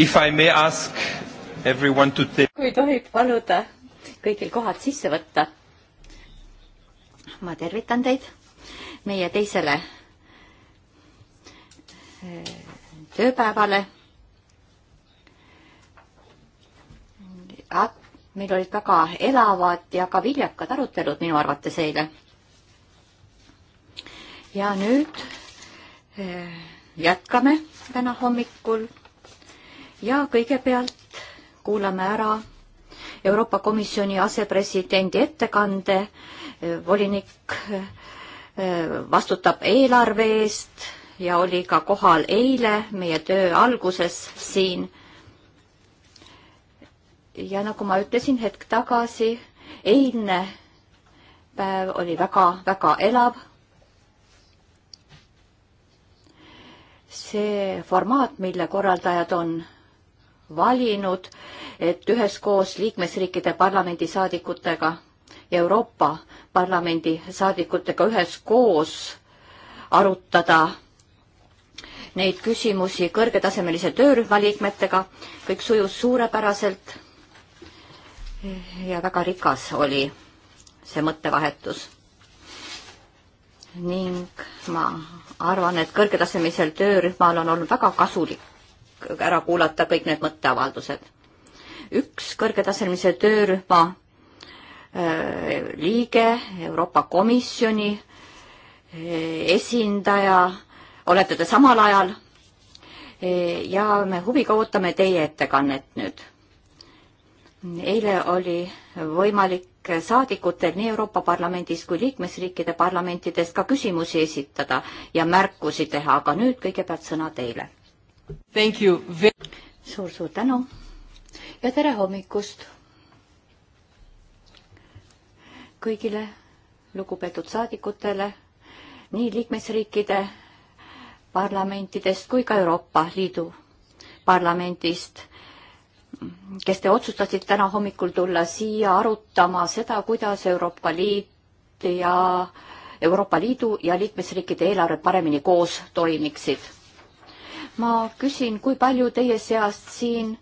If I may ask everyone to take kui tohib paluda kõigil kohad sisse võtta. ma tervitan teid meie teisele äh, tööpäevale. Ah, meil olid väga elavad ja ka viljakad arutelud minu arvates eile. ja nüüd äh, jätkame täna hommikul ja kõigepealt kuulame ära Euroopa Komisjoni asepresidendi ettekande. volinik eh, vastutab eelarve eest ja oli ka kohal eile meie töö alguses siin. ja nagu ma ütlesin hetk tagasi, eilne päev oli väga-väga elav see formaat, mille korraldajad on valinud, et üheskoos liikmesriikide parlamendisaadikutega ja Euroopa Parlamendi saadikutega üheskoos arutada neid küsimusi kõrgetasemelise töörühma liikmetega. kõik sujus suurepäraselt. ja väga rikas oli see mõttevahetus. ning ma arvan, et kõrgetasemelisel töörühmal on olnud väga kasulik ära kuulata kõik need mõtteavaldused. üks kõrgetasemelise töörühma äh, liige, Euroopa Komisjoni äh, esindaja, olete te samal ajal äh, ja me huviga ootame teie ettekannet nüüd. eile oli võimalik saadikutel nii Euroopa Parlamendis kui liikmesriikide parlamentides ka küsimusi esitada ja märkusi teha, aga nüüd kõigepealt sõna teile suur-suur tänu ja tere hommikust kõigile lugupeetud saadikutele nii liikmesriikide parlamentidest kui ka Euroopa Liidu parlamendist, kes te otsustasite täna hommikul tulla siia arutama seda, kuidas Euroopa Liit ja Euroopa Liidu ja liikmesriikide eelarved paremini koos toimiksid ma küsin, kui palju teie seast siin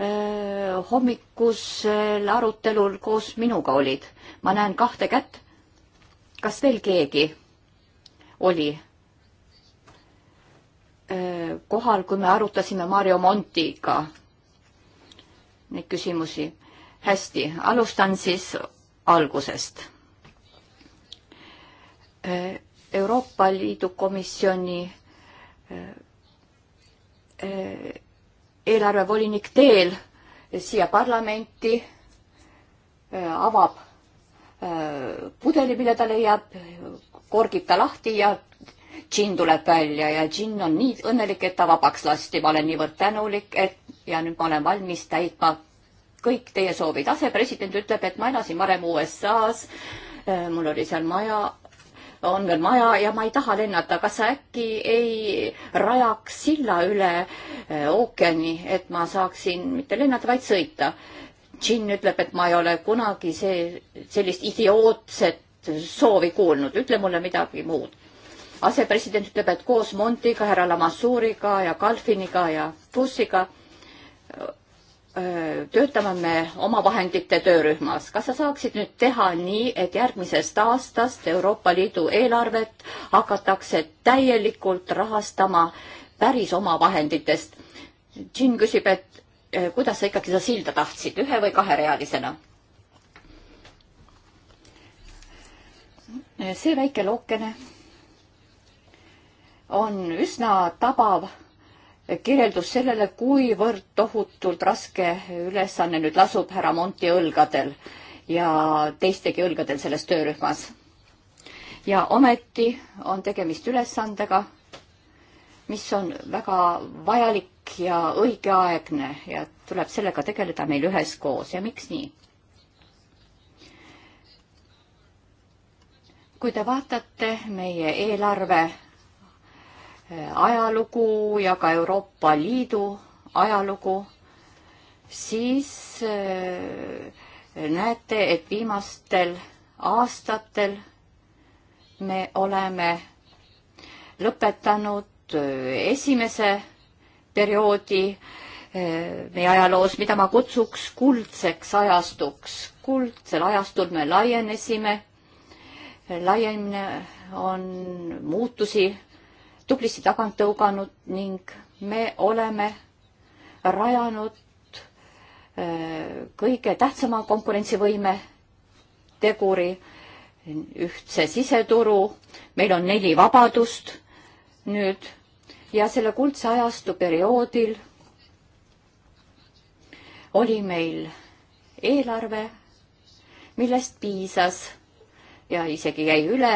öö, hommikusel arutelul koos minuga olid? ma näen kahte kätt. kas veel keegi oli öö, kohal, kui me arutasime Mario Montiga neid küsimusi? hästi, alustan siis algusest. Euroopa Liidu komisjoni öö, Eh, eelarvevolinik teel siia parlamenti eh, avab eh, pudeli, mille ta leiab, korgib ta lahti ja džinn tuleb välja ja džinn on nii õnnelik, et ta vabaks lasti. ma olen niivõrd tänulik, et ja nüüd ma olen valmis täitma kõik teie soovid. asepresident ütleb, et ma elasin varem USA-s, mul oli seal maja, on veel maja ja ma ei taha lennata, kas sa äkki ei rajaks silla üle eh, ookeani, et ma saaksin mitte lennata, vaid sõita? Jin ütleb, et ma ei ole kunagi see, sellist idiootset soovi kuulnud, ütle mulle midagi muud. asepresident ütleb, et koos Montiga, härra Lamassuuriga ja Kalfiniga ja Bussiga töötame me omavahendite töörühmas. kas sa saaksid nüüd teha nii, et järgmisest aastast Euroopa Liidu eelarvet hakatakse täielikult rahastama päris omavahenditest? Jean küsib, et kuidas sa ikkagi seda silda tahtsid, ühe või kaherealisena? see väike lookene on üsna tabav kirjeldus sellele, kuivõrd tohutult raske ülesanne nüüd lasub härra Monti õlgadel ja teistegi õlgadel selles töörühmas. ja ometi on tegemist ülesandega, mis on väga vajalik ja õigeaegne ja tuleb sellega tegeleda meil üheskoos ja miks nii? kui te vaatate meie eelarve Eh, ajalugu ja ka Euroopa Liidu ajalugu, siis eh, näete, et viimastel aastatel me oleme lõpetanud eh, esimese perioodi meie ajaloos, mida ma kutsuks kuldseks ajastuks. kuldsel ajastul me laienesime. laienemine on muutusi tublisti tagant tõuganud ning me oleme rajanud äh, kõige tähtsama konkurentsivõime teguri, ühtse siseturu, meil on neli vabadust nüüd ja selle kuldse ajastu perioodil oli meil eelarve, millest piisas ja isegi jäi üle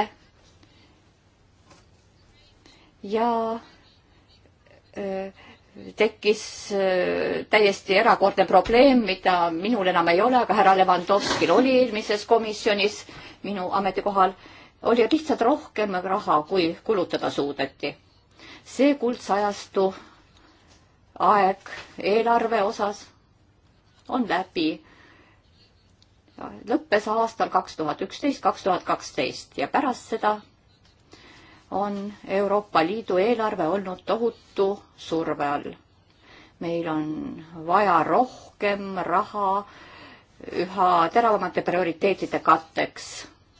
ja tekkis täiesti erakordne probleem, mida minul enam ei ole, aga härra Levanovskil oli eelmises komisjonis minu ametikohal, oli lihtsalt rohkem raha, kui kulutada suudeti. see kuldsajastu aeg eelarve osas on läbi. lõppes aastal kaks tuhat üksteist, kaks tuhat kaksteist ja pärast seda on Euroopa Liidu eelarve olnud tohutu surve all. meil on vaja rohkem raha üha teravamate prioriteetide katteks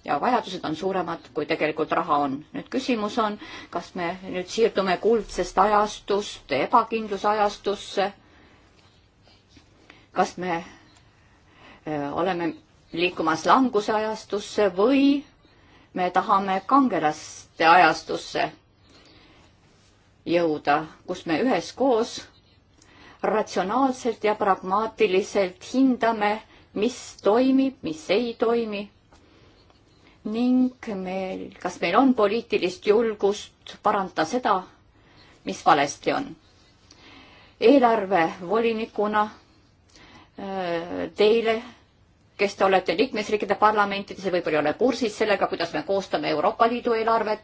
ja vajadused on suuremad, kui tegelikult raha on. nüüd küsimus on, kas me nüüd siirdume kuldsest ajastust ebakindluse ajastusse. kas me öö, oleme liikumas languse ajastusse või me tahame kangelast uute ajastusse jõuda, kus me üheskoos ratsionaalselt ja pragmaatiliselt hindame, mis toimib, mis ei toimi. ning meil, kas meil on poliitilist julgust parandada seda, mis valesti on. eelarvevolinikuna äh, teile kes te olete liikmesriikide parlamentides ja võib-olla ei ole kursis sellega, kuidas me koostame Euroopa Liidu eelarvet,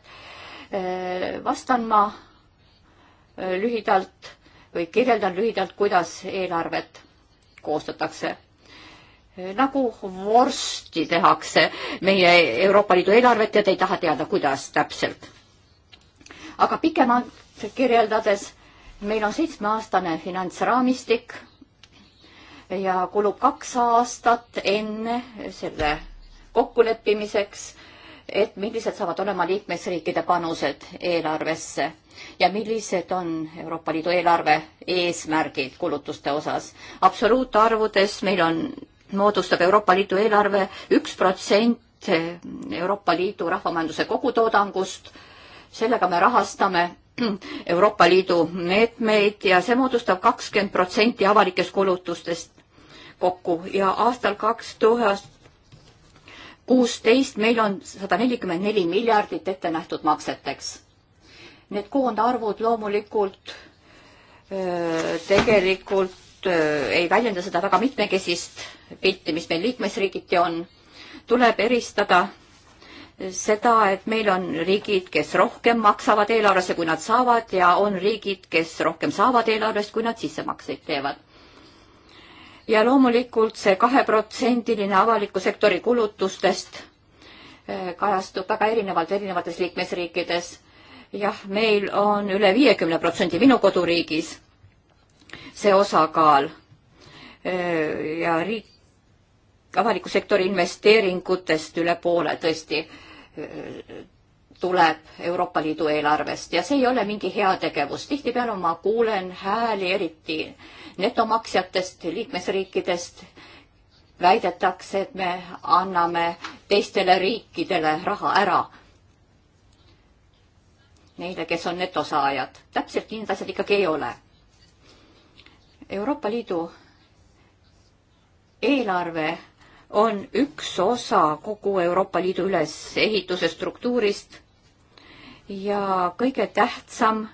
äh, vastan ma äh, lühidalt või kirjeldan lühidalt, kuidas eelarvet koostatakse. Äh, nagu vorsti tehakse meie Euroopa Liidu eelarvet ja te ei taha teada, kuidas täpselt. aga pikemalt kirjeldades, meil on seitsmeaastane finantsraamistik ja kulub kaks aastat enne selle kokkuleppimiseks, et millised saavad olema liikmesriikide panused eelarvesse ja millised on Euroopa Liidu eelarve eesmärgid kulutuste osas. absoluutarvudes meil on, moodustab Euroopa Liidu eelarve üks protsent Euroopa Liidu rahvamajanduse kogutoodangust. sellega me rahastame Euroopa Liidu meetmeid ja see moodustab kakskümmend protsenti avalikest kulutustest kokku ja aastal kaks tuhat kuusteist meil on sada nelikümmend neli miljardit ette nähtud makseteks. Need koondarvud loomulikult tegelikult ei väljenda seda väga mitmekesist pilti, mis meil liikmesriigiti on. tuleb eristada seda, et meil on riigid, kes rohkem maksavad eelarvesse, kui nad saavad ja on riigid, kes rohkem saavad eelarvest, kui nad sissemakseid teevad ja loomulikult see kaheprotsendiline avaliku sektori kulutustest eh, kajastub väga erinevalt erinevates liikmesriikides. jah, meil on üle viiekümne protsendi minu koduriigis see osakaal eh, ja riik, avaliku sektori investeeringutest üle poole tõesti eh, tuleb Euroopa Liidu eelarvest ja see ei ole mingi heategevus. tihtipeale ma kuulen hääli, eriti äh, netomaksjatest, liikmesriikidest. väidetakse, et me anname teistele riikidele raha ära. Neile, kes on netosaajad. täpselt nii need asjad ikkagi ei ole. Euroopa Liidu eelarve on üks osa kogu Euroopa Liidu ülesehituse struktuurist ja kõige tähtsam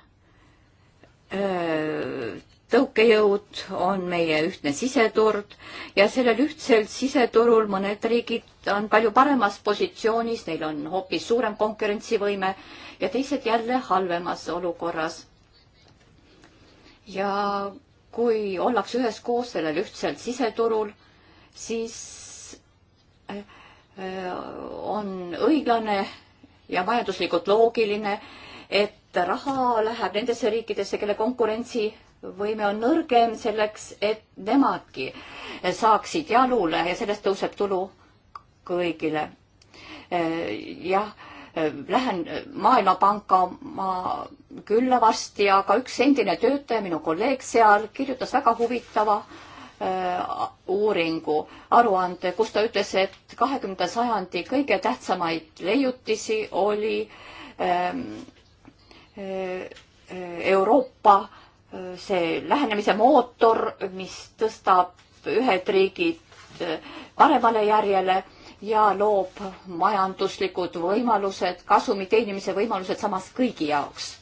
öö, tõukejõud on meie ühtne siseturg ja sellel ühtsel siseturul mõned riigid on palju paremas positsioonis, neil on hoopis suurem konkurentsivõime ja teised jälle halvemas olukorras. ja kui ollakse üheskoos sellel ühtsel siseturul, siis äh, äh, on õiglane ja majanduslikult loogiline, et raha läheb nendesse riikidesse, kelle konkurentsi võime on nõrgem selleks, et nemadki saaksid jalule ja sellest tõuseb tulu kõigile. Äh, jah, äh, lähen Maailmapanka ma külla varsti, aga üks endine töötaja, minu kolleeg seal, kirjutas väga huvitava äh, uuringu aruande, kus ta ütles, et kahekümnenda sajandi kõige tähtsamaid leiutisi oli ähm, Euroopa äh, see lähenemise mootor, mis tõstab ühed riigid paremale järjele ja loob majanduslikud võimalused, kasumi teenimise võimalused samas kõigi jaoks.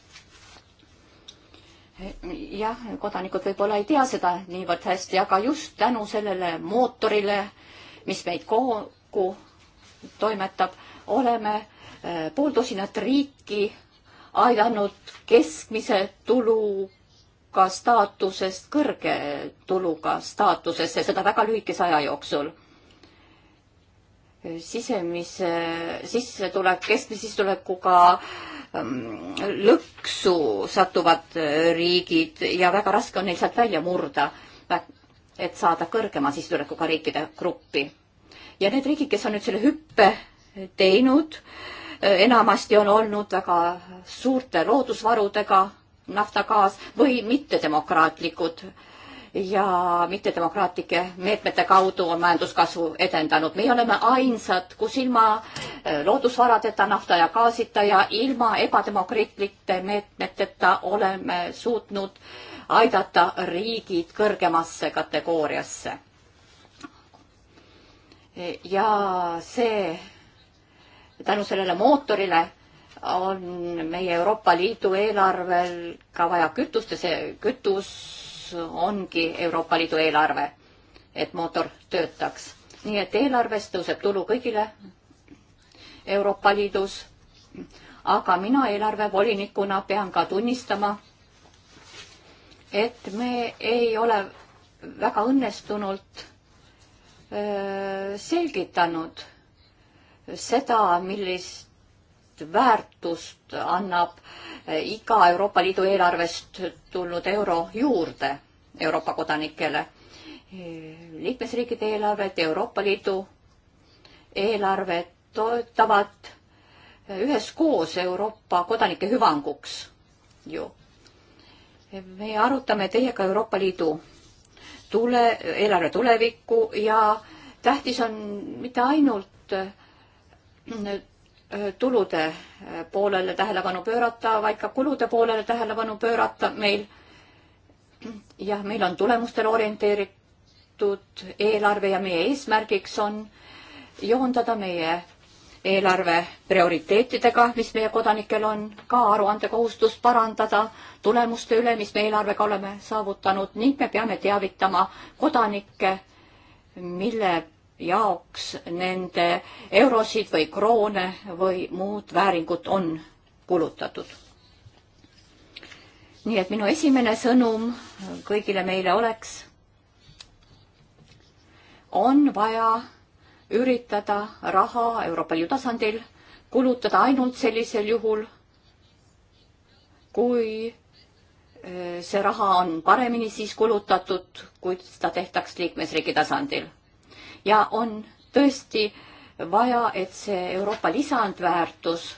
jah, kodanikud võib-olla ei tea seda niivõrd hästi, aga just tänu sellele mootorile, mis meid kokku toimetab, oleme äh, pooltosinat riiki aidanud keskmise tulu tööka staatusest kõrge tuluga staatusesse, seda väga lühikese aja jooksul. sisemise, sissetulek, keskmise sissetulekuga ähm, lõksu satuvad äh, riigid ja väga raske on neil sealt välja murda, et saada kõrgema sissetulekuga riikide gruppi. ja need riigid, kes on nüüd selle hüppe teinud, äh, enamasti on olnud väga suurte loodusvarudega nafta, gaas või mittedemokraatlikud ja mittedemokraatlike meetmete kaudu on majanduskasvu edendanud. meie oleme ainsad, kus ilma äh, loodusvaradeta, nafta ja gaasita ja ilma ebademokraatlike meetmeteta oleme suutnud aidata riigid kõrgemasse kategooriasse. ja see tänu sellele mootorile on meie Euroopa Liidu eelarvel ka vaja kütust ja see kütus ongi Euroopa Liidu eelarve, et mootor töötaks. nii et eelarvest tõuseb tulu kõigile Euroopa Liidus. aga mina eelarvevolinikuna pean ka tunnistama, et me ei ole väga õnnestunult öö, äh, selgitanud seda, millist väärtust annab eh, iga Euroopa Liidu eelarvest tulnud euro juurde Euroopa kodanikele. Eh, liikmesriikide eelarved, Euroopa Liidu eelarved toetavad eh, üheskoos Euroopa kodanike hüvanguks ju. me arutame teiega Euroopa Liidu tule, eelarve tulevikku ja tähtis on mitte ainult Äh, tulude äh, poolele tähelepanu pöörata, vaid ka kulude poolele tähelepanu pöörata meil. jah, meil on tulemustele orienteeritud eelarve ja meie eesmärgiks on joondada meie eelarve prioriteetidega, mis meie kodanikel on, ka aruandekohustust parandada tulemuste üle, mis me eelarvega oleme saavutanud ning me peame teavitama kodanikke, mille jaoks nende eurosid või kroone või muud vääringut on kulutatud. nii et minu esimene sõnum kõigile meile oleks, on vaja üritada raha Euroopa Liidu tasandil kulutada ainult sellisel juhul, kui eh, see raha on paremini siis kulutatud, kui seda tehtaks liikmesriigi tasandil ja on tõesti vaja, et see Euroopa lisandväärtus,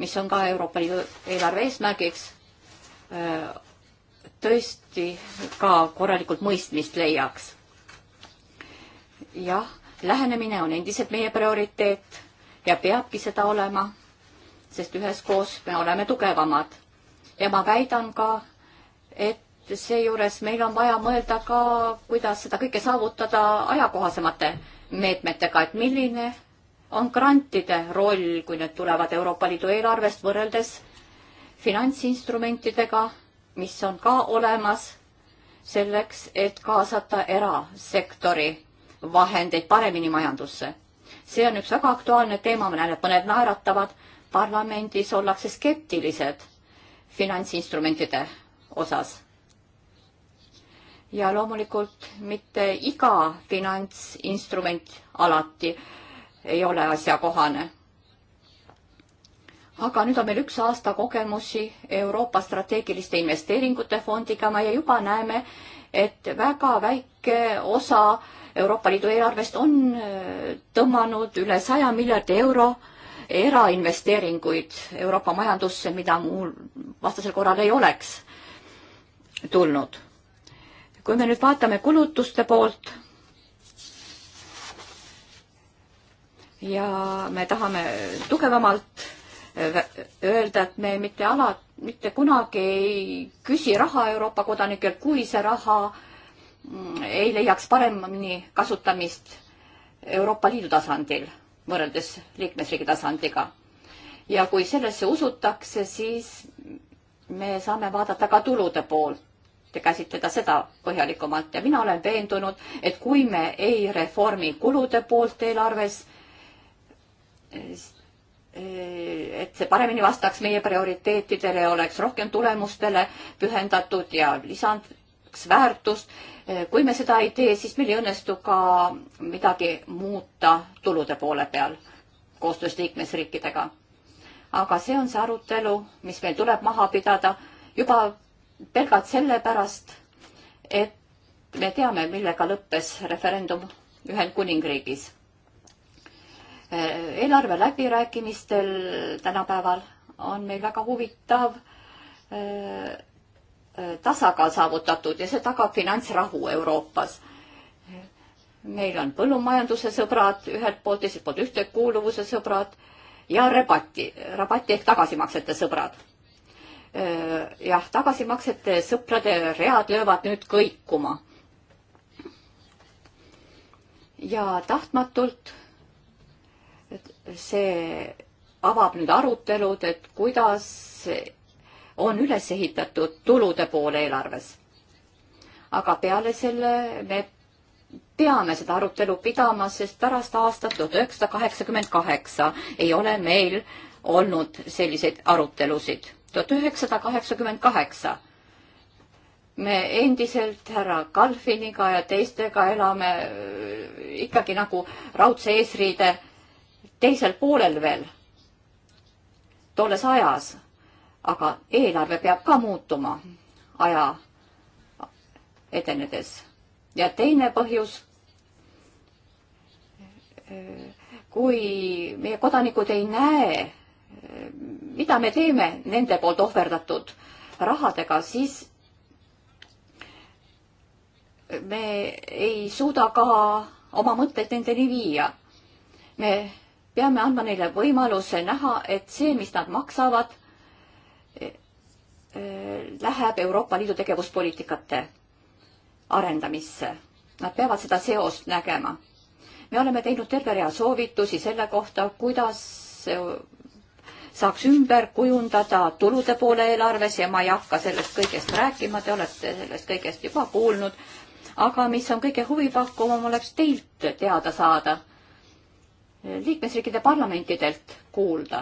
mis on ka Euroopa Liidu eelarve eesmärgiks, äh, tõesti ka korralikult mõistmist leiaks. jah, lähenemine on endiselt meie prioriteet ja peabki seda olema, sest üheskoos me oleme tugevamad. ja ma väidan ka, et seejuures meil on vaja mõelda ka, kuidas seda kõike saavutada ajakohasemate meetmetega, et milline on grantide roll, kui need tulevad Euroopa Liidu eelarvest võrreldes finantsinstrumentidega, mis on ka olemas selleks, et kaasata erasektori vahendeid paremini majandusse. see on üks väga aktuaalne teema, ma näen, et mõned naeratavad, parlamendis ollakse skeptilised finantsinstrumentide osas ja loomulikult mitte iga finantsinstrument alati ei ole asjakohane. aga nüüd on meil üks aasta kogemusi Euroopa strateegiliste investeeringute fondiga, me juba näeme, et väga väike osa Euroopa Liidu eelarvest on äh, tõmmanud üle saja miljardi euro erainvesteeringuid Euroopa majandusse, mida muul vastasel korral ei oleks tulnud kui me nüüd vaatame kulutuste poolt ja me tahame tugevamalt eh, öelda, et me mitte ala, mitte kunagi ei küsi raha Euroopa kodanikelt, kui see raha mm, ei leiaks paremini kasutamist Euroopa Liidu tasandil võrreldes liikmesriigi tasandiga. ja kui sellesse usutakse, siis me saame vaadata ka tulude poolt käsitleda seda põhjalikumalt ja mina olen veendunud, et kui me ei reformi kulude poolt eelarves, et see paremini vastaks meie prioriteetidele ja oleks rohkem tulemustele pühendatud ja lisaks väärtust. kui me seda ei tee, siis meil ei õnnestu ka midagi muuta tulude poole peal koostöös liikmesriikidega. aga see on see arutelu, mis meil tuleb maha pidada juba pelgalt sellepärast, et me teame, millega lõppes referendum Ühendkuningriigis. Äh, eelarve läbirääkimistel tänapäeval on meil väga huvitav äh, äh, tasakaal saavutatud ja see tagab finantsrahu Euroopas. meil on põllumajanduse sõbrad ühelt poolt, teiselt poolt ühtekuuluvuse sõbrad ja rabati, rabati ehk tagasimaksete sõbrad Äh, jah, tagasimaksete sõprade read löövad nüüd kõikuma. ja tahtmatult see avab nüüd arutelud, et kuidas on üles ehitatud tulude pool eelarves. aga peale selle me peame seda arutelu pidama, sest pärast aastat tuhat üheksasada kaheksakümmend kaheksa ei ole meil olnud selliseid arutelusid tuhat üheksasada kaheksakümmend kaheksa. me endiselt härra Kalfiniga ja teistega elame äh, ikkagi nagu raudse eesriide teisel poolel veel, tolles ajas. aga eelarve peab ka muutuma aja edenedes. ja teine põhjus äh, kui meie kodanikud ei näe mida me teeme nende poolt ohverdatud rahadega, siis me ei suuda ka oma mõtteid nendeni viia. me peame andma neile võimaluse näha, et see, mis nad maksavad, läheb Euroopa Liidu tegevuspoliitikate arendamisse. Nad peavad seda seost nägema. me oleme teinud terve rea soovitusi selle kohta, kuidas saaks ümber kujundada tulude poole eelarves ja ma ei hakka sellest kõigest rääkima, te olete sellest kõigest juba kuulnud. aga mis on kõige huvipakkuvam, oleks teilt teada saada, liikmesriikide parlamentidelt kuulda.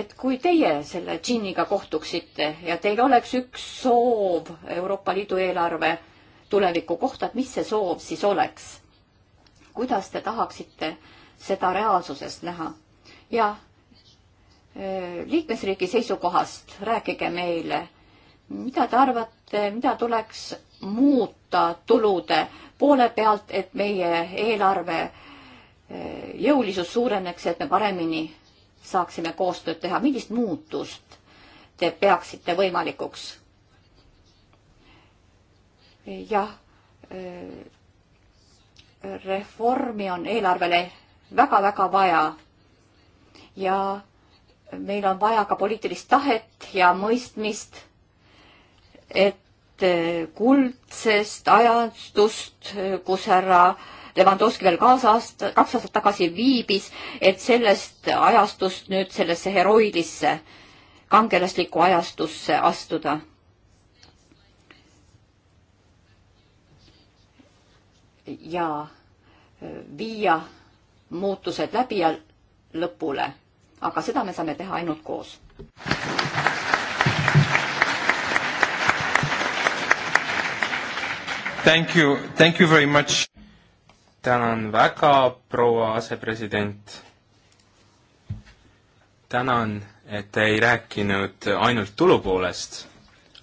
et kui teie selle džinniga kohtuksite ja teil oleks üks soov Euroopa Liidu eelarve tuleviku kohta, et mis see soov siis oleks? kuidas te tahaksite seda reaalsuses näha? ja liikmesriigi seisukohast rääkige meile, mida te arvate, mida tuleks muuta tulude poole pealt, et meie eelarve jõulisus suureneks, et me paremini saaksime koostööd teha, millist muutust te peaksite võimalikuks? jah, reformi on eelarvele väga-väga vaja ja meil on vaja ka poliitilist tahet ja mõistmist, et eh, kuldsest ajastust, eh, kus härra Levandovski veel kaasa aasta, kaks aastat tagasi viibis, et sellest ajastust nüüd sellesse heroilisse, kangelaslikku ajastusse astuda. ja eh, viia muutused läbi ja lõpule aga seda me saame teha ainult koos. Thank you, thank you very much. tänan väga, proua asepresident. tänan, et te ei rääkinud ainult tulupoolest,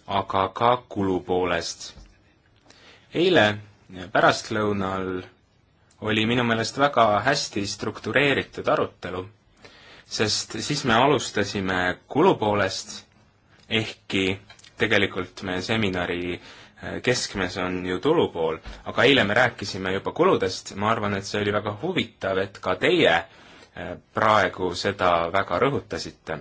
aga ka kulupoolest. eile pärastlõunal oli minu meelest väga hästi struktureeritud arutelu sest siis me alustasime kulupoolest, ehkki tegelikult me seminari äh, keskmes on ju tulupool, aga eile me rääkisime juba kuludest, ma arvan, et see oli väga huvitav, et ka teie äh, praegu seda väga rõhutasite.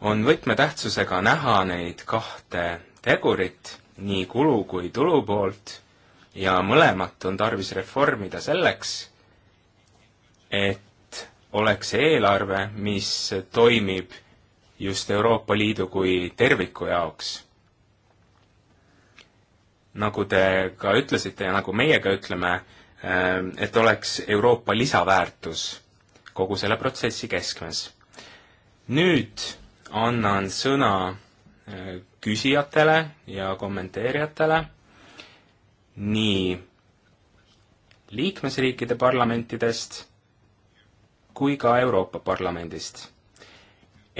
on võtmetähtsusega näha neid kahte tegurit, nii kulu kui tulu poolt, ja mõlemat on tarvis reformida selleks, et oleks see eelarve, mis toimib just Euroopa Liidu kui terviku jaoks. nagu te ka ütlesite ja nagu meie ka ütleme, äh, et oleks Euroopa lisaväärtus kogu selle protsessi keskmes. nüüd annan sõna äh, küsijatele ja kommenteerijatele, nii liikmesriikide parlamentidest kui ka Euroopa Parlamendist.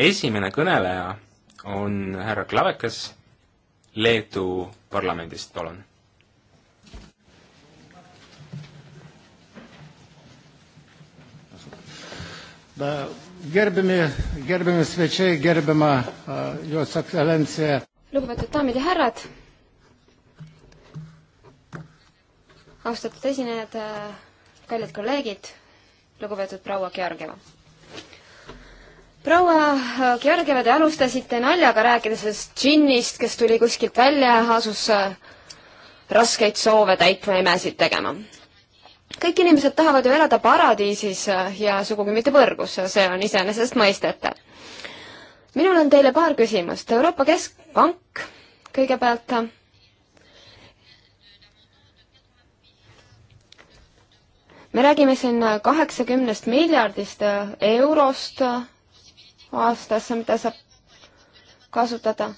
esimene kõneleja on härra Klavekas Leedu parlamendist, palun. Gerbimi, gerbimi svečiai, gerbima jos ekscelentsija. lugupeetud daamid ja härrad, austatud esinejad, kallid kolleegid lugupeetud proua Georgieva. proua äh, Georgieva, te alustasite naljaga, rääkides sellest džinnist, kes tuli kuskilt välja ja asus äh, raskeid soove täitma, imesid tegema. kõik inimesed tahavad ju elada paradiisis äh, ja sugugi mitte võrgus, see on iseenesestmõistetav. minul on teile paar küsimust. Euroopa Keskpank kõigepealt me räägime siin kaheksakümnest miljardist eurost aastas, mida saab kasutada.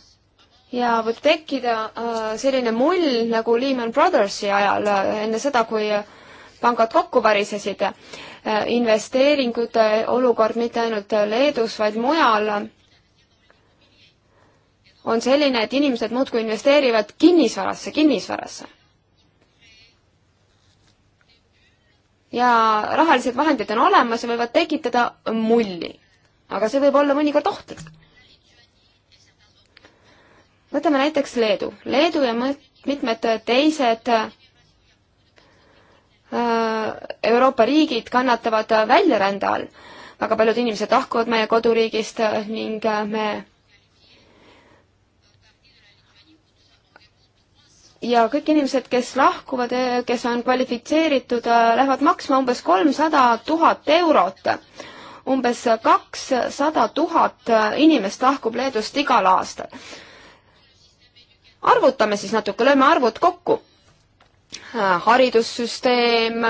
ja võib tekkida äh, selline mull nagu Lehman Brothersi ajal, äh, enne seda, kui pangad kokku varisesid. Äh, investeeringute olukord mitte ainult Leedus, vaid mujal on selline, et inimesed muudkui investeerivad kinnisvarasse, kinnisvarasse ja rahalised vahendid on olemas ja võivad tekitada mulli. aga see võib olla mõnikord ohtlik. võtame näiteks Leedu. Leedu ja mitmed teised äh, Euroopa riigid kannatavad väljarände all. väga paljud inimesed lahkuvad meie koduriigist ning äh, me ja kõik inimesed, kes lahkuvad, kes on kvalifitseeritud, lähevad maksma umbes kolmsada tuhat eurot. umbes kakssada tuhat inimest lahkub Leedust igal aastal. arvutame siis natuke, lööme arvud kokku. haridussüsteem,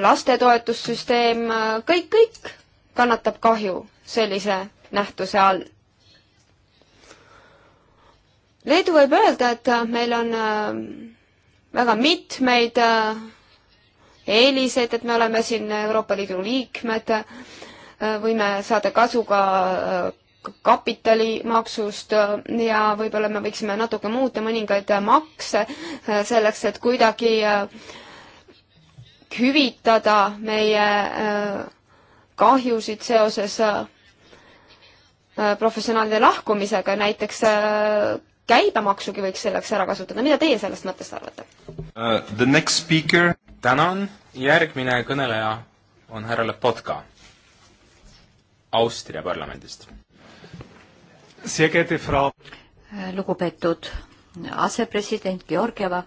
lastetoetussüsteem, kõik, kõik kannatab kahju sellise nähtuse all Leedu võib öelda, et äh, meil on äh, väga mitmeid äh, eeliseid, et me oleme siin Euroopa Liidu liikmed, võime saada kasu ka kapitalimaksust ja võib-olla me võiksime natuke muuta mõningaid makse selleks, et kuidagi hüvitada meie kahjusid seoses professionaalide lahkumisega, näiteks käibemaksugi võiks selleks ära kasutada, mida teie sellest mõttest arvate uh,? The next speaker. tänan, järgmine kõneleja on härra Lepotka Austria parlamendist. lugupeetud asepresident Georgieva,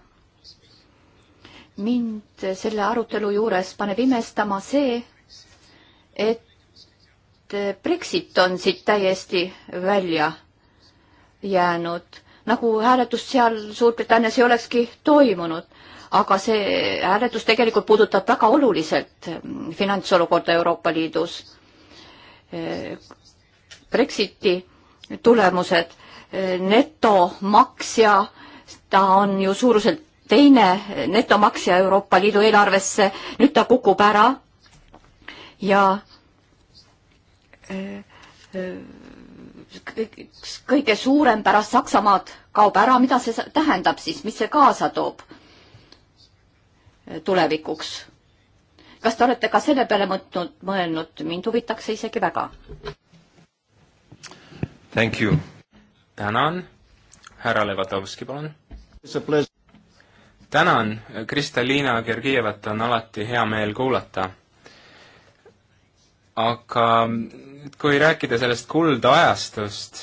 mind selle arutelu juures paneb imestama see, et Brexit on siit täiesti välja jäänud nagu hääletust seal Suurbritannias ei olekski toimunud. aga see hääletus tegelikult puudutab väga oluliselt mm, finantsolukorda Euroopa Liidus. E, Brexiti tulemused, e, netomaksja, ta on ju suuruselt teine netomaksja Euroopa Liidu eelarvesse, nüüd ta kukub ära ja öö, e, öö, kõige suurem pärast Saksamaad kaob ära, mida see tähendab siis, mis see kaasa toob tulevikuks? kas te olete ka selle peale mõtnud, mõelnud, mind huvitaks see isegi väga. Thank you. tänan, härra Levatovski, palun. tänan, Kristalina Gergijevat on alati hea meel kuulata aga kui rääkida sellest kuldajastust,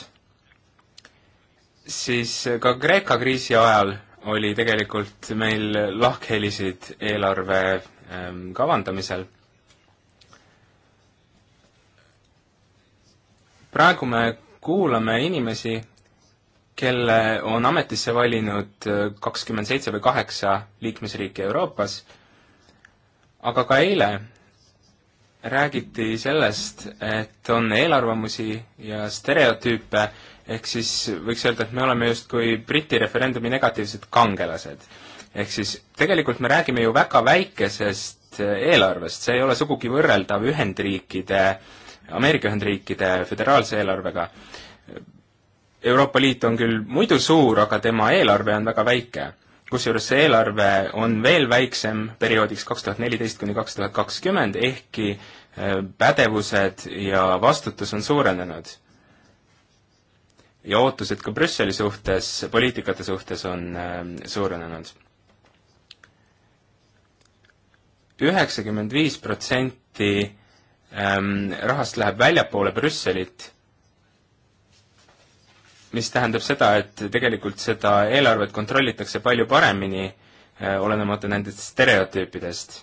siis ka Kreeka kriisi ajal oli tegelikult meil lahkhelisid eelarve ehm, kavandamisel. praegu me kuulame inimesi, kelle on ametisse valinud eh, kakskümmend seitse või kaheksa liikmesriiki Euroopas, aga ka eile räägiti sellest, et on eelarvamusi ja stereotüüpe, ehk siis võiks öelda, et me oleme justkui Briti referendumi negatiivsed kangelased. ehk siis tegelikult me räägime ju väga väikesest eelarvest, see ei ole sugugi võrreldav Ühendriikide, Ameerika Ühendriikide föderaalse eelarvega. Euroopa Liit on küll muidu suur, aga tema eelarve on väga väike kusjuures see eelarve on veel väiksem perioodiks kaks tuhat neliteist kuni kaks tuhat kakskümmend, ehkki äh, pädevused ja vastutus on suurenenud. ja ootused ka Brüsseli suhtes, poliitikate suhtes on äh, suurenenud. üheksakümmend viis protsenti ähm, rahast läheb väljapoole Brüsselit mis tähendab seda, et tegelikult seda eelarvet kontrollitakse palju paremini, äh, olenemata nendest stereotüüpidest.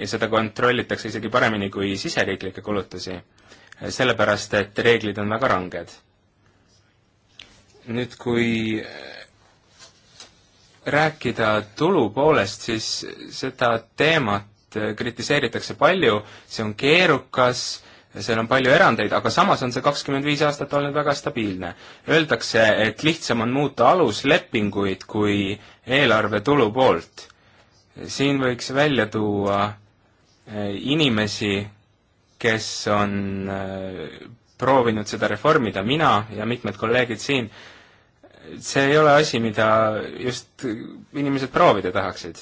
ja seda kontrollitakse isegi paremini kui siseriiklikke kulutusi, äh, sellepärast et reeglid on väga ranged. nüüd, kui äh, rääkida tulu poolest, siis seda teemat kritiseeritakse palju, see on keerukas seal on palju erandeid, aga samas on see kakskümmend viis aastat olnud väga stabiilne. Öeldakse, et lihtsam on muuta aluslepinguid kui eelarve tulu poolt. siin võiks välja tuua eh, inimesi, kes on eh, proovinud seda reformida, mina ja mitmed kolleegid siin, see ei ole asi, mida just inimesed proovida tahaksid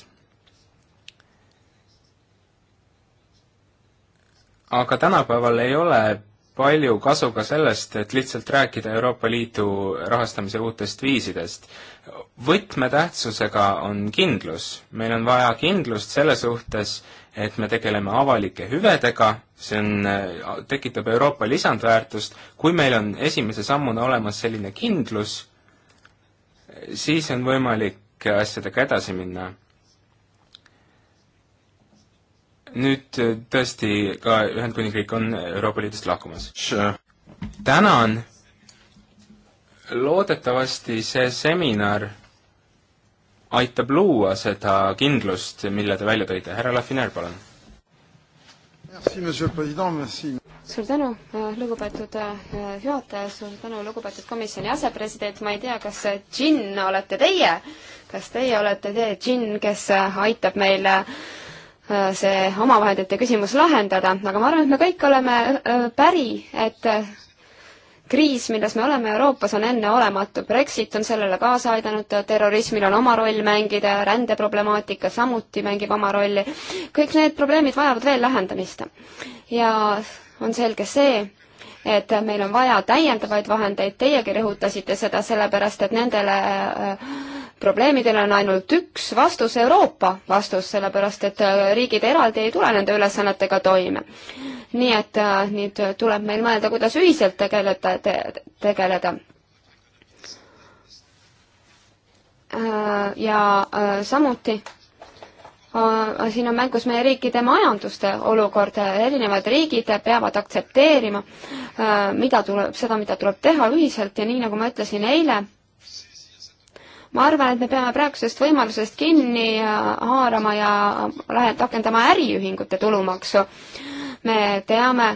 aga tänapäeval ei ole palju kasu ka sellest, et lihtsalt rääkida Euroopa Liidu rahastamise uutest viisidest. võtmetähtsusega on kindlus. meil on vaja kindlust selle suhtes, et me tegeleme avalike hüvedega, see on, äh, tekitab Euroopa lisandväärtust, kui meil on esimese sammuna olemas selline kindlus, siis on võimalik asjadega edasi minna nüüd äh, tõesti ka Ühendkuningriik on Euroopa Liidust lahkumas sure.. tänan! loodetavasti see seminar aitab luua seda kindlust, mille te välja tõite. härra Lafiner, palun. suur tänu, äh, lugupeetud äh, juhataja, suur tänu, lugupeetud komisjoni asepresident, ma ei tea, kas džinn olete teie, kas teie olete see džinn, kes aitab meil Äh, see omavahendite küsimus lahendada, aga ma arvan, et me kõik oleme äh, päri, et äh, kriis, milles me oleme Euroopas, on enneolematu. Brexit on sellele kaasa aidanud, terrorismil on oma roll mängida, rändeproblemaatika samuti mängib oma rolli. kõik need probleemid vajavad veel lahendamist. ja on selge see, et meil on vaja täiendavaid vahendeid, teiegi rõhutasite seda, sellepärast et nendele probleemidele on ainult üks vastus, Euroopa vastus, sellepärast et äh, riigid eraldi ei tule nende ülesannetega toime. nii et äh, nüüd tuleb meil mõelda, kuidas ühiselt tegeleda te,, tegeleda. Äh, ja samuti siin on mängus meie riikide majanduste olukord, erinevad riigid peavad aktsepteerima, mida tuleb, seda, mida tuleb teha ühiselt ja nii, nagu ma ütlesin eile, ma arvan, et me peame praegusest võimalusest kinni äh, haarama ja lähen-, rakendama äriühingute tulumaksu. me teame,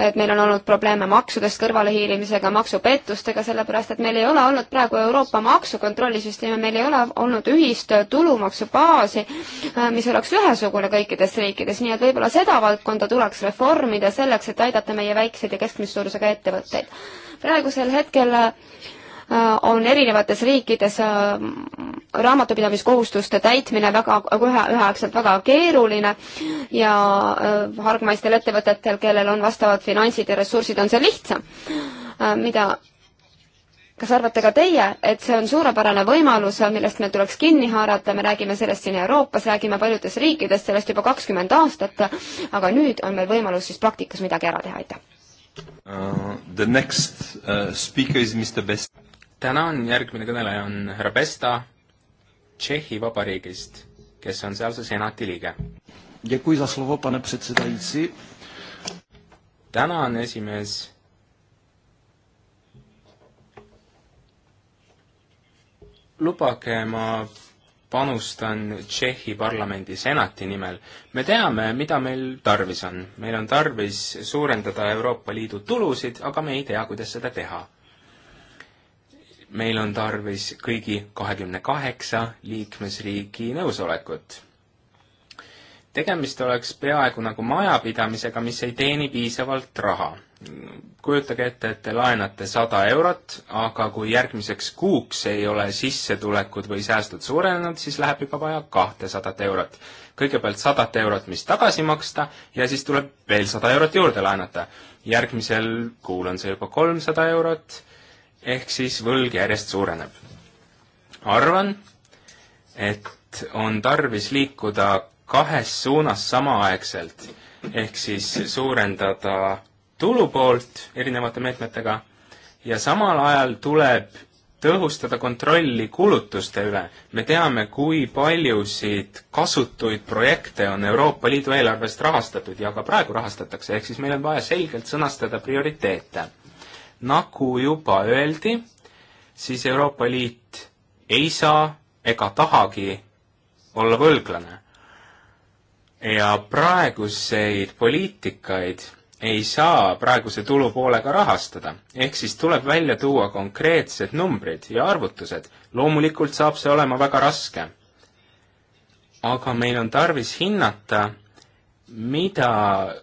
et meil on olnud probleeme maksudest kõrvalehiilimisega, maksupettustega, sellepärast et meil ei ole olnud praegu Euroopa maksukontrollisüsteemi, meil ei ole olnud ühist tulumaksubaasi, äh, mis oleks ühesugune kõikides riikides, nii et võib-olla seda valdkonda tuleks reformida selleks, et aidata meie väikseid ja keskmise suurusega ettevõtteid. praegusel hetkel äh, Äh, on erinevates riikides äh, raamatupidamiskohustuste täitmine väga, ühe, üheaegselt väga keeruline ja äh, hargmaistel ettevõtetel, kellel on vastavad finantsid ja ressursid, on see lihtsam. mida kas arvate ka teie, et see on suurepärane võimalus, millest meil tuleks kinni haarata, me räägime sellest siin Euroopas, räägime paljudes riikides sellest juba kakskümmend aastat, aga nüüd on meil võimalus siis praktikas midagi ära teha, aitäh! Uh, the next uh, speaker is Mr Best tänan, järgmine kõneleja on härra Pesta Tšehhi Vabariigist, kes on sealse senati liige. tänan, esimees. lubage, ma panustan Tšehhi parlamendi senati nimel. me teame, mida meil tarvis on. meil on tarvis suurendada Euroopa Liidu tulusid, aga me ei tea, kuidas seda teha meil on tarvis kõigi kahekümne kaheksa liikmesriigi nõusolekut. tegemist oleks peaaegu nagu majapidamisega, mis ei teeni piisavalt raha. kujutage ette, et te laenate sada eurot, aga kui järgmiseks kuuks ei ole sissetulekud või säästud suurenenud, siis läheb juba vaja kahtesadat eurot. kõigepealt sadat eurot, mis tagasi maksta, ja siis tuleb veel sada eurot juurde laenata. järgmisel kuul on see juba kolmsada eurot ehk siis võlg järjest suureneb. arvan, et on tarvis liikuda kahes suunas samaaegselt, ehk siis suurendada tulupoolt erinevate meetmetega ja samal ajal tuleb tõhustada kontrolli kulutuste üle. me teame, kui paljusid kasutuid projekte on Euroopa Liidu eelarvest rahastatud ja ka praegu rahastatakse, ehk siis meil on vaja selgelt sõnastada prioriteete nagu juba öeldi, siis Euroopa Liit ei saa ega tahagi olla võlglane. ja praeguseid poliitikaid ei saa praeguse tulupoolega rahastada, ehk siis tuleb välja tuua konkreetsed numbrid ja arvutused. loomulikult saab see olema väga raske. aga meil on tarvis hinnata, mida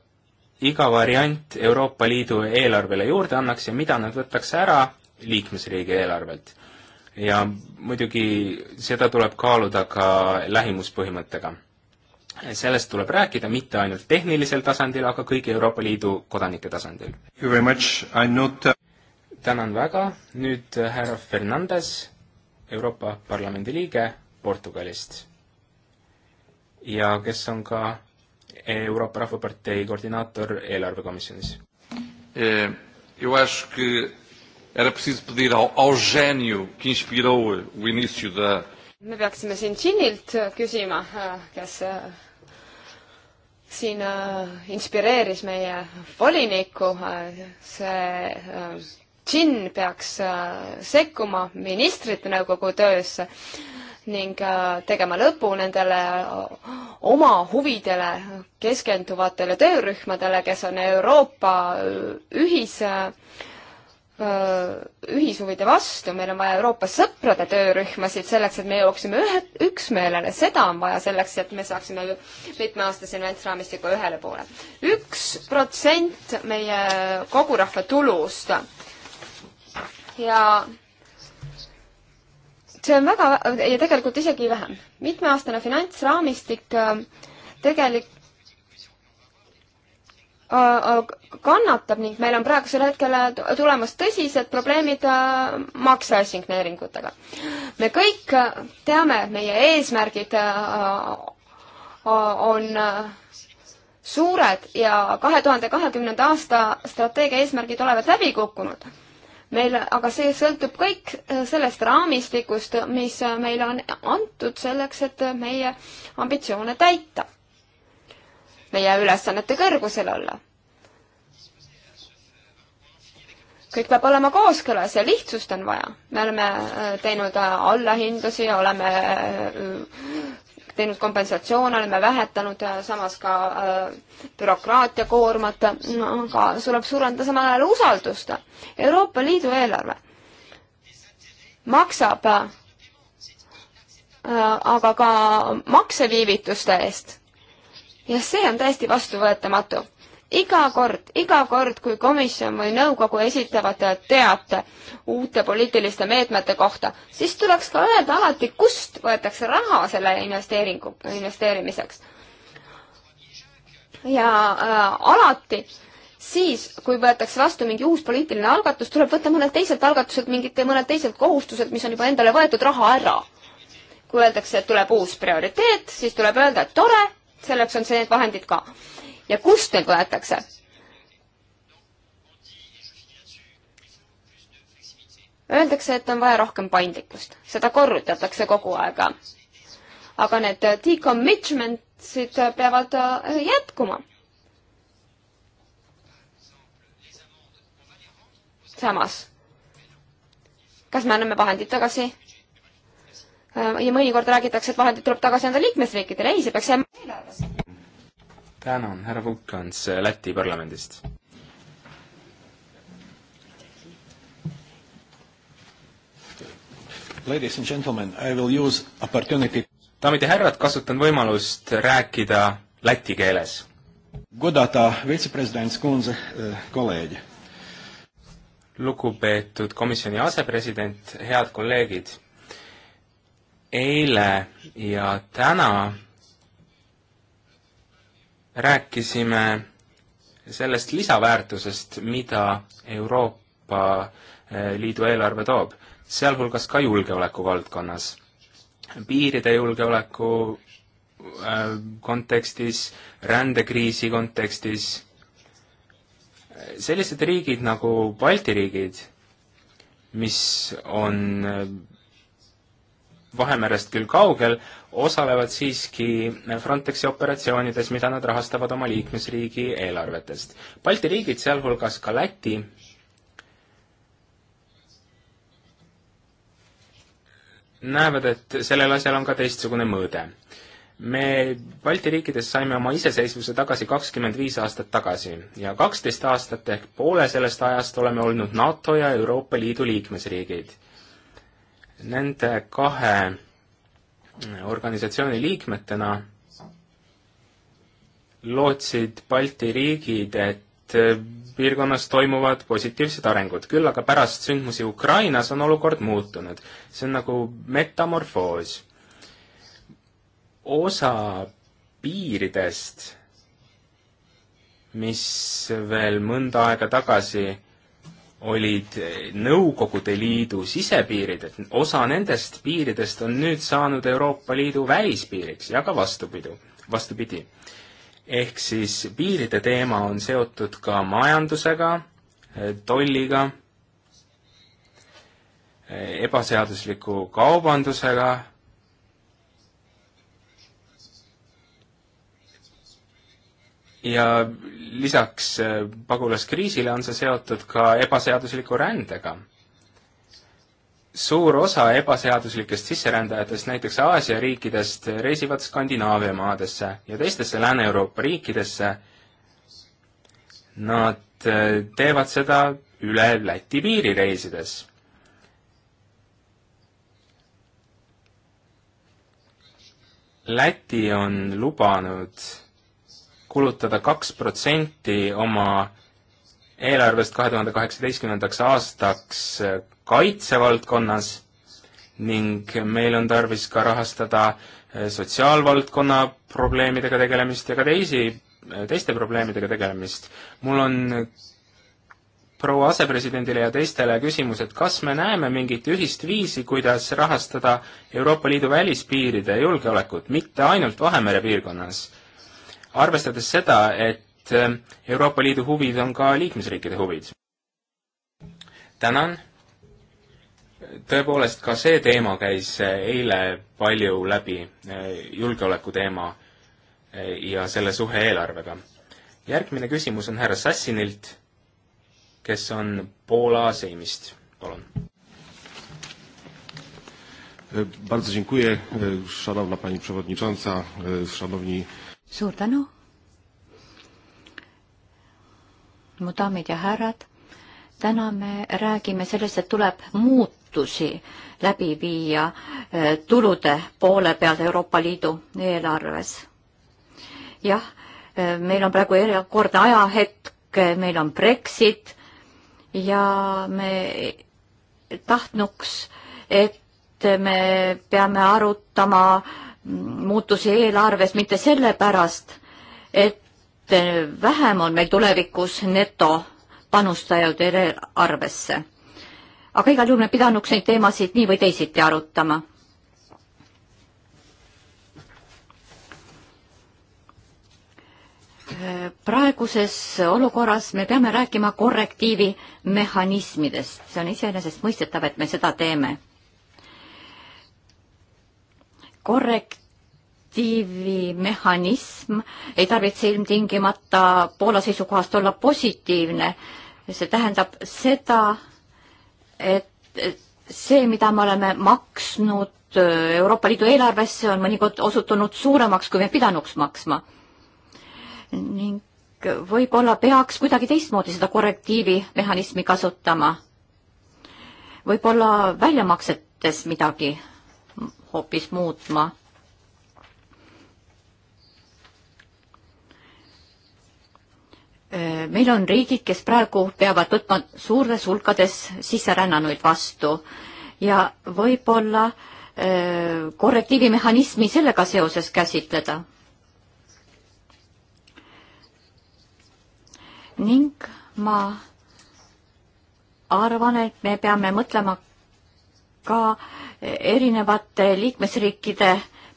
iga variant Euroopa Liidu eelarvele juurde annaks ja mida nad võtaks ära liikmesriigi eelarvelt. ja muidugi seda tuleb kaaluda ka lähimuspõhimõttega. sellest tuleb rääkida mitte ainult tehnilisel tasandil, aga kõigi Euroopa Liidu kodanike tasandil. Not... tänan väga, nüüd härra Fernandes, Euroopa Parlamendi liige Portugalist ja kes on ka Euroopa Rahvapartei koordinaator eelarvekomisjonis. Eu acho que era preciso pedir ao, ao gênio que inspirou o início da me peaksime siin džinnilt küsima, kes siin inspireeris meie volinikku, see džinn peaks sekkuma ministrite nõukogu töösse ning äh, tegema lõpu nendele äh, oma huvidele keskenduvatele töörühmadele, kes on Euroopa äh, ühis, ühishuvide vastu, meil on vaja Euroopa sõprade töörühmasid selleks, et me jõuaksime ühe, üksmeelele, seda on vaja selleks, et me saaksime mitmeaastase finantsraamistiku ühele poole. üks protsent meie kogurahva tulust ja see on väga, ja tegelikult isegi vähem. mitmeaastane finantsraamistik äh, tegelik-, äh, äh, kannatab ning meil on praegusel hetkel tulemas tõsised probleemid makseassigneeringutega. me kõik teame, meie eesmärgid on suured ja kahe tuhande kahekümnenda aasta strateegia eesmärgid olevat läbi kukkunud meil, aga see sõltub kõik äh, sellest raamistikust, mis äh, meile on antud selleks, et äh, meie ambitsioone täita. meie ülesannete kõrgusel olla. kõik peab olema kooskõlas ja lihtsust on vaja. me oleme teinud allahindlusi, oleme teinud kompensatsioone, oleme vähetanud äh, samas ka äh, bürokraatia koormat, aga tuleb suurendada samal ajal usaldust. Euroopa Liidu eelarve maksab äh, aga ka makseviivituste eest. ja see on täiesti vastuvõetamatu iga kord, iga kord, kui komisjon või nõukogu esitavad teate uute poliitiliste meetmete kohta, siis tuleks ka öelda alati, kust võetakse raha selle investeeringu, investeerimiseks. ja äh, alati siis, kui võetakse vastu mingi uus poliitiline algatus, tuleb võtta mõned teised algatused, mingid mõned teised kohustused, mis on juba endale võetud, raha ära. kui öeldakse, et tuleb uus prioriteet, siis tuleb öelda, et tore, selleks on see, need vahendid ka ja kust need võetakse? Öeldakse, et on vaja rohkem paindlikkust, seda korrutatakse kogu aeg. aga need decommitment'id peavad äh, jätkuma. samas, kas me anname vahendid tagasi? Äh, ja mõnikord räägitakse, et vahendid tuleb tagasi anda liikmesriikidele, ei, see peaks jääma eelarvesse tänan, härra Vukkans Läti parlamendist. Ladies and gentlemen, I will use opportunity daamid ja härrad, kasutan võimalust rääkida läti keeles. Godata vitsepresident Kunze eh, kolleeg. lugupeetud komisjoni asepresident, head kolleegid. eile ja täna rääkisime sellest lisaväärtusest, mida Euroopa eh, Liidu eelarve toob, sealhulgas ka julgeoleku valdkonnas. piiride julgeoleku eh, kontekstis, rändekriisi kontekstis, eh, sellised riigid nagu Balti riigid, mis on Vahemerest küll kaugel, osalevad siiski Frontexi operatsioonides, mida nad rahastavad oma liikmesriigi eelarvetest. Balti riigid, sealhulgas ka Läti, näevad, et sellel asjal on ka teistsugune mõõde. me Balti riikides saime oma iseseisvuse tagasi kakskümmend viis aastat tagasi ja kaksteist aastat ehk poole sellest ajast oleme olnud NATO ja Euroopa Liidu liikmesriigid nende kahe eh, organisatsiooni liikmetena lootsid Balti riigid, et eh, piirkonnas toimuvad positiivsed arengud, küll aga pärast sündmusi Ukrainas on olukord muutunud. see on nagu metamorfoos. osa piiridest, mis veel mõnda aega tagasi olid Nõukogude Liidu sisepiirid, et osa nendest piiridest on nüüd saanud Euroopa Liidu välispiiriks ja ka vastupidu, vastupidi. ehk siis piiride teema on seotud ka majandusega, tolliga, ebaseadusliku kaubandusega ja lisaks äh, pagulaskriisile on see seotud ka ebaseadusliku rändega. suur osa ebaseaduslikest sisserändajatest näiteks Aasia riikidest reisivad Skandinaavia maadesse ja teistesse Lääne-Euroopa riikidesse. Nad äh, teevad seda üle Läti piiri reisides Läti on lubanud kulutada kaks protsenti oma eelarvest kahe tuhande kaheksateistkümnendaks aastaks kaitsevaldkonnas ning meil on tarvis ka rahastada eh, sotsiaalvaldkonna probleemidega tegelemist ja ka teisi, eh, teiste probleemidega tegelemist. mul on proua asepresidendile ja teistele küsimus, et kas me näeme mingit ühist viisi, kuidas rahastada Euroopa Liidu välispiiride julgeolekut, mitte ainult Vahemere piirkonnas arvestades seda, et äh, Euroopa Liidu huvid on ka liikmesriikide huvid. tänan. tõepoolest, ka see teema käis äh, eile palju läbi, äh, julgeoleku teema ja selle suhe eelarvega. järgmine küsimus on härra Sassinilt, kes on Poola seimist, palun. Bardzo dziękuję, szanowna pani przewodnicząca, szanowni suur tänu. mu daamid ja härrad, täna me räägime sellest, et tuleb muutusi läbi viia eh, tulude poole pealt Euroopa Liidu eelarves. jah, eh, meil on praegu järjekordne ajahetk, eh, meil on Brexit ja me tahtnuks, et me peame arutama äh, muutusi eelarves mitte sellepärast, et vähem on meil tulevikus netopanustajaid eelarvesse. aga igal juhul me pidanuks neid teemasid nii või teisiti arutama. praeguses olukorras me peame rääkima korrektiivi mehhanismidest, see on iseenesestmõistetav, et me seda teeme korrektiivimehhanism ei tarvitse ilmtingimata Poola seisukohast olla positiivne. see tähendab seda, et see, mida me oleme maksnud Euroopa Liidu eelarvesse, on mõnikord osutunud suuremaks, kui me pidanuks maksma. ning võib-olla peaks kuidagi teistmoodi seda korrektiivimehhanismi kasutama. võib-olla väljamaksetes midagi hoopis muutma. meil on riigid, kes praegu peavad võtma suurtes hulkades sisserännanuid vastu ja võib-olla äh, korrektiivimehhanismi sellega seoses käsitleda. ning ma arvan, et me peame mõtlema ka erinevate liikmesriikide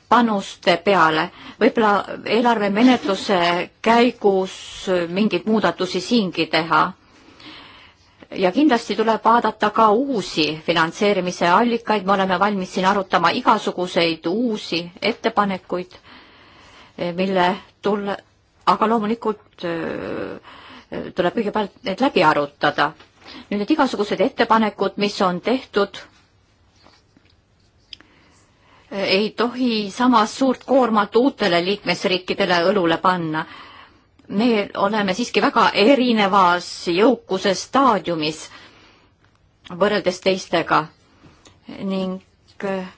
panuste peale. võib-olla eelarvemenetluse käigus mingeid muudatusi siingi teha. ja kindlasti tuleb vaadata ka uusi finantseerimise allikaid, me oleme valmis siin arutama igasuguseid uusi ettepanekuid, mille tulla, aga loomulikult öö, äh, tuleb kõigepealt need läbi arutada. nüüd need igasugused ettepanekud, mis on tehtud ei tohi samas suurt koormat uutele liikmesriikidele õlule panna. me oleme siiski väga erinevas jõukuse staadiumis võrreldes teistega ning äh,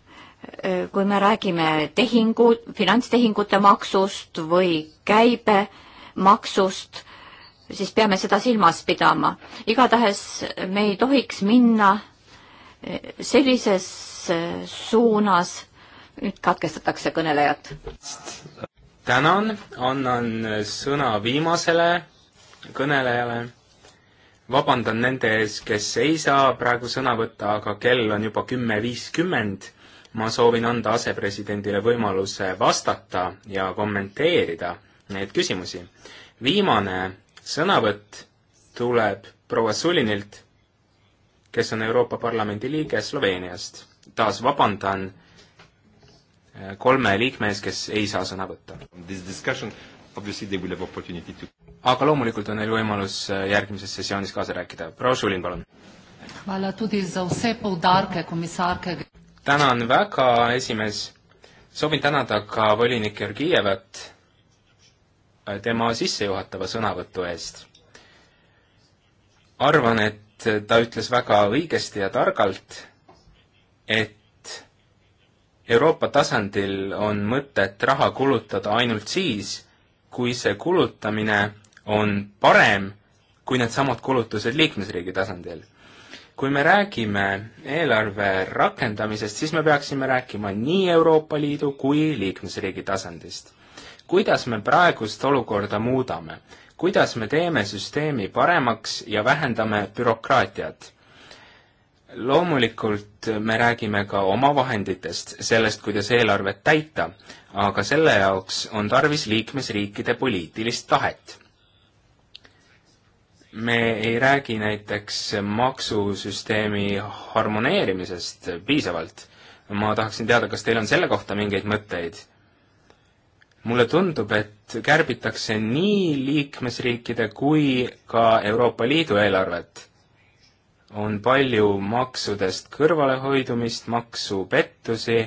kui me räägime tehingu, finantstehingute maksust või käibemaksust, siis peame seda silmas pidama. igatahes me ei tohiks minna äh, sellises äh, suunas nüüd katkestatakse kõnelejat. tänan, annan sõna viimasele kõnelejale. vabandan nende ees, kes ei saa praegu sõna võtta, aga kell on juba kümme viiskümmend. ma soovin anda asepresidendile võimaluse vastata ja kommenteerida neid küsimusi. viimane sõnavõtt tuleb proua Sulinilt, kes on Euroopa Parlamendi liige Sloveeniast. taas vabandan kolme liikme ees, kes ei saa sõna võtta. To... aga loomulikult on neil võimalus äh, järgmises sessioonis kaasa rääkida. proua Šulin, palun. tänan väga, esimees. soovin tänada ka volinik Georgievat äh, tema sissejuhatava sõnavõtu eest. arvan, et ta ütles väga õigesti ja targalt, et Euroopa tasandil on mõtet raha kulutada ainult siis, kui see kulutamine on parem kui needsamad kulutused liikmesriigi tasandil. kui me räägime eelarve rakendamisest, siis me peaksime rääkima nii Euroopa Liidu kui liikmesriigi tasandist. kuidas me praegust olukorda muudame? kuidas me teeme süsteemi paremaks ja vähendame bürokraatiat? loomulikult me räägime ka omavahenditest, sellest, kuidas eelarvet täita, aga selle jaoks on tarvis liikmesriikide poliitilist tahet. me ei räägi näiteks maksusüsteemi harmoneerimisest piisavalt. ma tahaksin teada, kas teil on selle kohta mingeid mõtteid? mulle tundub, et kärbitakse nii liikmesriikide kui ka Euroopa Liidu eelarvet on palju maksudest kõrvalehoidumist, maksupettusi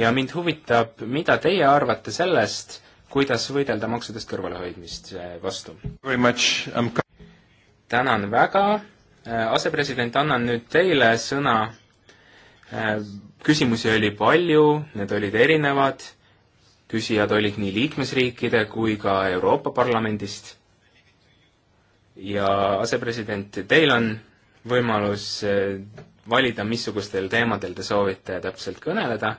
ja mind huvitab, mida teie arvate sellest, kuidas võidelda maksudest kõrvalehoidmist vastu? tänan väga, äh, asepresident, annan nüüd teile sõna. Äh, küsimusi oli palju, need olid erinevad, küsijad olid nii liikmesriikide kui ka Euroopa Parlamendist. ja asepresident, teil on võimalus eh, valida, missugustel teemadel te soovite täpselt kõneleda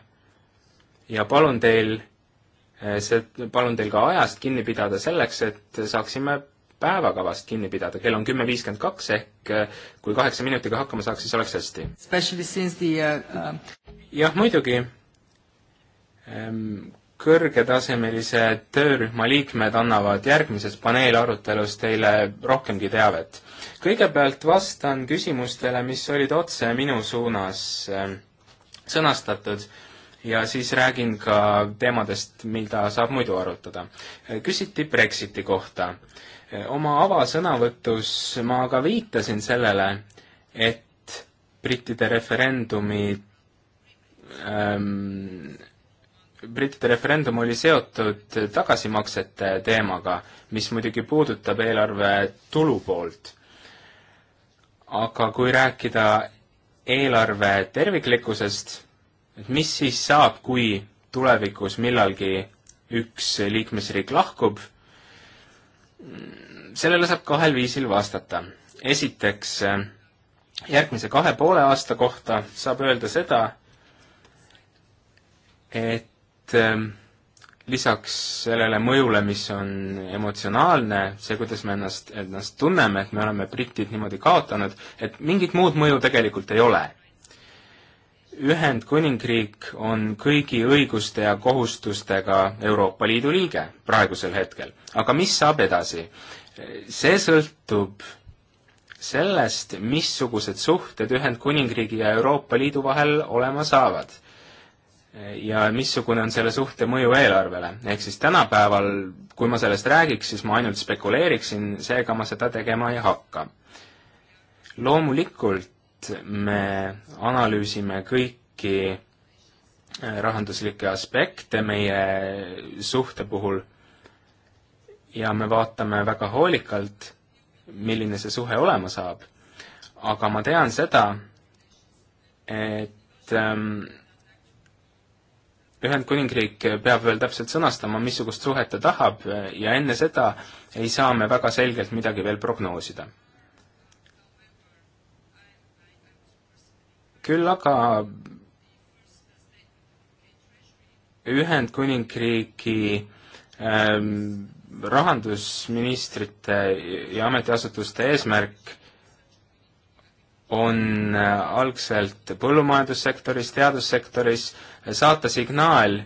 ja palun teil eh, see, palun teil ka ajast kinni pidada selleks, et saaksime päevakavast kinni pidada, kell on kümme viiskümmend kaks ehk eh, kui kaheksa minutiga hakkama saaks, siis oleks hästi. Uh, uh, jah, muidugi. Ehm, kõrgetasemelise töörühma liikmed annavad järgmises paneelarutelus teile rohkemgi teavet. kõigepealt vastan küsimustele, mis olid otse minu suunas ähm, sõnastatud ja siis räägin ka teemadest, mida saab muidu arutada. Äh, küsiti Brexiti kohta. Äh, oma avasõnavõtus ma ka viitasin sellele, et brittide referendumi ähm, brittide referendum oli seotud tagasimaksete teemaga, mis muidugi puudutab eelarve tulupoolt. aga kui rääkida eelarve terviklikkusest, et mis siis saab, kui tulevikus millalgi üks liikmesriik lahkub, sellele saab kahel viisil vastata. esiteks, järgmise kahe poole aasta kohta saab öelda seda, et Ehm, lisaks sellele mõjule, mis on emotsionaalne, see, kuidas me ennast, ennast tunneme, et me oleme britid niimoodi kaotanud, et mingit muud mõju tegelikult ei ole. Ühendkuningriik on kõigi õiguste ja kohustustega Euroopa Liidu liige praegusel hetkel. aga mis saab edasi? see sõltub sellest, missugused suhted Ühendkuningriigi ja Euroopa Liidu vahel olema saavad ja missugune on selle suhte mõju eelarvele. ehk siis tänapäeval, kui ma sellest räägiks, siis ma ainult spekuleeriksin, seega ma seda tegema ei hakka. loomulikult me analüüsime kõiki äh, rahanduslikke aspekte meie suhte puhul ja me vaatame väga hoolikalt, milline see suhe olema saab. aga ma tean seda, et ähm, Ühendkuningriik peab veel täpselt sõnastama, missugust suhet ta tahab ja enne seda ei saa me väga selgelt midagi veel prognoosida. küll aga Ühendkuningriigi ähm, rahandusministrite ja ametiasutuste eesmärk on äh, algselt põllumajandussektoris, teadussektoris, äh, saata signaal,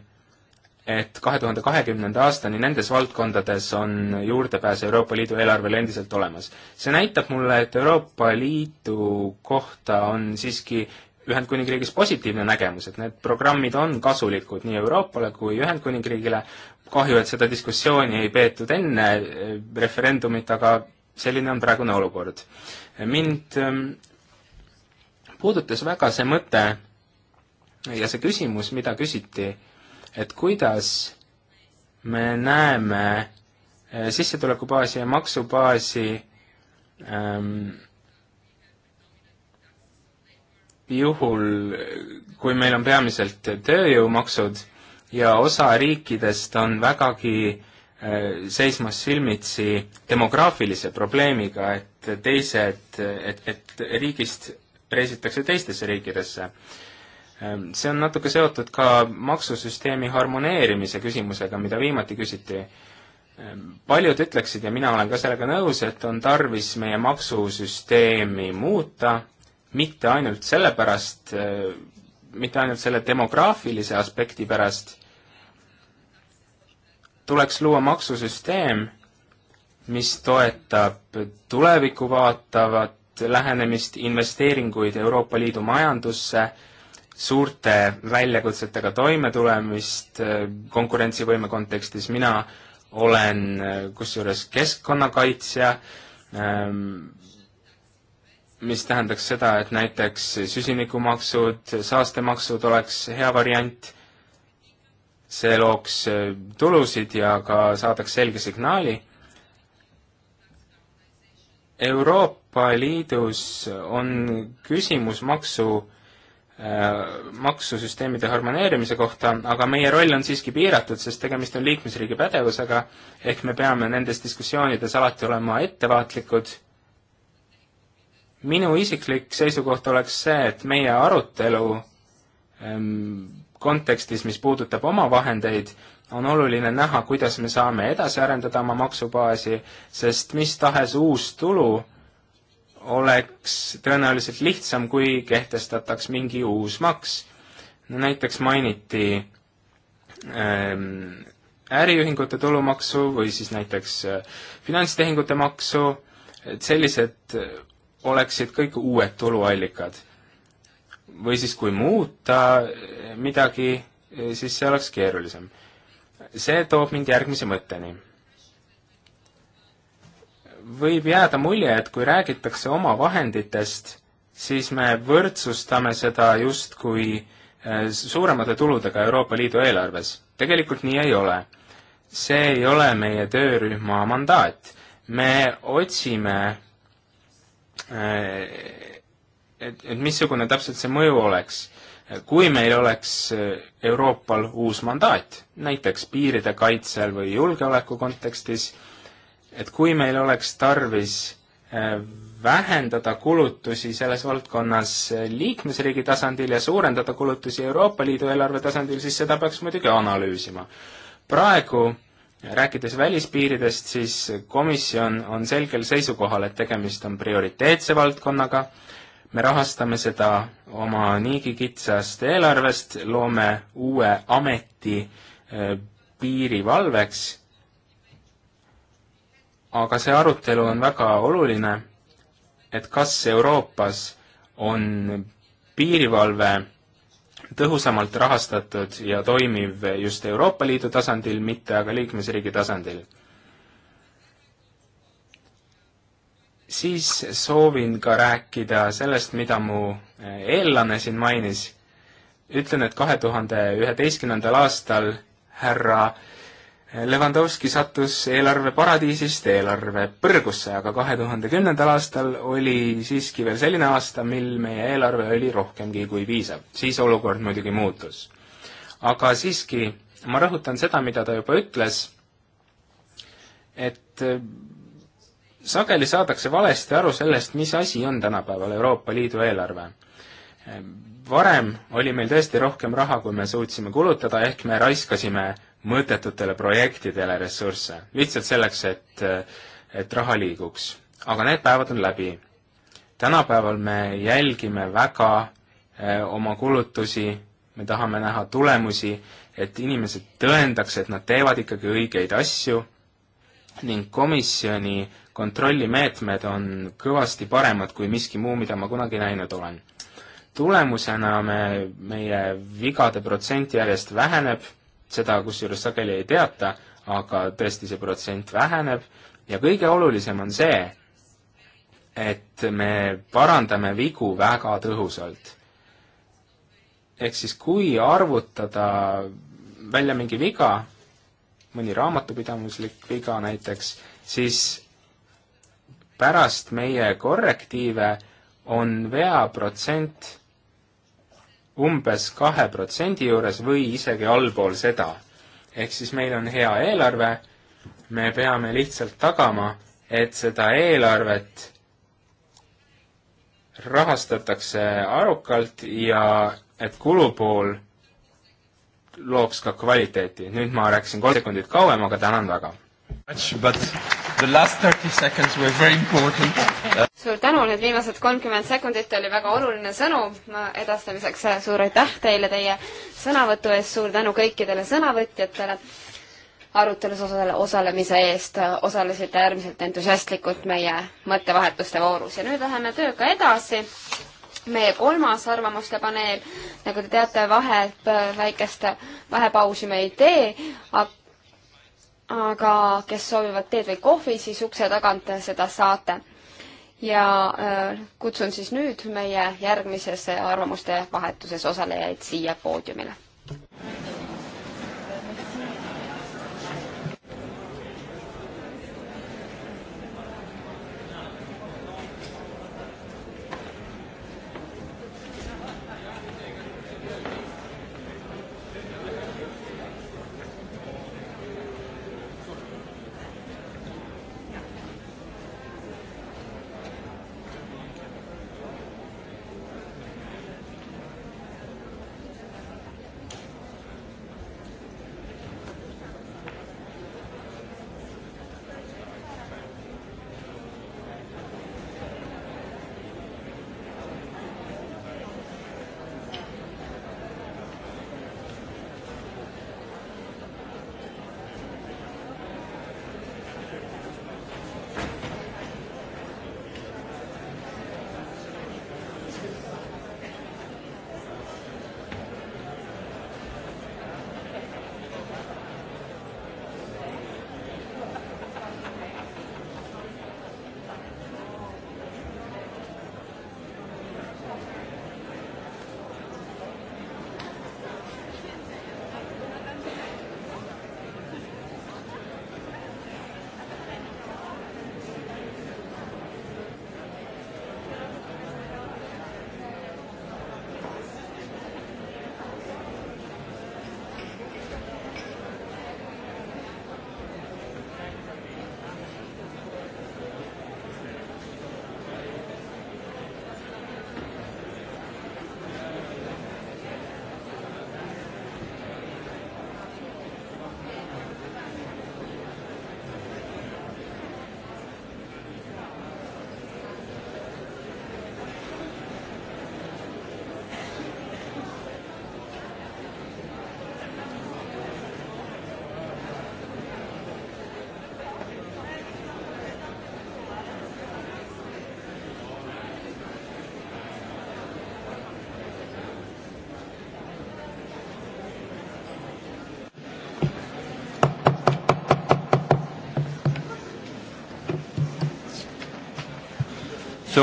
et kahe tuhande kahekümnenda aastani nendes valdkondades on juurdepääs Euroopa Liidu eelarvele endiselt olemas. see näitab mulle, et Euroopa Liidu kohta on siiski Ühendkuningriigis positiivne nägemus, et need programmid on kasulikud nii Euroopale kui Ühendkuningriigile, kahju, et seda diskussiooni ei peetud enne äh, referendumit, aga selline on praegune olukord. mind ähm, puudutas väga see mõte ja see küsimus, mida küsiti, et kuidas me näeme eh, sissetulekubaasi ja maksubaasi ähm, juhul, kui meil on peamiselt tööjõumaksud ja osa riikidest on vägagi eh, seismas silmitsi demograafilise probleemiga, et teised, et, et riigist reisitakse teistesse riikidesse. Ehm, see on natuke seotud ka maksusüsteemi harmoneerimise küsimusega, mida viimati küsiti. Ehm, paljud ütleksid ja mina olen ka sellega nõus, et on tarvis meie maksusüsteemi muuta, mitte ainult sellepärast, ehm, mitte ainult selle demograafilise aspekti pärast, tuleks luua maksusüsteem, mis toetab tulevikku vaatavat lähenemist, investeeringuid Euroopa Liidu majandusse, suurte väljakutsetega toimetulemist äh, konkurentsivõime kontekstis, mina olen äh, kusjuures keskkonnakaitsja, ähm, mis tähendaks seda, et näiteks süsinikumaksud, saastemaksud oleks hea variant, see looks äh, tulusid ja ka saadaks selge signaali Euroopa Liidus on küsimus maksu äh, maksusüsteemide harmoneerimise kohta, aga meie roll on siiski piiratud, sest tegemist on liikmesriigi pädevusega, ehk me peame nendes diskussioonides alati olema ettevaatlikud. minu isiklik seisukoht oleks see, et meie arutelu ähm, kontekstis, mis puudutab omavahendeid, on oluline näha, kuidas me saame edasi arendada oma maksubaasi, sest mis tahes uus tulu oleks tõenäoliselt lihtsam, kui kehtestataks mingi uus maks. näiteks mainiti ähm, äriühingute tulumaksu või siis näiteks äh, finantstehingute maksu, et sellised oleksid kõik uued tuluallikad. või siis kui muuta midagi, äh, siis see oleks keerulisem see toob mind järgmise mõtteni. võib jääda mulje, et kui räägitakse oma vahenditest, siis me võrdsustame seda justkui äh, suuremate tuludega Euroopa Liidu eelarves. tegelikult nii ei ole. see ei ole meie töörühma mandaat. me otsime, äh, et, et missugune täpselt see mõju oleks kui meil oleks äh, Euroopal uus mandaat, näiteks piiride kaitsel või julgeoleku kontekstis, et kui meil oleks tarvis äh, vähendada kulutusi selles valdkonnas äh, liikmesriigi tasandil ja suurendada kulutusi Euroopa Liidu eelarve tasandil, siis seda peaks muidugi analüüsima. praegu, rääkides välispiiridest, siis komisjon on selgel seisukohal, et tegemist on prioriteetse valdkonnaga, me rahastame seda oma niigi kitsast eelarvest, loome uue ameti äh, piirivalveks, aga see arutelu on väga oluline, et kas Euroopas on piirivalve tõhusamalt rahastatud ja toimiv just Euroopa Liidu tasandil, mitte aga liikmesriigi tasandil siis soovin ka rääkida sellest, mida mu eh, eellane siin mainis. ütlen, et kahe tuhande üheteistkümnendal aastal härra eh, Levandovski sattus eelarveparadiisist eelarvepõrgusse, aga kahe tuhande kümnendal aastal oli siiski veel selline aasta, mil meie eelarve oli rohkemgi kui piisav. siis olukord muidugi muutus. aga siiski, ma rõhutan seda, mida ta juba ütles, et eh, sageli saadakse valesti aru sellest, mis asi on tänapäeval Euroopa Liidu eelarve. varem oli meil tõesti rohkem raha, kui me suutsime kulutada, ehk me raiskasime mõttetutele projektidele ressursse, lihtsalt selleks, et, et raha liiguks. aga need päevad on läbi. tänapäeval me jälgime väga eh, oma kulutusi, me tahame näha tulemusi, et inimesed tõendaks, et nad teevad ikkagi õigeid asju ning komisjoni kontrollimeetmed on kõvasti paremad kui miski muu, mida ma kunagi näinud olen. tulemusena me, meie vigade protsent järjest väheneb, seda kusjuures sageli ei teata, aga tõesti see protsent väheneb ja kõige olulisem on see, et me parandame vigu väga tõhusalt. ehk siis, kui arvutada välja mingi viga, mõni raamatupidamuslik viga näiteks, siis pärast meie korrektiive on veaprotsent umbes kahe protsendi juures või isegi allpool seda. ehk siis meil on hea eelarve, me peame lihtsalt tagama, et seda eelarvet rahastatakse arukalt ja et kulupool looks ka kvaliteeti. nüüd ma rääkisin kolm sekundit kauem, aga tänan väga. But The last thirty seconds were very important uh.... suur tänu, need viimased kolmkümmend sekundit oli väga oluline sõnum edastamiseks. Äh, suur aitäh teile teie sõnavõtu eest, suur tänu kõikidele sõnavõtjatele arutelus osale, osalemise eest, äh, osalesite äärmiselt entusiastlikult meie mõttevahetuste voorus ja nüüd läheme tööga edasi. meie kolmas arvamuste paneel, nagu te teate, vahe, äh, väikest vahepausi me ei tee, aga kes soovivad teed või kohvi, siis ukse tagant seda saate. ja äh, kutsun siis nüüd meie järgmises arvamuste vahetuses osalejaid siia poodiumile.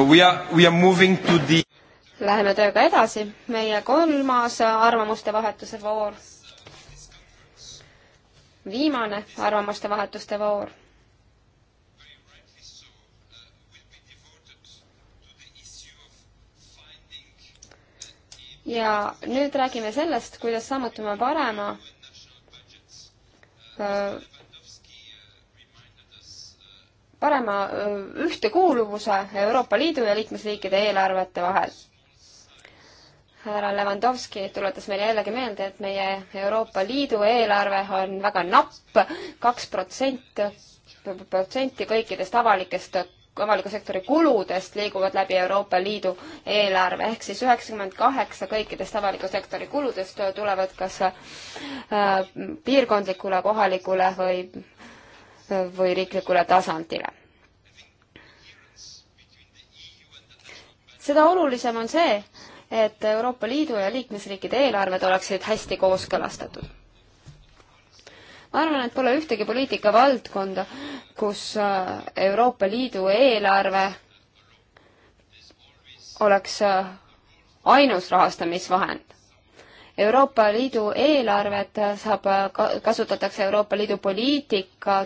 We are, we are the... Läheme tööga edasi, meie kolmas arvamuste vahetuse voor. viimane arvamuste vahetuste voor ja nüüd räägime sellest, kuidas saavutame parema äh, parema ühtekuuluvuse Euroopa Liidu ja liikmesriikide eelarvete vahel. härra Levandovski tuletas meile jällegi meelde, et meie Euroopa Liidu eelarve on väga napp, kaks protsent, protsenti kõikidest avalikest avaliku sektori kuludest liiguvad läbi Euroopa Liidu eelarve, ehk siis üheksakümmend kaheksa kõikidest avaliku sektori kuludest tulevad kas äh, piirkondlikule, kohalikule või äh, või riiklikule tasandile. seda olulisem on see, et Euroopa Liidu ja liikmesriikide eelarved oleksid hästi kooskõlastatud. ma arvan, et pole ühtegi poliitikavaldkonda, kus äh, Euroopa Liidu eelarve oleks äh, ainus rahastamisvahend. Euroopa Liidu eelarvet saab, kasutatakse Euroopa Liidu poliitika,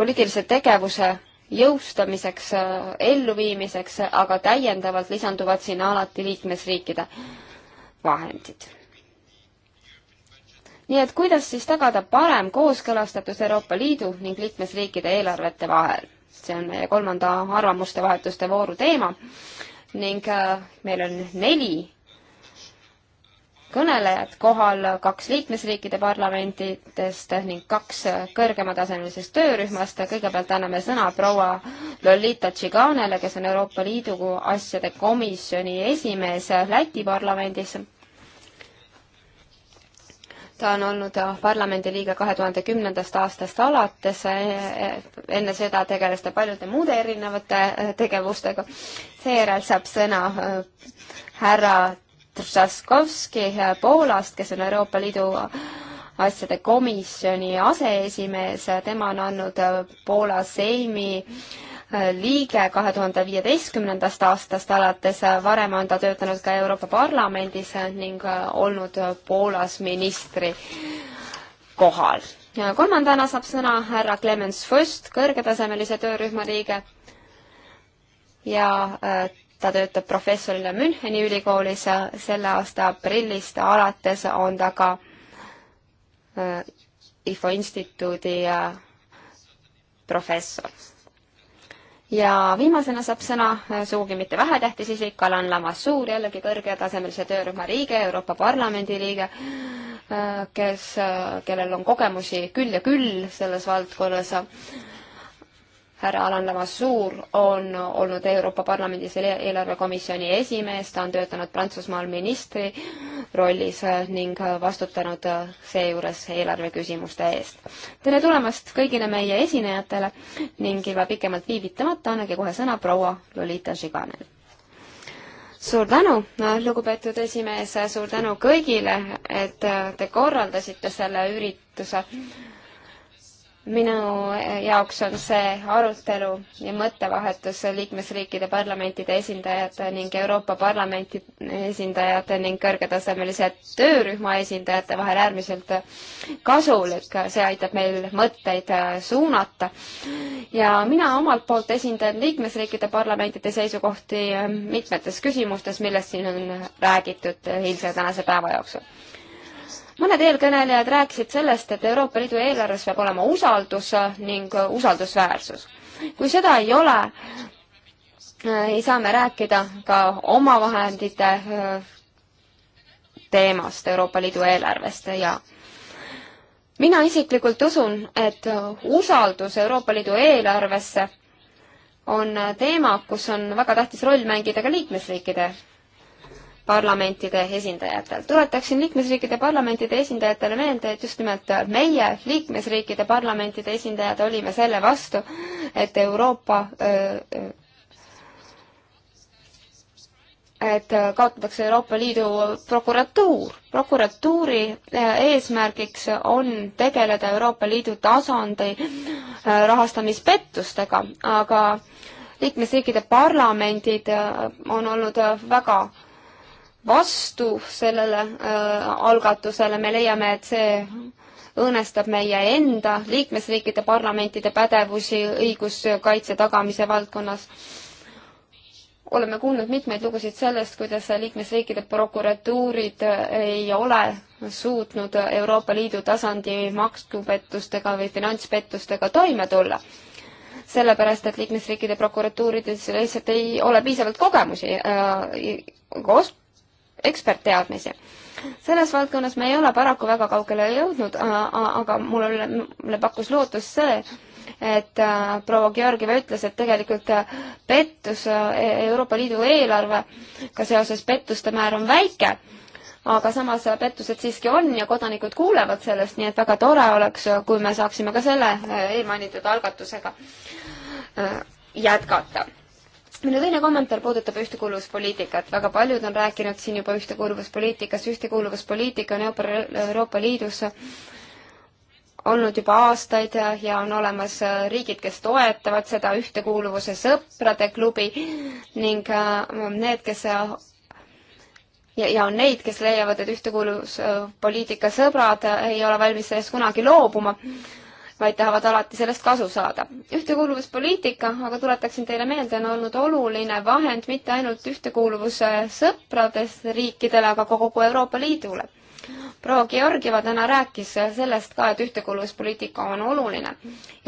poliitilise tegevuse jõustamiseks, elluviimiseks, aga täiendavalt lisanduvad sinna alati liikmesriikide vahendid. nii et kuidas siis tagada parem kooskõlastatus Euroopa Liidu ning liikmesriikide eelarvete vahel? see on meie kolmanda arvamustevahetuste vooru teema ning äh, meil on neli kõnelejad kohal, kaks liikmesriikide parlamentidest ning kaks kõrgematasemelisest töörühmast. kõigepealt anname sõna proua Lolita Tšiganele, kes on Euroopa Liidu asjade komisjoni esimees Läti parlamendis. ta on olnud parlamendiliige kahe tuhande kümnendast aastast alates, enne seda tegeles ta paljude muude erinevate tegevustega. seejärel saab sõna äh, härra Trzaskowski Poolast, kes on Euroopa Liidu asjade komisjoni aseesimees, tema on andnud äh, Poola Seimi äh, liige kahe tuhande viieteistkümnendast aastast alates, varem on ta töötanud ka Euroopa Parlamendis ning äh, olnud Poolas ministri kohal. kolmandana saab sõna härra Clemens Fust, kõrgetasemelise töörühma liige ja ta töötab professorina Müncheni ülikoolis, selle aasta aprillist alates on ta ka äh, IFO instituudi äh, professor. ja viimasena saab sõna äh, sugugi mitte vähetähtis isik, Alan Lamassoor, jällegi kõrgetasemelise töörühma liige, Euroopa Parlamendi liige, kes, kellel on kogemusi küll ja küll selles valdkonnas härra Alan Lamassoor on olnud Euroopa Parlamendis eelarvekomisjoni esimees, ta on töötanud Prantsusmaal ministri rollis äh, ning äh, vastutanud äh, seejuures eelarveküsimuste eest. tere tulemast kõigile meie esinejatele ning ilma pikemalt viivitamata annage kohe sõna proua Lolita Žiganel. suur tänu, lugupeetud esimees, suur tänu kõigile, et te korraldasite selle ürituse minu eh, jaoks on see arutelu ja mõttevahetus liikmesriikide parlamentide esindajate ning Euroopa Parlamenti esindajate ning kõrgetasemelise töörühma esindajate vahel äärmiselt kasulik, see aitab meil mõtteid eh, suunata. ja mina omalt poolt esindan liikmesriikide parlamentide seisukohti eh, mitmetes küsimustes, millest siin on räägitud eilse ja tänase päeva jooksul mõned eelkõnelejad rääkisid sellest, et Euroopa Liidu eelarves peab olema usaldus ning usaldusväärsus. kui seda ei ole, äh, ei saa me rääkida ka omavahendite äh, teemast Euroopa Liidu eelarvest ja mina isiklikult usun, et usaldus Euroopa Liidu eelarvesse on teema, kus on väga tähtis roll mängida ka liikmesriikide parlamentide esindajatel. tuletaksin liikmesriikide parlamentide esindajatele meelde, et just nimelt meie, liikmesriikide parlamentide esindajad, olime selle vastu, et Euroopa et kaotatakse Euroopa Liidu prokuratuur. prokuratuuri eesmärgiks on tegeleda Euroopa Liidu tasandi rahastamispettustega, aga liikmesriikide parlamendid on olnud väga vastu sellele äh, algatusele, me leiame, et see õõnestab meie enda liikmesriikide parlamentide pädevusi õiguskaitse tagamise valdkonnas. oleme kuulnud mitmeid lugusid sellest, kuidas liikmesriikide prokuratuurid äh, ei ole suutnud Euroopa Liidu tasandi maksupettustega või finantspettustega toime tulla sellepärast, et liikmesriikide prokuratuurides lihtsalt ei ole piisavalt kogemusi äh,, os-, ekspertteadmisi. selles valdkonnas me ei ole paraku väga kaugele jõudnud, aga mulle, mulle pakkus lootust see, et äh, proua Georgieva ütles, et tegelikult äh, pettus äh,, Euroopa Liidu eelarvega seoses pettuste määr on väike, aga samas pettused siiski on ja kodanikud kuulevad sellest, nii et väga tore oleks, kui me saaksime ka selle e, eelmainitud algatusega jätkata minu teine kommentaar puudutab ühtekuuluvuspoliitikat. väga paljud on rääkinud siin juba ühtekuuluvuspoliitikast, ühtekuuluvuspoliitika on Euroopa Liidus olnud juba aastaid ja, ja on olemas riigid, kes toetavad seda ühtekuuluvuse sõprade klubi ning äh, need, kes ja, ja on neid, kes leiavad, et ühtekuuluvuspoliitika sõbrad ei ole valmis sellest kunagi loobuma vaid tahavad alati sellest kasu saada. ühtekuuluvuspoliitika, aga tuletaksin teile meelde, on olnud oluline vahend mitte ainult ühtekuuluvuse sõprades riikidele, aga ka kogu Euroopa Liidule. proua Georgieva täna rääkis sellest ka, et ühtekuuluvuspoliitika on oluline.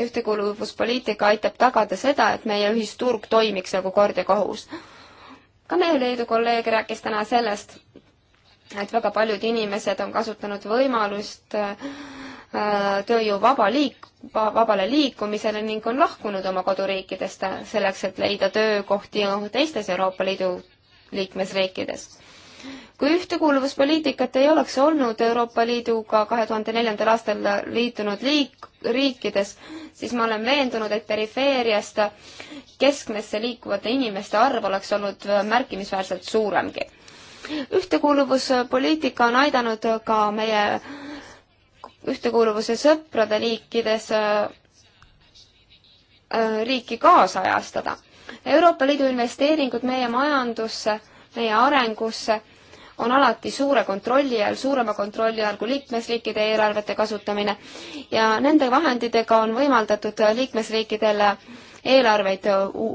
ühtekuuluvuspoliitika aitab tagada seda, et meie ühisturg toimiks nagu kord ja kohus. ka meie Leedu kolleeg rääkis täna sellest, et väga paljud inimesed on kasutanud võimalust äh, Äh, tööjõu vaba liik-, vabale liikumisele ning on lahkunud oma koduriikidest äh, selleks, et leida töökohti teistes Euroopa Liidu liikmesriikides. kui ühtekuuluvuspoliitikat ei oleks olnud Euroopa Liiduga kahe tuhande neljandal aastal liitunud liik-, riikides, siis ma olen veendunud, et perifeeriast keskmesse liikuvate inimeste arv oleks olnud äh, märkimisväärselt suuremgi. ühtekuuluvuspoliitika on aidanud ka meie ühtekuuluvuse sõprade liikides äh, äh, riiki kaasajastada. Euroopa Liidu investeeringud meie majandusse, meie arengusse on alati suure kontrolli all, suurema kontrolli all kui liikmesriikide eelarvete kasutamine ja nende vahenditega on võimaldatud liikmesriikidele eelarveid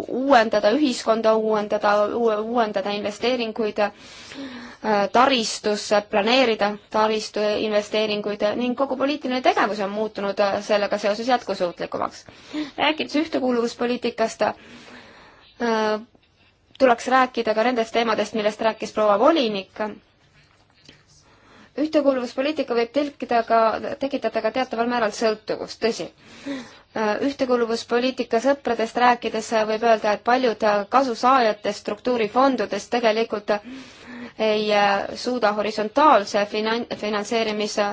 uuendada, ühiskonda uuendada, uuendada investeeringuid äh, taristusse, planeerida taristu investeeringuid ning kogu poliitiline tegevus on muutunud äh, sellega seoses jätkusuutlikumaks. rääkides ühtekuuluvuspoliitikast, äh, tuleks rääkida ka nendest teemadest, millest rääkis proua volinik ühtekuuluvuspoliitika võib telkida ka, tekitada ka teataval määral sõltuvust, tõsi. Äh, ühtekuuluvuspoliitika sõpradest rääkides äh, võib öelda, et paljud äh, kasusaajatest struktuurifondudest tegelikult ei suuda horisontaalse finan-, finantseerimise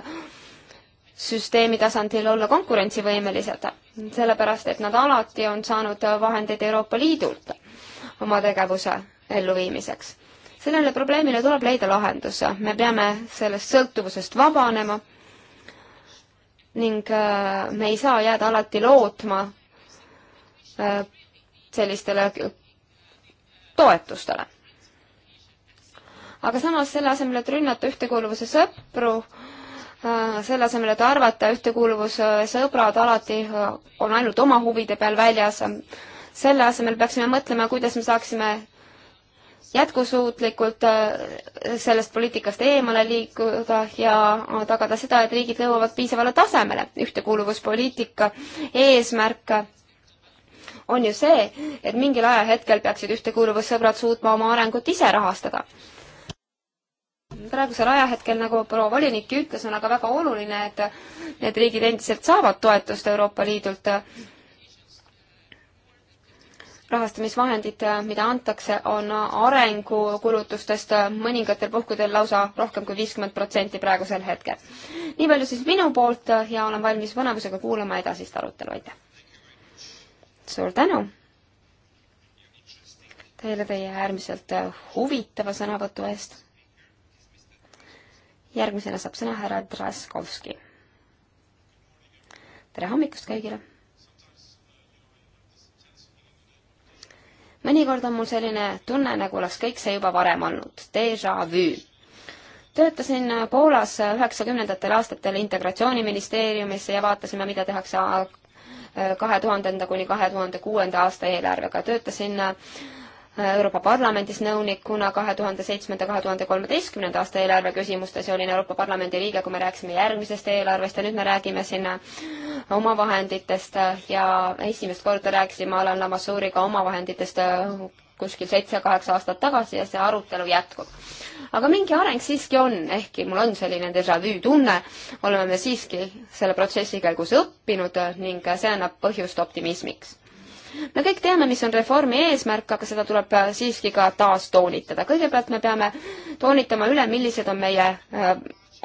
süsteemi tasandil olla konkurentsivõimelised, sellepärast et nad alati on saanud vahendeid Euroopa Liidult oma tegevuse elluviimiseks. sellele probleemile tuleb leida lahendus, me peame sellest sõltuvusest vabanema ning äh, me ei saa jääda alati lootma äh, sellistele toetustele. aga samas selle asemel, et rünnata ühtekuuluvuse sõpru, äh, selle asemel, et arvata ühtekuuluvuse sõbrad alati on ainult oma huvide peal väljas, selle asemel peaksime mõtlema, kuidas me saaksime jätkusuutlikult äh, sellest poliitikast eemale liikuda ja tagada seda, et riigid jõuavad piisavale tasemele. ühtekuuluvuspoliitika eesmärk on ju see, et mingil ajahetkel peaksid ühtekuuluvussõbrad suutma oma arengut ise rahastada. praegusel ajahetkel, nagu proua volinikki ütles, on aga väga oluline, et need riigid endiselt saavad toetust Euroopa Liidult rahastamisvahendid, mida antakse, on arengukulutustest mõningatel puhkudel lausa rohkem kui viiskümmend protsenti praegusel hetkel. nii palju siis minu poolt ja olen valmis põnevusega kuulama edasist arutelu, aitäh! suur tänu teile teie äärmiselt huvitava sõnavõtu eest. järgmisena saab sõna härra Draskovski. tere hommikust kõigile! mõnikord on mul selline tunne, nagu oleks kõik see juba varem olnud, déjà vu. töötasin Poolas üheksakümnendatel aastatel integratsiooniministeeriumis ja vaatasime, mida tehakse äh, kahe tuhandenda kuni kahe tuhande kuuenda aasta eelarvega. töötasin äh, Euroopa Parlamendis nõunikuna kahe tuhande seitsmenda, kahe tuhande kolmeteistkümnenda aasta eelarve küsimustes ja olin Euroopa Parlamendi liige, kui me rääkisime järgmisest eelarvest ja nüüd me räägime siin omavahenditest ja esimest korda rääkisin ma Alan Lamassuuriga omavahenditest äh, kuskil seitse-kaheksa aastat tagasi ja see arutelu jätkub. aga mingi areng siiski on, ehkki mul on selline déjà vu tunne, oleme me siiski selle protsessi käigus õppinud ning see annab põhjust optimismiks me kõik teame, mis on reformi eesmärk, aga seda tuleb äh, siiski ka taas toonitada. kõigepealt me peame toonitama üle, millised on meie äh,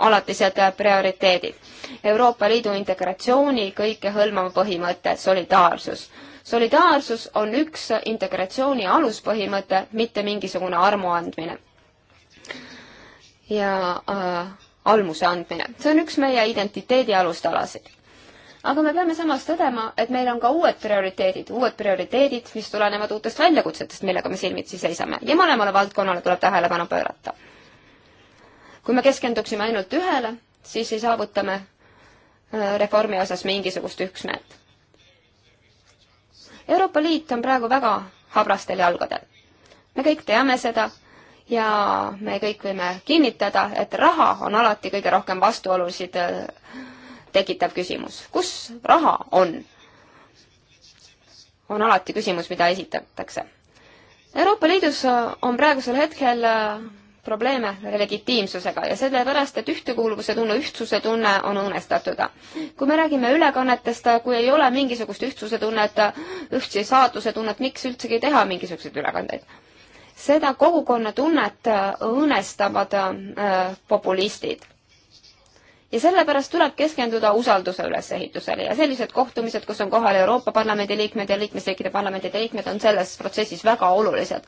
alatised äh, prioriteedid. Euroopa Liidu integratsiooni kõikehõlmav põhimõte, solidaarsus. solidaarsus on üks integratsiooni aluspõhimõte, mitte mingisugune armu andmine. ja äh, almuse andmine. see on üks meie identiteedi alustalasid aga me peame samas tõdema, et meil on ka uued prioriteedid, uued prioriteedid, mis tulenevad uutest väljakutsetest, millega me silmitsi seisame ja mõlemale valdkonnale tuleb tähelepanu pöörata. kui me keskenduksime ainult ühele, siis ei saavuta me äh, reformi osas mingisugust üksmeelt. Euroopa Liit on praegu väga habrastel jalgadel. me kõik teame seda ja me kõik võime kinnitada, et raha on alati kõige rohkem vastuolusid äh, tekitav küsimus. kus raha on? on alati küsimus, mida esitatakse. Euroopa Liidus on praegusel hetkel äh, probleeme legitiimsusega ja sellepärast, et ühtekuuluvuse tunne, ühtsuse tunne on õõnestatud. kui me räägime ülekannetest, kui ei ole mingisugust ühtsuse tunnet, ühtse saatuse tunnet, miks üldsegi teha mingisuguseid ülekandeid? seda kogukonnatunnet õõnestavad äh, populistid ja sellepärast tuleb keskenduda usalduse ülesehitusele ja sellised kohtumised, kus on kohal Euroopa Parlamendi liikmed ja liikmesriikide parlamendide liikmed, on selles protsessis väga olulised.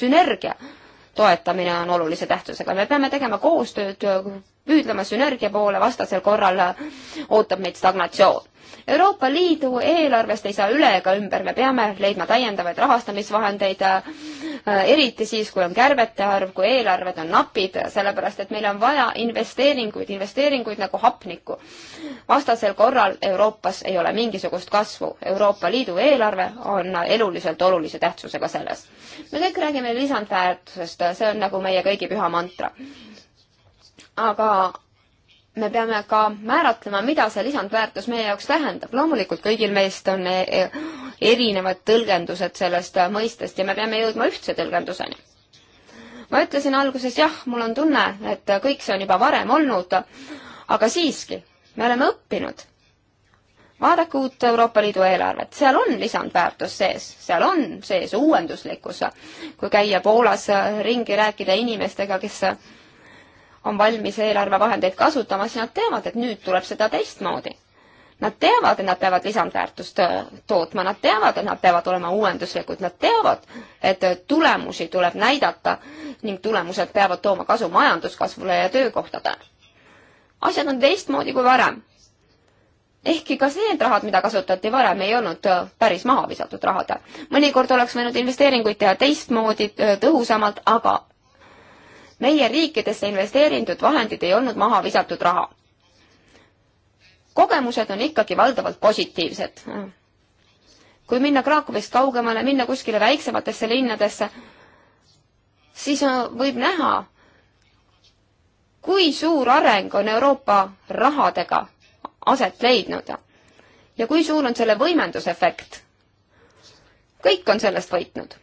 sünergia toetamine on olulise tähtsusega, me peame tegema koostööd püüdlema sünergia poole, vastasel korral äh, ootab meid stagnatsioon. Euroopa Liidu eelarvest ei saa üle ega ümber, me peame leidma täiendavaid rahastamisvahendeid, äh, äh, eriti siis, kui on kärbete arv, kui eelarved on napid, sellepärast et meil on vaja investeeringuid, investeeringuid nagu hapnikku. vastasel korral Euroopas ei ole mingisugust kasvu. Euroopa Liidu eelarve on eluliselt olulise tähtsusega selles. me kõik räägime lisandväärtusest, see on nagu meie kõigi püha mantra aga me peame ka määratlema, mida see lisandväärtus meie jaoks tähendab. loomulikult kõigil meist on e-, e-, erinevad tõlgendused sellest mõistest ja me peame jõudma ühtse tõlgenduseni. ma ütlesin alguses jah, mul on tunne, et kõik see on juba varem olnud, aga siiski, me oleme õppinud. vaadake uut Euroopa Liidu eelarvet, seal on lisandväärtus sees, seal on sees uuenduslikkus. kui käia Poolas ringi, rääkida inimestega, kes on valmis eelarvevahendeid kasutama, siis nad teavad, et nüüd tuleb seda teistmoodi. Nad teavad, et nad peavad lisandväärtust äh, tootma, nad teavad, et nad peavad olema uuenduslikud, nad teavad, et äh, tulemusi tuleb näidata ning tulemused peavad tooma kasu majanduskasvule ja töökohtadele. asjad on teistmoodi kui varem. ehkki ka need rahad, mida kasutati varem, ei olnud äh, päris maha visatud rahad. mõnikord oleks võinud investeeringuid teha teistmoodi, tõhusamalt, aga meie riikidesse investeeritud vahendid ei olnud maha visatud raha. kogemused on ikkagi valdavalt positiivsed. kui minna Krakowist kaugemale, minna kuskile väiksematesse linnadesse, siis võib näha, kui suur areng on Euroopa rahadega aset leidnud ja kui suur on selle võimendusefekt. kõik on sellest võitnud.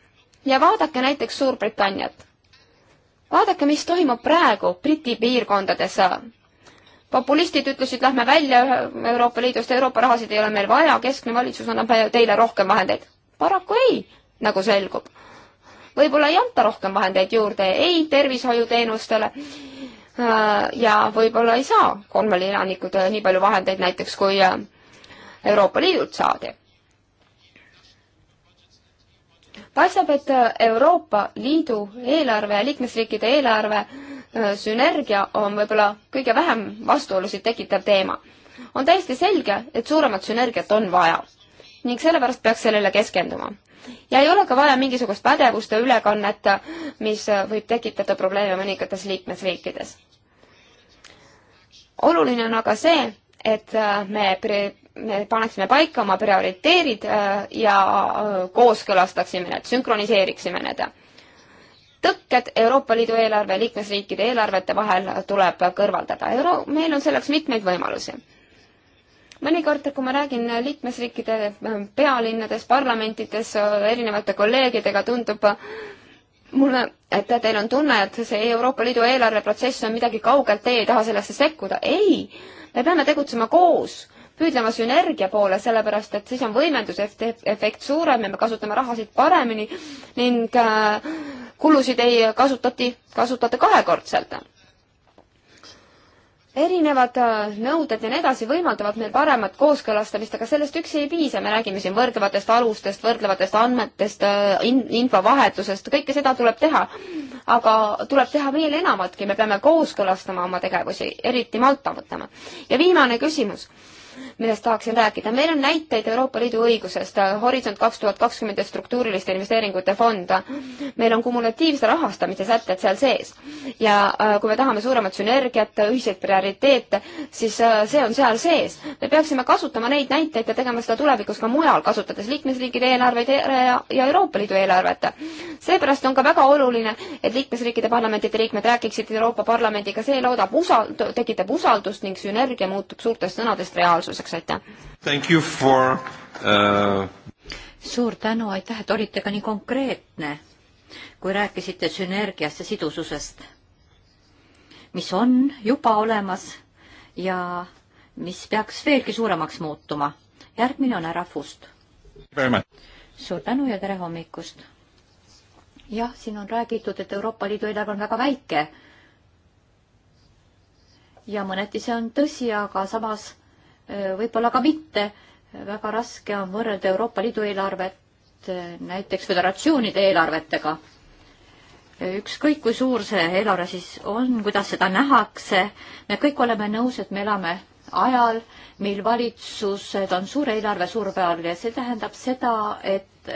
ja vaadake näiteks Suurbritanniat vaadake, mis toimub praegu Briti piirkondades. populistid ütlesid, lähme välja Euroopa Liidust, Euroopa rahasid ei ole meil vaja, keskne valitsus annab teile rohkem vahendeid. paraku ei, nagu selgub. võib-olla ei anta rohkem vahendeid juurde ei tervishoiuteenustele äh, ja võib-olla ei saa kolmele elanikud äh, nii palju vahendeid näiteks, kui äh, Euroopa Liidult saadi paistab, et äh, Euroopa Liidu eelarve ja liikmesriikide eelarve äh, sünergia on võib-olla kõige vähem vastuolusid tekitav teema. on täiesti selge, et suuremat sünergiat on vaja ning sellepärast peaks sellele keskenduma. ja ei ole ka vaja mingisugust pädevuste ülekannet, mis äh, võib tekitada probleeme mõningates liikmesriikides. oluline on aga see, et me me paneksime paika oma prioriteerid äh, ja äh, kooskõlastaksime need, sünkroniseeriksime need. tõkked Euroopa Liidu eelarve liikmesriikide eelarvete vahel tuleb kõrvaldada. Euro-, meil on selleks mitmeid võimalusi mõnikord, kui ma räägin liikmesriikide äh, pealinnades, parlamentides erinevate kolleegidega, tundub mulle, et teil on tunne, et see Euroopa Liidu eelarveprotsess on midagi kaugelt, teie ei taha sellesse sekkuda. ei, me peame tegutsema koos püüdlema sünergia poole, sellepärast et siis on võimendusefekt suurem ja me kasutame rahasid paremini ning äh, kulusid ei kasutati, kasutata kahekordselt erinevad äh, nõuded ja nii edasi võimaldavad meil paremat kooskõlastamist, aga sellest üksi ei piisa, me räägime siin võrdlevatest alustest, võrdlevatest andmetest äh, in,, infovahetusest, kõike seda tuleb teha. aga tuleb teha veel enamatki, me peame kooskõlastama oma tegevusi, eriti Malta võtame. ja viimane küsimus millest tahaksin rääkida. meil on näiteid Euroopa Liidu õigusest, äh, Horisont kaks tuhat kakskümmend ja struktuuriliste investeeringute fond. meil on kumulatiivse rahastamise sätted seal sees. ja äh, kui me tahame suuremat sünergiat, ühiseid prioriteete, siis äh, see on seal sees. me peaksime kasutama neid näiteid ja tegema seda tulevikus ka mujal, kasutades liikmesriikide eelarveid ja, ja Euroopa Liidu eelarvet. seepärast on ka väga oluline, et liikmesriikide parlamendide liikmed rääkiksid Euroopa Parlamendiga, see loodab usald-, tekitab usaldust ning sünergia muutub suurtest sõnadest reaalsuseks kasuseks, aitäh! Uh... suur tänu, aitäh, et olite ka nii konkreetne, kui rääkisite sünergiast ja sidususest, mis on juba olemas ja mis peaks veelgi suuremaks muutuma. järgmine on härra Fust. suur tänu ja tere hommikust! jah, siin on räägitud, et Euroopa Liidu eelarve on väga väike. ja mõneti see on tõsi, aga samas Äh, võib-olla ka mitte. väga raske on võrrelda Euroopa Liidu eelarvet äh, näiteks föderatsioonide eelarvetega. Äh, ükskõik, kui suur see eelarve siis on, kuidas seda nähakse, me kõik oleme nõus, et me elame ajal, mil valitsused on suure eelarve surve all ja see tähendab seda, et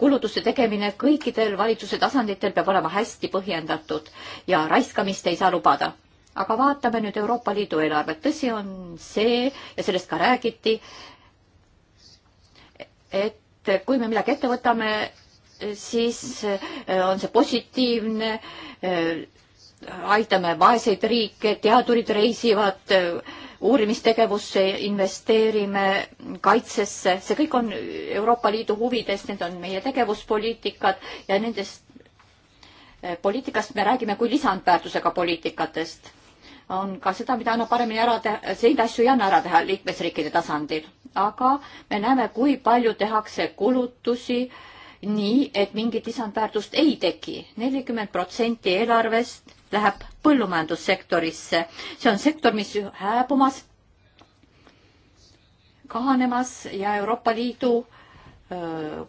kulutuste tegemine kõikidel valitsuse tasanditel peab olema hästi põhjendatud ja raiskamist ei saa lubada aga vaatame nüüd Euroopa Liidu eelarvet. tõsi on see ja sellest ka räägiti, et kui me midagi ette võtame, siis äh, on see positiivne, äh, aitame vaeseid riike, teadurid reisivad, äh, uurimistegevusse investeerime, kaitsesse, see kõik on Euroopa Liidu huvides, need on meie tegevuspoliitikad ja nendest poliitikast me räägime kui lisandväärtusega poliitikatest on ka seda, mida annab paremini ära teha, neid asju ei anna ära teha liikmesriikide tasandil, aga me näeme, kui palju tehakse kulutusi nii, et mingit lisandväärtust ei teki. nelikümmend protsenti eelarvest läheb põllumajandussektorisse. see on sektor, mis hääbumas, kahanemas ja Euroopa Liidu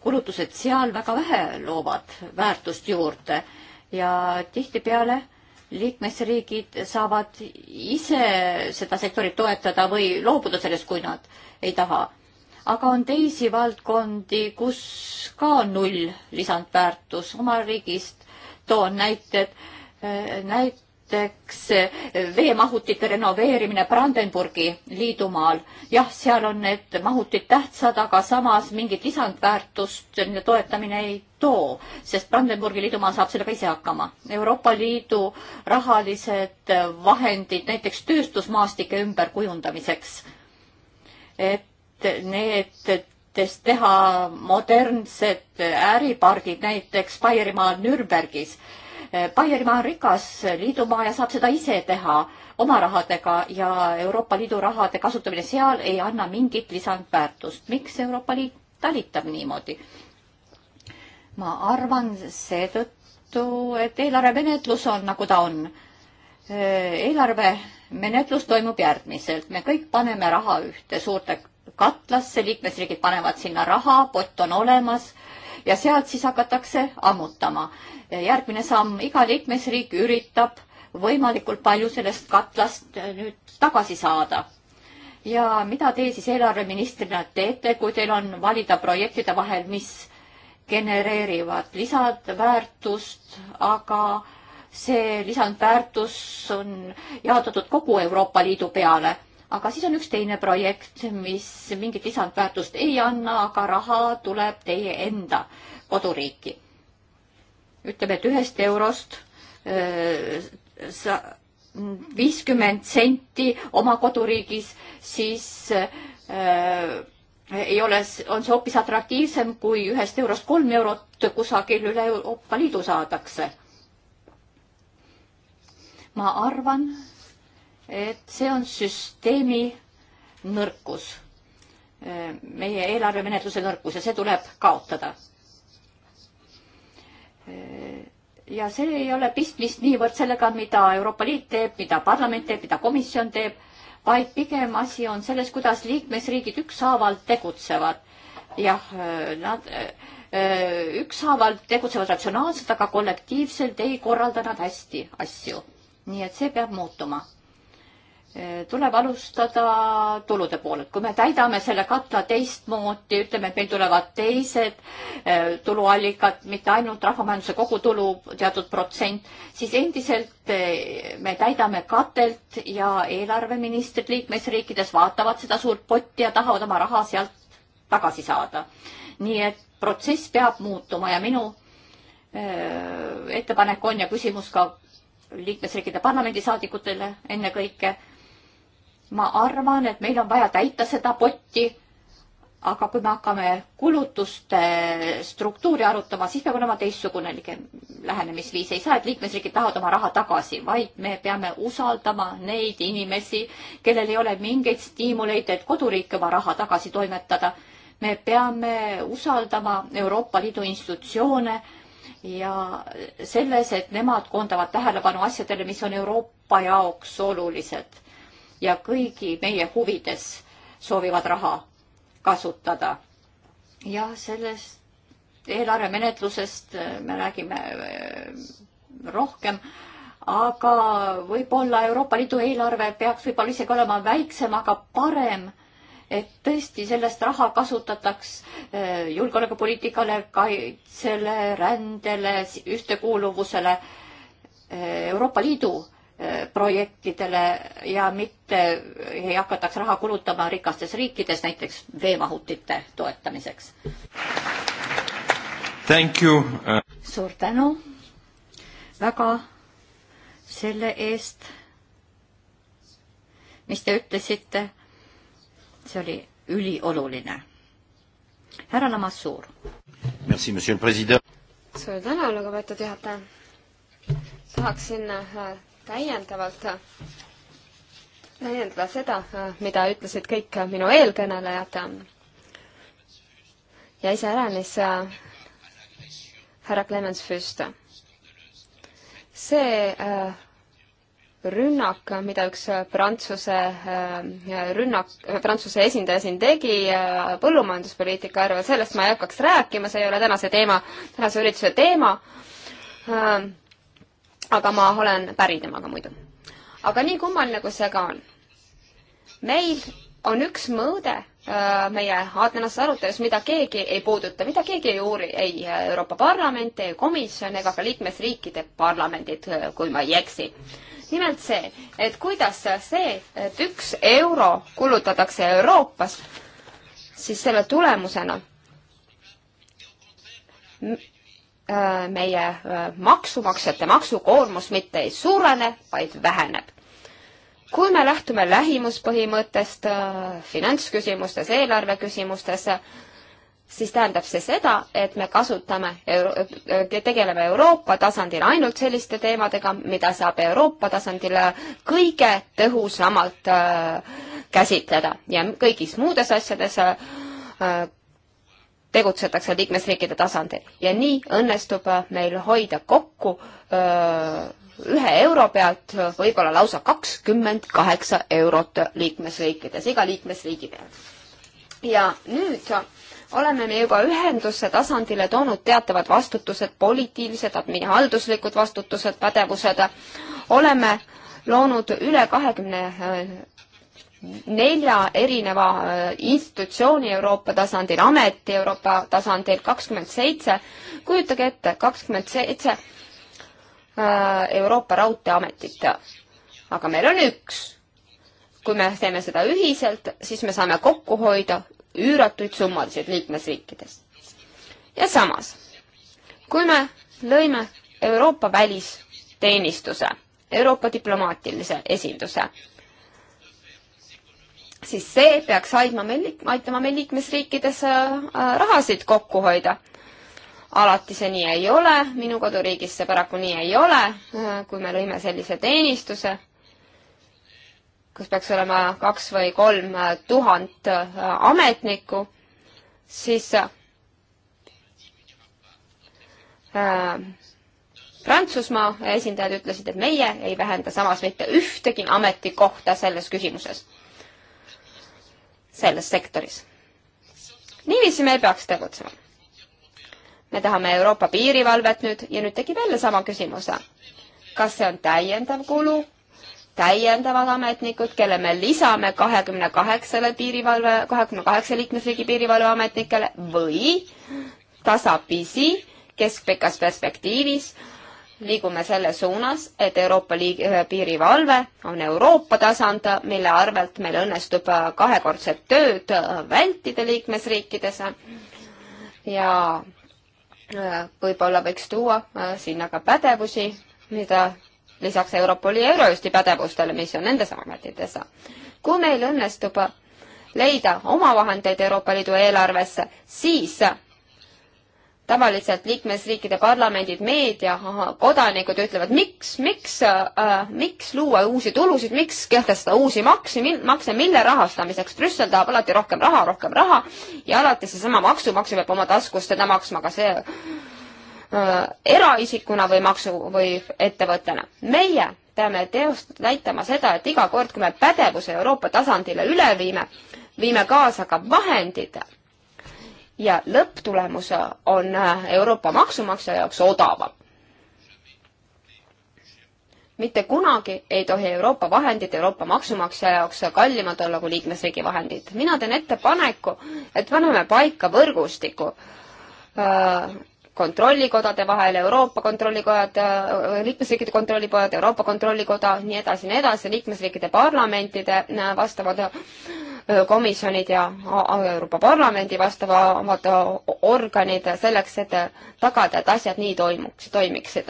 kulutused seal väga vähe loovad väärtust juurde ja tihtipeale liikmesriigid saavad ise seda sektorit toetada või loobuda sellest, kui nad ei taha. aga on teisi valdkondi, kus ka on null lisandväärtus oma riigist. toon näited, näit-, näiteks veemahutite renoveerimine Brandenburgi liidumaal. jah, seal on need mahutid tähtsad, aga samas mingit lisandväärtust nende toetamine ei too, sest Brandenburgi liidumaa saab sellega ise hakkama. Euroopa Liidu rahalised vahendid näiteks tööstusmaastike ümberkujundamiseks, et need teha modernsed äripargid näiteks Baierimaal Nürnbergis Baierimaa on rikas liidumaa ja saab seda ise teha oma rahadega ja Euroopa Liidu rahade kasutamine seal ei anna mingit lisandväärtust. miks Euroopa Liit talitab niimoodi? ma arvan seetõttu, et eelarvemenetlus on nagu ta on. eelarvemenetlus toimub järgmiselt, me kõik paneme raha ühte suurte katlasse, liikmesriigid panevad sinna raha, pott on olemas ja sealt siis hakatakse ammutama. järgmine samm, iga liikmesriik üritab võimalikult palju sellest katlast äh, nüüd tagasi saada. ja mida teie siis eelarveministrina teete, kui teil on valida projektide vahel, mis genereerivad lisandväärtust, aga see lisandväärtus on jaotatud kogu Euroopa Liidu peale aga siis on üks teine projekt, mis mingit lisandväärtust ei anna, aga raha tuleb teie enda koduriiki. ütleme, et ühest eurost äh, viiskümmend senti oma koduriigis, siis öö, äh, ei ole, on see hoopis atraktiivsem, kui ühest eurost kolm eurot kusagil üle Euroopa Liidu saadakse. ma arvan, et see on süsteemi nõrkus, meie eelarvemenetluse nõrkus ja see tuleb kaotada. ja see ei ole pistmist niivõrd sellega, mida Euroopa Liit teeb, mida parlament teeb, mida komisjon teeb, vaid pigem asi on selles, kuidas liikmesriigid ükshaaval tegutsevad. jah, nad ükshaaval tegutsevad ratsionaalselt, aga kollektiivselt ei korralda nad hästi asju. nii et see peab muutuma tuleb alustada tulude poolelt. kui me täidame selle katla teistmoodi, ütleme, et meil tulevad teised eh, tuluallikad, mitte ainult rahvamajanduse kogutulu teatud protsent, siis endiselt eh, me täidame katelt ja eelarveministrid liikmesriikides vaatavad seda suurt potti ja tahavad oma raha sealt tagasi saada. nii et protsess peab muutuma ja minu eh, ettepanek on ja küsimus ka liikmesriikide parlamendisaadikutele ennekõike ma arvan, et meil on vaja täita seda potti, aga kui me hakkame kulutuste struktuuri arutama, siis peab olema teistsugune lähenemisviis. ei saa, et liikmesriigid tahavad oma raha tagasi, vaid me peame usaldama neid inimesi, kellel ei ole mingeid stiimuleid, et koduriik oma raha tagasi toimetada. me peame usaldama Euroopa Liidu institutsioone ja selles, et nemad koondavad tähelepanu asjadele, mis on Euroopa jaoks olulised ja kõigi meie huvides soovivad raha kasutada. jah, sellest eelarvemenetlusest äh, me räägime äh, rohkem, aga võib-olla Euroopa Liidu eelarve peaks võib-olla isegi olema väiksem, aga parem, et tõesti sellest raha kasutataks äh, julgeolekupoliitikale, kaitsele, rändele, ühtekuuluvusele, Euroopa Liidu projektidele ja mitte ei hakataks raha kulutama rikastes riikides näiteks veemahutite toetamiseks. Uh, suur tänu väga selle eest, mis te ütlesite. see oli ülioluline. härra Lamassuur. suur tänu, lugupeetud juhataja. tahaksin äh, täiendavalt täiendada seda, mida ütlesid kõik minu eelkõnelejad ja iseäranis härra Clemens Füst. see äh, rünnak, mida üks Prantsuse äh, rünnak, äh, Prantsuse esindaja siin tegi põllumajanduspoliitika arvel, sellest ma ei hakkaks rääkima, see ei ole tänase teema, tänase ürituse teema aga ma olen päri temaga muidu. aga nii kummaline, kui see ka on. meil on üks mõõde äh, meie Atenasse arutelus, mida keegi ei puuduta, mida keegi ei uuri, ei äh, Euroopa Parlament, ei komisjon ega ka liikmesriikide parlamendid, äh, kui ma ei eksi. nimelt see, et kuidas see, et üks euro kulutatakse Euroopas, siis selle tulemusena Äh, meie äh, maksumaksjate maksukoormus mitte ei suurene, vaid väheneb. kui me lähtume lähimuspõhimõttest äh, finantsküsimustes, eelarveküsimustes, siis tähendab see seda, et me kasutame, tegeleme Euroopa tasandil ainult selliste teemadega, mida saab Euroopa tasandil kõige tõhusamalt käsitleda ja kõigis muudes asjades tegutsetakse liikmesriikide tasandil ja nii õnnestub äh, meil hoida kokku öö, äh, ühe euro pealt äh, võib-olla lausa kakskümmend kaheksa eurot liikmesriikides, iga liikmesriigi pealt. ja nüüd oleme me juba ühenduse tasandile toonud teatavad vastutused, poliitilised, halduslikud vastutused, pädevused, oleme loonud üle kahekümne nelja erineva äh, institutsiooni Euroopa tasandil, ameti Euroopa tasandil, kakskümmend seitse, kujutage ette, kakskümmend seitse äh, Euroopa Raudteeametit. aga meil on üks. kui me teeme seda ühiselt, siis me saame kokku hoida üüratuid summasid liikmesriikides. ja samas, kui me lõime Euroopa välisteenistuse, Euroopa diplomaatilise esinduse, siis see peaks aidma meil, aitama meil liikmesriikides äh, äh, rahasid kokku hoida. alati see nii ei ole, minu koduriigis see paraku nii ei ole, äh, kui me lõime sellise teenistuse, kus peaks olema kaks või kolm tuhat ametnikku, siis Prantsusmaa esindajad ütlesid, et meie ei vähenda samas mitte ühtegi ametikohta selles küsimuses selles sektoris. niiviisi me ei peaks tegutsema. me tahame Euroopa piirivalvet nüüd ja nüüd tekib jälle sama küsimuse. Ah, kas see on täiendav kulu, täiendavad ametnikud, kelle me lisame kahekümne kaheksale piirivalve, kahekümne kaheksa liikmesriigi piirivalveametnikele või tasapisi keskpikas perspektiivis liigume selles suunas, et Euroopa liig-, äh, piirivalve on Euroopa tasand, mille arvelt meil õnnestub äh, kahekordset tööd äh, vältida liikmesriikides ja võib-olla võiks tuua sinna ka pädevusi, mida lisaks Europoli ja Eurojusti pädevustele, mis on nendes ametites. kui meil õnnestub leida omavahendeid Euroopa Liidu eelarvesse, siis tavaliselt liikmesriikide parlamendid, meedia, kodanikud ütlevad, miks, miks äh,, miks luua uusi tulusid, miks kehtestada uusi maksi, makse, mille rahastamiseks. Brüssel tahab alati rohkem raha, rohkem raha ja alati seesama maksumaksja peab oma taskust seda maksma, aga see äh, eraisikuna või maksu või ettevõttena. meie peame teost-, näitama seda, et iga kord, kui me pädevuse Euroopa tasandile üle viime, viime kaasa ka vahendid ja lõpptulemus on äh, Euroopa maksumaksja jaoks odavam. mitte kunagi ei tohi Euroopa vahendid Euroopa maksumaksja jaoks kallimad olla kui liikmesriigi vahendid. mina teen ettepaneku, et paneme paika võrgustiku äh, kontrollikodade vahel, Euroopa kontrollikojad, äh, liikmesriikide kontrollikojad, Euroopa kontrollikoda, nii edasi, nii edasi, liikmesriikide parlamentide vastavad Äh, komisjonid ja Euroopa Parlamendi vastavad organid selleks, et tagada, et asjad nii toimuks, toimiksid.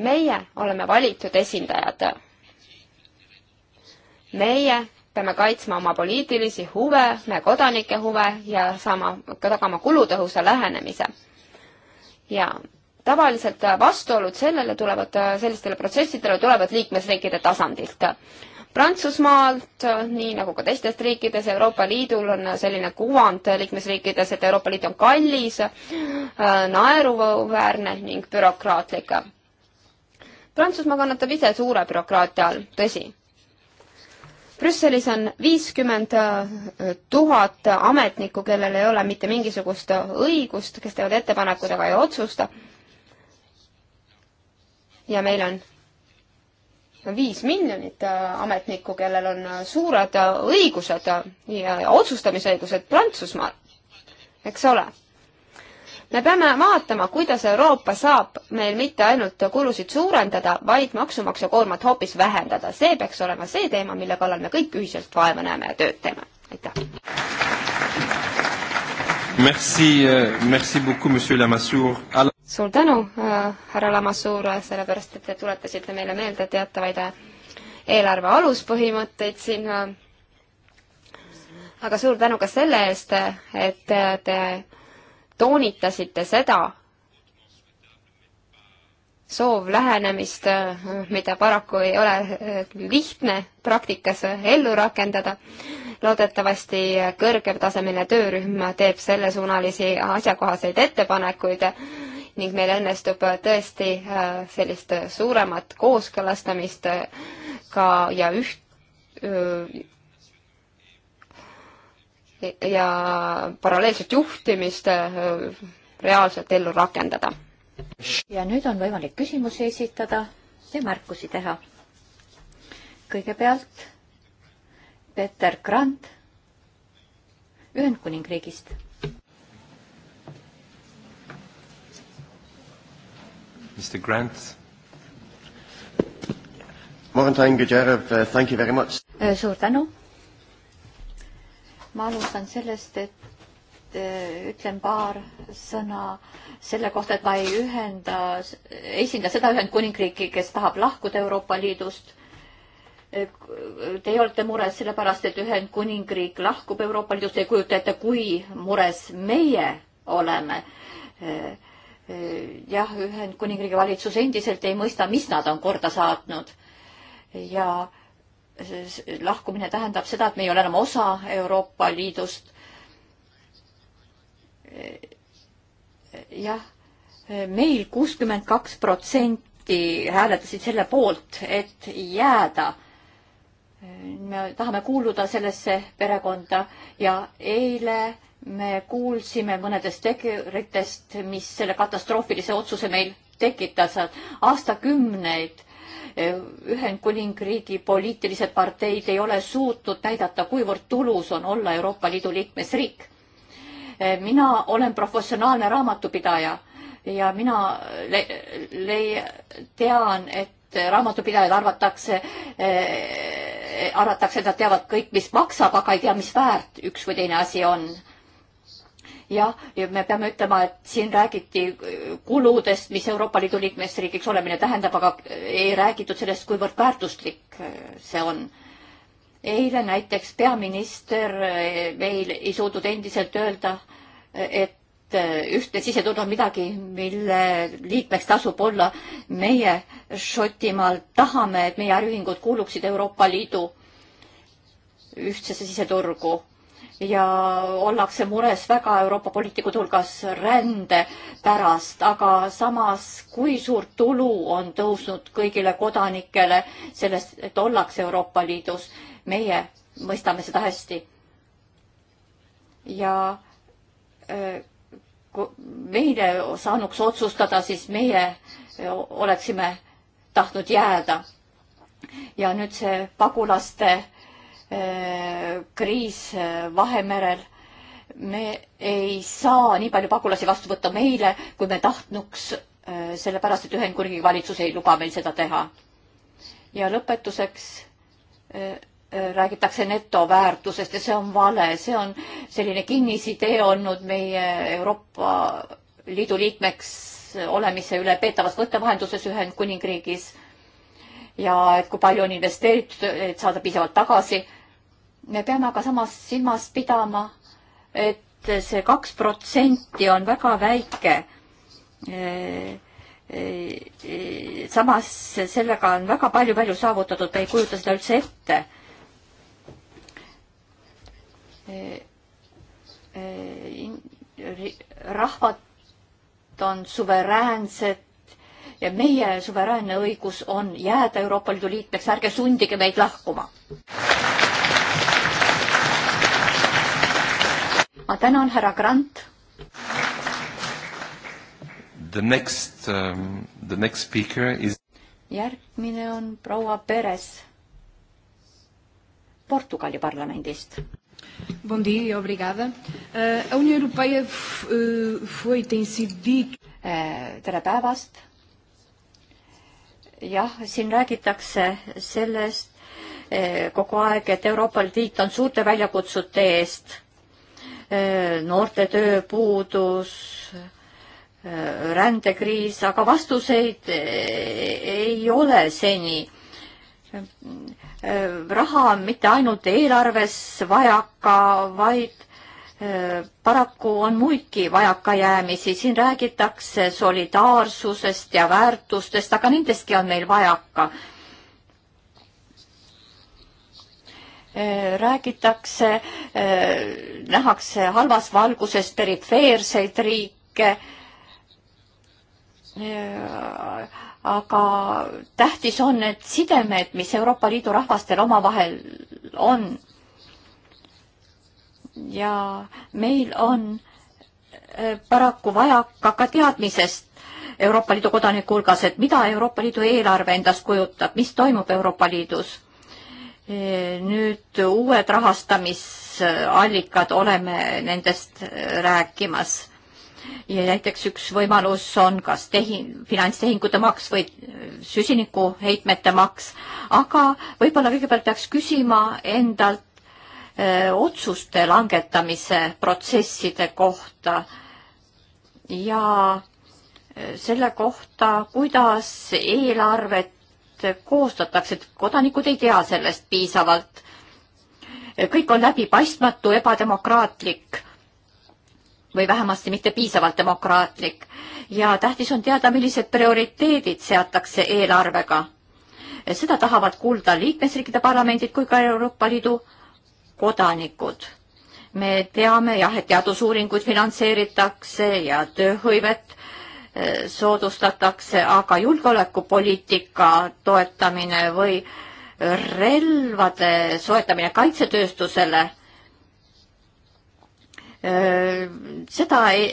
meie oleme valitud esindajad. meie peame kaitsma oma poliitilisi huve, me kodanike huve ja saama, tagama kulutõhusa lähenemise. ja tavaliselt vastuolud sellele tulevad, sellistele protsessidele tulevad liikmesriikide tasandilt. Prantsusmaalt, nii nagu ka teistes riikides, Euroopa Liidul on selline kuvand liikmesriikides, et Euroopa Liit on kallis, naeruväärne ning bürokraatlik. Prantsusmaa kannatab ise suure bürokraatia all, tõsi. Brüsselis on viiskümmend tuhat ametnikku, kellel ei ole mitte mingisugust õigust, kes teevad ettepanekud, aga ei otsusta ja meil on viis miljonit äh, ametnikku, kellel on äh, suured äh, õigused ja otsustamisõigused Prantsusmaal, eks ole. me peame vaatama, kuidas Euroopa saab meil mitte ainult kulusid suurendada, vaid maksumaksja koormat hoopis vähendada. see peaks olema see teema, mille kallal me kõik ühiselt vaeva näeme ja tööd teeme. aitäh! Merci, euh, merci beaucoup, monsieur Lamassoure suur tänu, äh, härra Lamassuur, sellepärast et te tuletasite meile meelde teatavaid äh, eelarve aluspõhimõtteid siin. Äh. aga suur tänu ka selle eest, et te toonitasite seda soovlähenemist, mida paraku ei ole lihtne praktikas ellu rakendada loodetavasti kõrgem tasemeline töörühm teeb sellesuunalisi asjakohaseid ettepanekuid ning meil õnnestub äh, tõesti äh, sellist äh, suuremat kooskõlastamist ka ja üht ja paralleelset juhtimist reaalselt ellu rakendada. ja nüüd on võimalik küsimusi esitada ja märkusi teha. kõigepealt Peter Grand Ühendkuningriigist Mr Grant. Morgentain Gujarev uh,, thank you very much. Äh, suur tänu. ma alustan sellest, et äh, ütlen paar sõna selle kohta, et ma ei ühenda, esinda seda Ühendkuningriiki, kes tahab lahkuda Euroopa Liidust. Äh, Teie olete mures sellepärast, et Ühendkuningriik lahkub Euroopa Liidust, ei kujuta ette, kui mures meie oleme Äh, jah, Ühendkuningriigi valitsus endiselt ei mõista, mis nad on korda saatnud. ja lahkumine tähendab seda, et me ei ole enam osa Euroopa Liidust. jah, meil kuuskümmend kaks protsenti hääletasid selle poolt, et jääda me tahame kuuluda sellesse perekonda ja eile me kuulsime mõnedest teguritest, mis selle katastroofilise otsuse meil tekitasid. aastakümneid e, Ühendkuningriigi poliitilised parteid ei ole suutnud näidata, kuivõrd tulus on olla Euroopa Liidu liikmesriik. E, mina olen professionaalne raamatupidaja ja mina le-, le-, tean, et raamatupidajad arvatakse eh,, arvatakse, et nad teavad kõik, mis maksab, aga ei tea, mis väärt üks või teine asi on jah, ja me peame ütlema, et siin räägiti äh, kuludest, mis Euroopa Liidu liikmesriigiks olemine tähendab, aga äh, ei räägitud sellest, kuivõrd väärtuslik äh, see on. eile näiteks peaminister meil ei suutnud endiselt öelda, et ühtne siseturg on midagi, mille liikmeks tasub olla. meie Šotimaal tahame, et meie äriühingud kuuluksid Euroopa Liidu ühtsesse siseturgu ja ollakse mures väga Euroopa poliitikute hulgas rände pärast, aga samas, kui suurt tulu on tõusnud kõigile kodanikele sellest, et ollakse Euroopa Liidus, meie mõistame seda hästi. ja äh, kui meile saanuks otsustada, siis meie äh, oleksime tahtnud jääda. ja nüüd see pagulaste äh, Äh, kriis äh, Vahemerel. me ei saa nii palju pagulasi vastu võtta meile, kui me tahtnuks, äh, sellepärast et Ühendkuningriigi valitsus ei luba meil seda teha. ja lõpetuseks räägitakse netoväärtusest ja see on vale, see on selline kinnisidee olnud meie Euroopa Liidu liikmeks olemise üle peetavas võttevahenduses Ühendkuningriigis. ja et kui palju on investeeritud, et saada piisavalt tagasi me peame aga samas silmas pidama, et see kaks protsenti on väga väike. samas sellega on väga palju-palju saavutatud, me ei kujuta seda üldse ette. rahvad on suveräänsed ja meie suveräänne õigus on jääda Euroopa Liidu liikmeks, ärge sundige meid lahkuma. ma tänan, härra Grant. The next um,, the next speaker is. järgmine on proua Perez Portugali parlamendist. Bom dia, e obrigada. Uh, a União Europeia uh, foi, tem sido dito. Uh, tere päevast. jah, siin räägitakse sellest uh, kogu aeg, et Euroopa Liit on suurte väljakutsute eest Äh, noorte tööpuudus, äh, rändekriis, aga vastuseid äh, ei ole seni. raha on mitte ainult eelarves vajaka, vaid paraku on muidki vajakajäämisi, siin räägitakse solidaarsusest ja väärtustest, aga nendestki on meil vajaka Äh, räägitakse, äh, nähakse halvas valguses perifeerseid riike. Äh, aga tähtis on need sidemed, mis Euroopa Liidu rahvastel omavahel on. ja meil on paraku vajak ka teadmisest Euroopa Liidu kodanike hulgas, et mida Euroopa Liidu eelarve endast kujutab, mis toimub Euroopa Liidus nüüd uued rahastamisallikad oleme nendest äh, rääkimas. ja näiteks üks võimalus on kas tehi-, finantstehingute maks või äh, süsinikuheitmete maks, aga võib-olla kõigepealt peaks küsima endalt öö, äh, otsuste langetamise protsesside kohta ja selle kohta, kuidas eelarvet koostatakse, et kodanikud ei tea sellest piisavalt. kõik on läbipaistmatu, ebademokraatlik või vähemasti mitte piisavalt demokraatlik ja tähtis on teada, millised prioriteedid seatakse eelarvega. seda tahavad kuulda liikmesriikide parlamendid kui ka Euroopa Liidu kodanikud. me teame jah, et teadusuuringuid finantseeritakse ja tööhõivet soodustatakse, aga julgeolekupoliitika toetamine või relvade soetamine kaitsetööstusele, seda ei,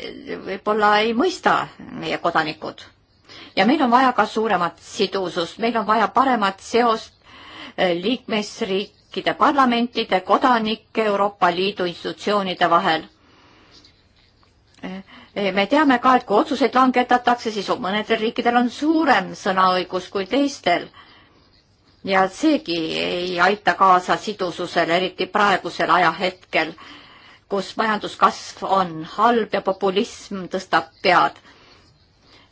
võib-olla ei mõista meie kodanikud. ja meil on vaja ka suuremat sidusust, meil on vaja paremat seost liikmesriikide parlamentide, kodanike, Euroopa Liidu institutsioonide vahel Eh, me teame ka, et kui otsuseid langetatakse, siis mõnedel riikidel on suurem sõnaõigus kui teistel. ja seegi ei aita kaasa sidususele, eriti praegusel ajahetkel, kus majanduskasv on halb ja populism tõstab pead.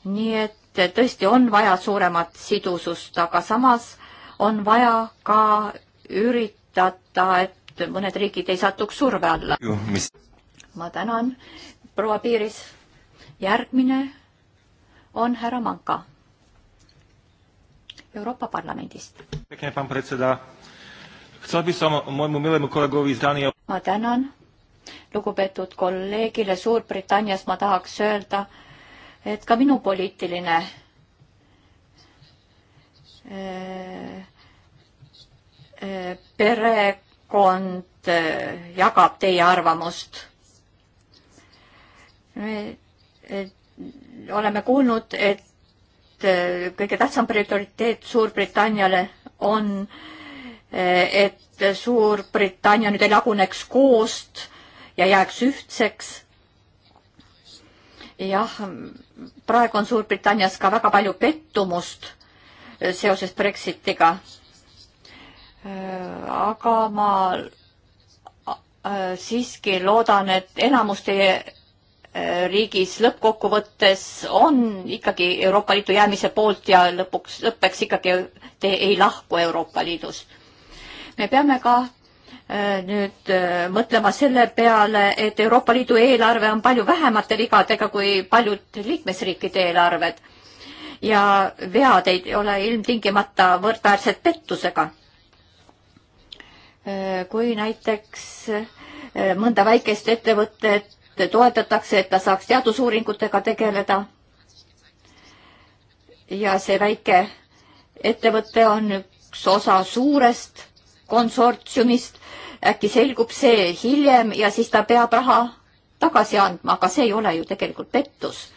nii et tõesti on vaja suuremat sidusust, aga samas on vaja ka üritada, et mõned riigid ei satuks surve alla. ma tänan proua Piiris. järgmine on härra Manka Euroopa Parlamendist. ma tänan lugupeetud kolleegile Suurbritannias, ma tahaks öelda, et ka minu poliitiline eh, eh, perekond eh, jagab teie arvamust me oleme kuulnud, et kõige tähtsam prioriteet Suurbritanniale on, et Suurbritannia nüüd ei laguneks koost ja jääks ühtseks. jah, praegu on Suurbritannias ka väga palju pettumust seoses Brexitiga. aga ma äh, siiski loodan, et enamus teie riigis lõppkokkuvõttes on ikkagi Euroopa Liitu jäämise poolt ja lõpuks, lõppeks ikkagi te ei lahku Euroopa Liidust. me peame ka äh, nüüd äh, mõtlema selle peale, et Euroopa Liidu eelarve on palju vähemate vigadega kui paljud liikmesriikide eelarved ja vead ei ole ilmtingimata võrdväärsed pettusega. Äh, kui näiteks mõnda väikest ettevõtet toetatakse, et ta saaks teadusuuringutega tegeleda. ja see väike ettevõte on üks osa suurest konsortsiumist. äkki selgub see hiljem ja siis ta peab raha tagasi andma, aga see ei ole ju tegelikult pettus.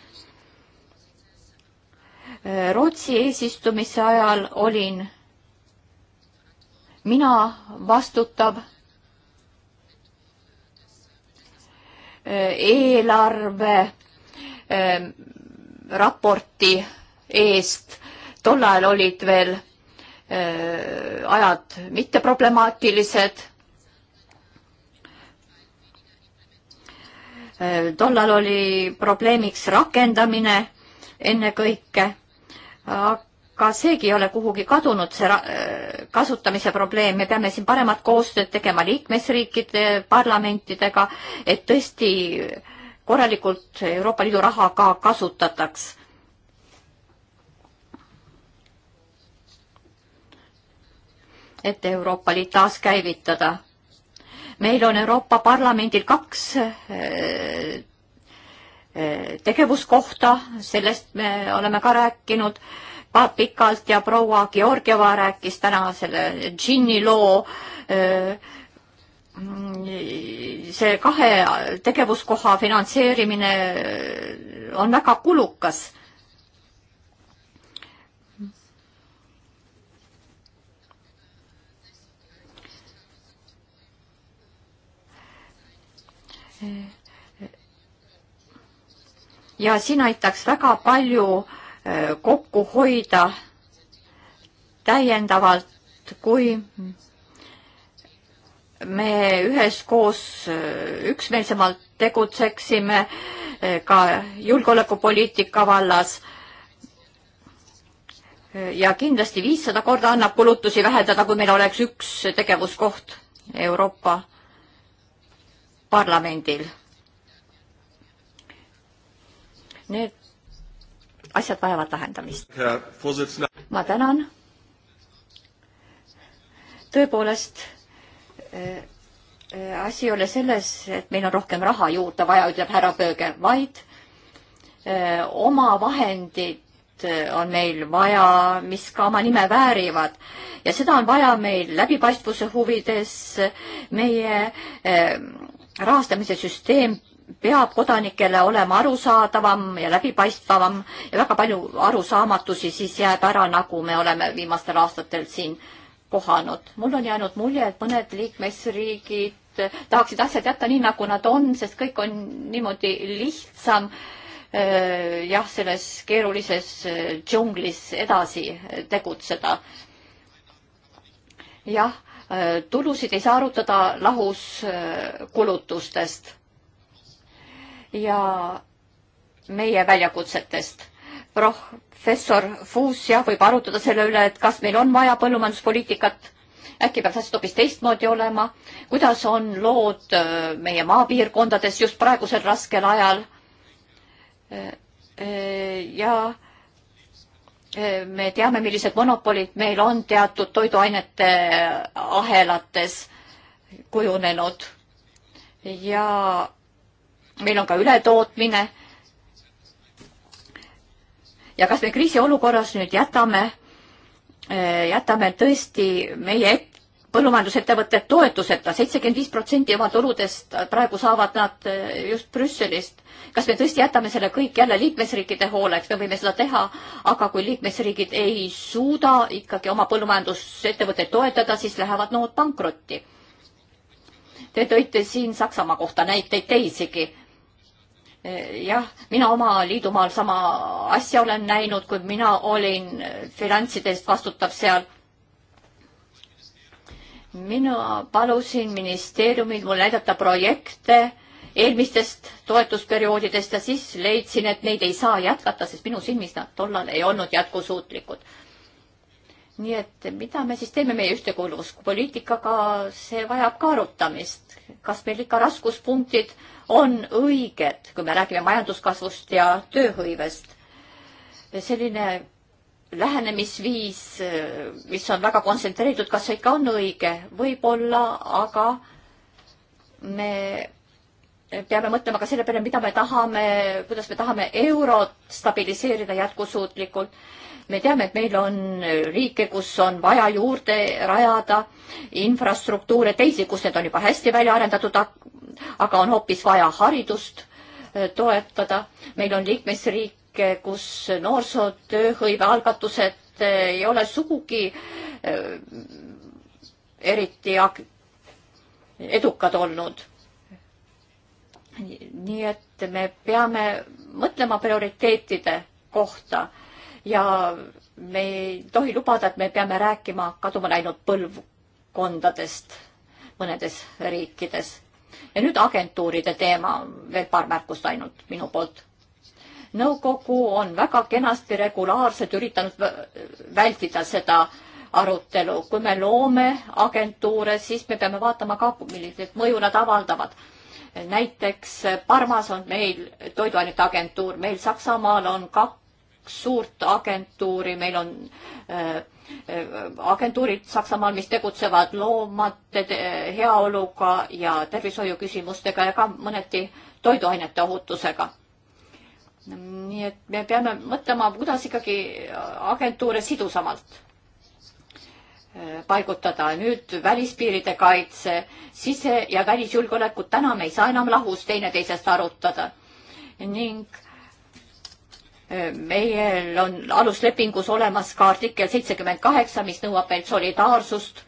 Rootsi eesistumise ajal olin mina vastutav eelarve ähm, raporti eest. tol ajal olid veel äh, ajad mitteproblemaatilised. Äh, tollal oli probleemiks rakendamine ennekõike, aga ka seegi ei ole kuhugi kadunud, see kasutamise probleem, me peame siin paremat koostööd tegema liikmesriikide parlamentidega, et tõesti korralikult Euroopa Liidu raha ka kasutataks. et Euroopa Liit taaskäivitada. meil on Euroopa Parlamendil kaks eh, eh, tegevuskohta, sellest me oleme ka rääkinud pikalt ja proua Georgieva rääkis täna selle džinni loo äh, see kahe tegevuskoha finantseerimine äh, on väga kulukas. ja siin aitaks väga palju äh, kokku hoida täiendavalt, kui me üheskoos üksmeelsemalt tegutseksime ka julgeolekupoliitika vallas. ja kindlasti viissada korda annab kulutusi vähendada, kui meil oleks üks tegevuskoht Euroopa Parlamendil. Need asjad vajavad lahendamist. ma tänan. tõepoolest äh, äh, asi ei ole selles, et meil on rohkem raha juurde vaja, ütleb härra Pööge, vaid äh, oma vahendid äh, on meil vaja, mis ka oma nime väärivad ja seda on vaja meil läbipaistvuse huvides. meie äh, rahastamise süsteem peab kodanikele olema arusaadavam ja läbipaistvavam ja väga palju arusaamatusi siis jääb ära, nagu me oleme viimastel aastatel siin kohanud. mul on jäänud mulje, et mõned liikmesriigid tahaksid asjad jätta nii, nagu nad on, sest kõik on niimoodi lihtsam jah, selles keerulises džunglis edasi tegutseda. jah, tulusid ei saa arutada lahus kulutustest ja meie väljakutsetest. professor Fuus jah, võib arutada selle üle, et kas meil on vaja põllumajanduspoliitikat, äkki peaks asjad hoopis teistmoodi olema, kuidas on lood äh, meie maapiirkondades just praegusel raskel ajal. Äh, äh, ja me teame, millised monopolid meil on teatud toiduainete ahelates kujunenud ja meil on ka ületootmine. ja kas me kriisiolukorras nüüd jätame, eh, jätame tõesti meie põllumajandusettevõtted toetuseta, seitsekümmend viis protsenti oma tuludest praegu saavad nad eh, just Brüsselist. kas me tõesti jätame selle kõik jälle liikmesriikide hooleks, me võime seda teha, aga kui liikmesriigid ei suuda ikkagi oma põllumajandusettevõtteid toetada, siis lähevad nood pankrotti. Te tõite siin Saksamaa kohta näiteid teisigi jah, mina oma liidumaal sama asja olen näinud, kui mina olin finantside eest vastutav seal. mina palusin ministeeriumil mul näidata projekte eelmistest toetusperioodidest ja siis leidsin, et neid ei saa jätkata, sest minu silmis nad tollal ei olnud jätkusuutlikud nii et mida me siis teeme meie ühtekuuluvuspoliitikaga, see vajab ka arutamist. kas meil ikka raskuspunktid on õiged, kui me räägime majanduskasvust ja tööhõivest? selline lähenemisviis, mis on väga kontsentreeritud, kas see ikka on õige? võib-olla, aga me peame mõtlema ka selle peale, mida me tahame, kuidas me tahame eurot stabiliseerida jätkusuutlikult me teame, et meil on riike, kus on vaja juurde rajada infrastruktuure, teisi, kus need on juba hästi välja arendatud, aga on hoopis vaja haridust äh, toetada. meil on liikmesriike, kus noorsootööhõive algatused äh, ei ole sugugi äh, eriti edukad olnud. nii et me peame mõtlema prioriteetide kohta ja me ei tohi lubada, et me peame rääkima kaduma läinud põlvkondadest mõnedes riikides. ja nüüd agentuuride teema, veel paar märkust ainult minu poolt. nõukogu on väga kenasti regulaarselt üritanud vältida seda arutelu, kui me loome agentuure, siis me peame vaatama ka, millised mõju nad avaldavad näiteks Parmas on meil toiduainete agentuur, meil Saksamaal on kaks kaks suurt agentuuri, meil on äh, äh agentuurid Saksamaal, mis tegutsevad loomade heaoluga ja tervishoiuküsimustega ja ka mõneti toiduainete ohutusega. nii et me peame mõtlema, kuidas ikkagi agentuure sidusamalt äh, paigutada. nüüd välispiiride kaitse, sise- ja välisjulgeolekut, täna me ei saa enam lahus teineteisest arutada ning meil on aluslepingus olemas ka artikkel seitsekümmend kaheksa, mis nõuab meilt solidaarsust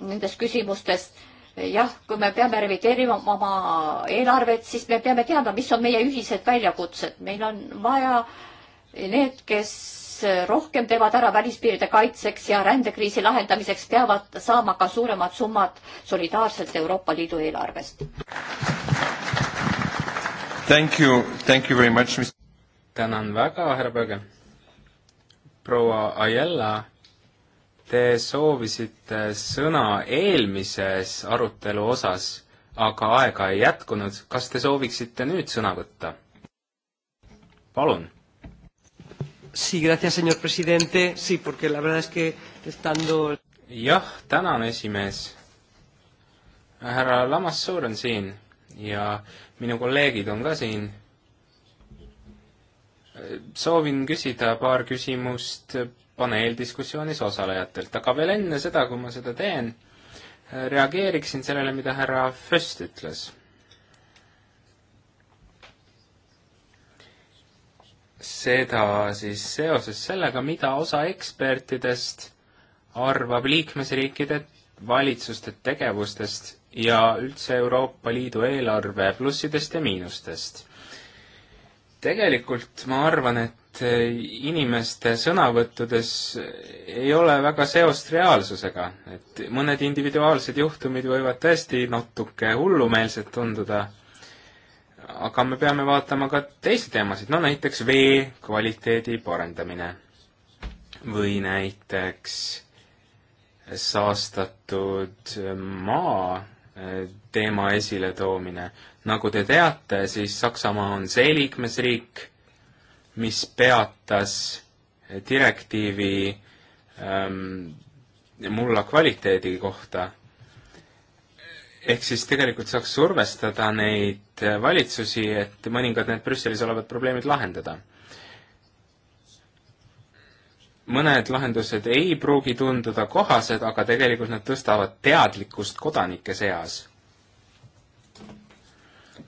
nendes küsimustes. jah, kui me peame revideerima oma eelarvet, siis me peame teadma, mis on meie ühised väljakutsed. meil on vaja need, kes rohkem teevad ära välispiiride kaitseks ja rändekriisi lahendamiseks, peavad saama ka suuremad summad solidaarselt Euroopa Liidu eelarvest. Thank you, thank you very much, Mr tänan väga, härra Pööge. proua Aiella, te soovisite sõna eelmises arutelu osas, aga aega ei jätkunud. kas te sooviksite nüüd sõna võtta? palun. Sí, gracias, señor presidente. Sí, porque la verdad es que estando... jah, tänan, esimees. härra Lamassoor on siin ja minu kolleegid on ka siin soovin küsida paar küsimust paneeldiskussioonis osalejatelt, aga veel enne seda, kui ma seda teen, reageeriksin sellele, mida härra Föst ütles. seda siis seoses sellega, mida osa ekspertidest arvab liikmesriikide valitsuste tegevustest ja üldse Euroopa Liidu eelarve plussidest ja miinustest tegelikult ma arvan, et eh, inimeste sõnavõttudes ei ole väga seost reaalsusega, et mõned individuaalsed juhtumid võivad tõesti natuke hullumeelsed tunduda, aga me peame vaatama ka teisi teemasid, no näiteks vee kvaliteedi parendamine või näiteks saastatud maa eh, teema esiletoomine nagu te teate, siis Saksamaa on see liikmesriik, mis peatas direktiivi ähm, mulla kvaliteedi kohta. ehk siis tegelikult saaks survestada neid valitsusi, et mõningad need Brüsselis olevad probleemid lahendada. mõned lahendused ei pruugi tunduda kohased, aga tegelikult nad tõstavad teadlikkust kodanike seas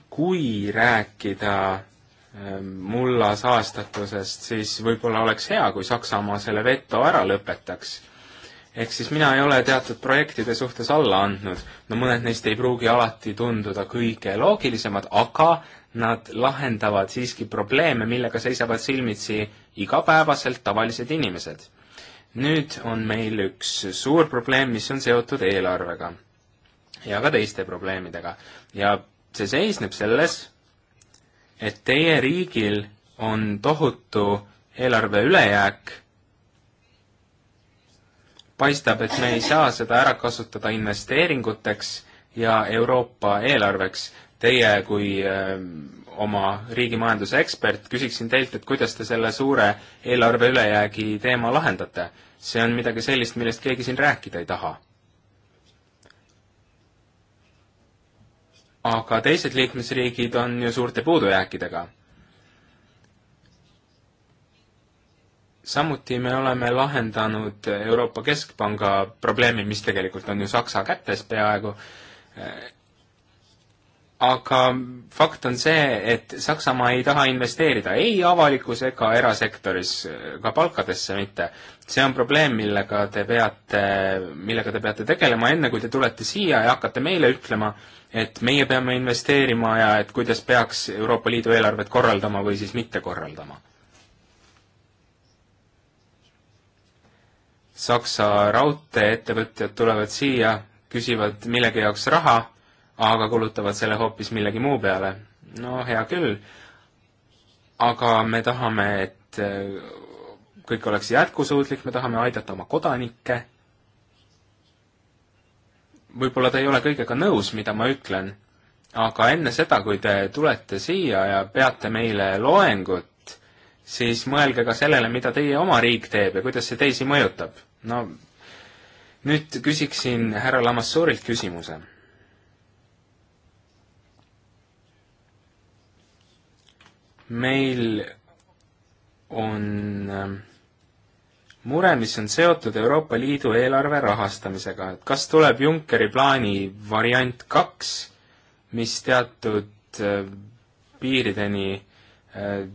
kui rääkida ähm, mulla saastatusest, siis võib-olla oleks hea, kui Saksamaa selle veto ära lõpetaks. ehk siis mina ei ole teatud projektide suhtes alla andnud. no mõned neist ei pruugi alati tunduda kõige loogilisemad, aga nad lahendavad siiski probleeme, millega seisavad silmitsi igapäevaselt tavalised inimesed. nüüd on meil üks suur probleem, mis on seotud eelarvega ja ka teiste probleemidega. ja see seisneb selles, et teie riigil on tohutu eelarve ülejääk, paistab, et me ei saa seda ära kasutada investeeringuteks ja Euroopa eelarveks. Teie kui öö, ähm, oma riigi majanduse ekspert, küsiksin teilt, et kuidas te selle suure eelarve ülejäägi teema lahendate? see on midagi sellist, millest keegi siin rääkida ei taha aga teised liikmesriigid on ju suurte puudujääkidega. samuti me oleme lahendanud Euroopa Keskpanga probleemi, mis tegelikult on ju Saksa kätes peaaegu, aga fakt on see, et Saksamaa ei taha investeerida ei avalikus ega erasektoris, ka palkadesse mitte. see on probleem, millega te peate, millega te peate tegelema, enne kui te tulete siia ja hakkate meile ütlema, et meie peame investeerima ja et kuidas peaks Euroopa Liidu eelarvet korraldama või siis mitte korraldama. Saksa raudteeettevõtjad tulevad siia, küsivad millegi jaoks raha aga kulutavad selle hoopis millegi muu peale. no hea küll, aga me tahame, et äh, kõik oleks jätkusuutlik, me tahame aidata oma kodanikke. võib-olla te ei ole kõigega nõus, mida ma ütlen, aga enne seda, kui te tulete siia ja peate meile loengut, siis mõelge ka sellele, mida teie oma riik teeb ja kuidas see teisi mõjutab. no nüüd küsiksin härra Lamassoorilt küsimuse meil on ähm, mure, mis on seotud Euroopa Liidu eelarve rahastamisega, et kas tuleb Junckeri plaani variant kaks, mis teatud äh, piirideni äh,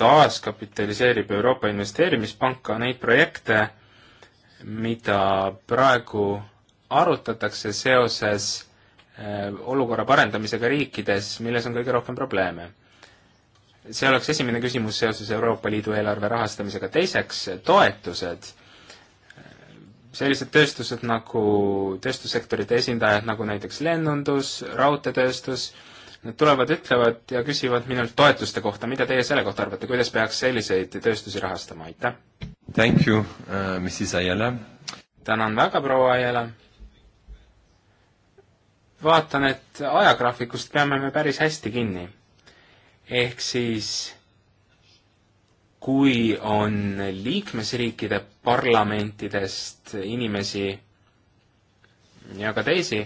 taaskapitaliseerib Euroopa Investeerimispanka neid projekte, mida praegu arutatakse seoses äh, olukorra parendamisega riikides, milles on kõige rohkem probleeme see oleks esimene küsimus seoses Euroopa Liidu eelarve rahastamisega, teiseks toetused, sellised tööstused nagu, tööstussektorite esindajad nagu näiteks lennundus, raudteetööstus, nad tulevad, ütlevad ja küsivad minult toetuste kohta, mida teie selle kohta arvate, kuidas peaks selliseid tööstusi rahastama, aitäh! Thank you uh,, Mrs Ayala! tänan väga, proua Ayala! vaatan, et ajagraafikust peame me päris hästi kinni ehk siis kui on liikmesriikide parlamentidest inimesi ja ka teisi,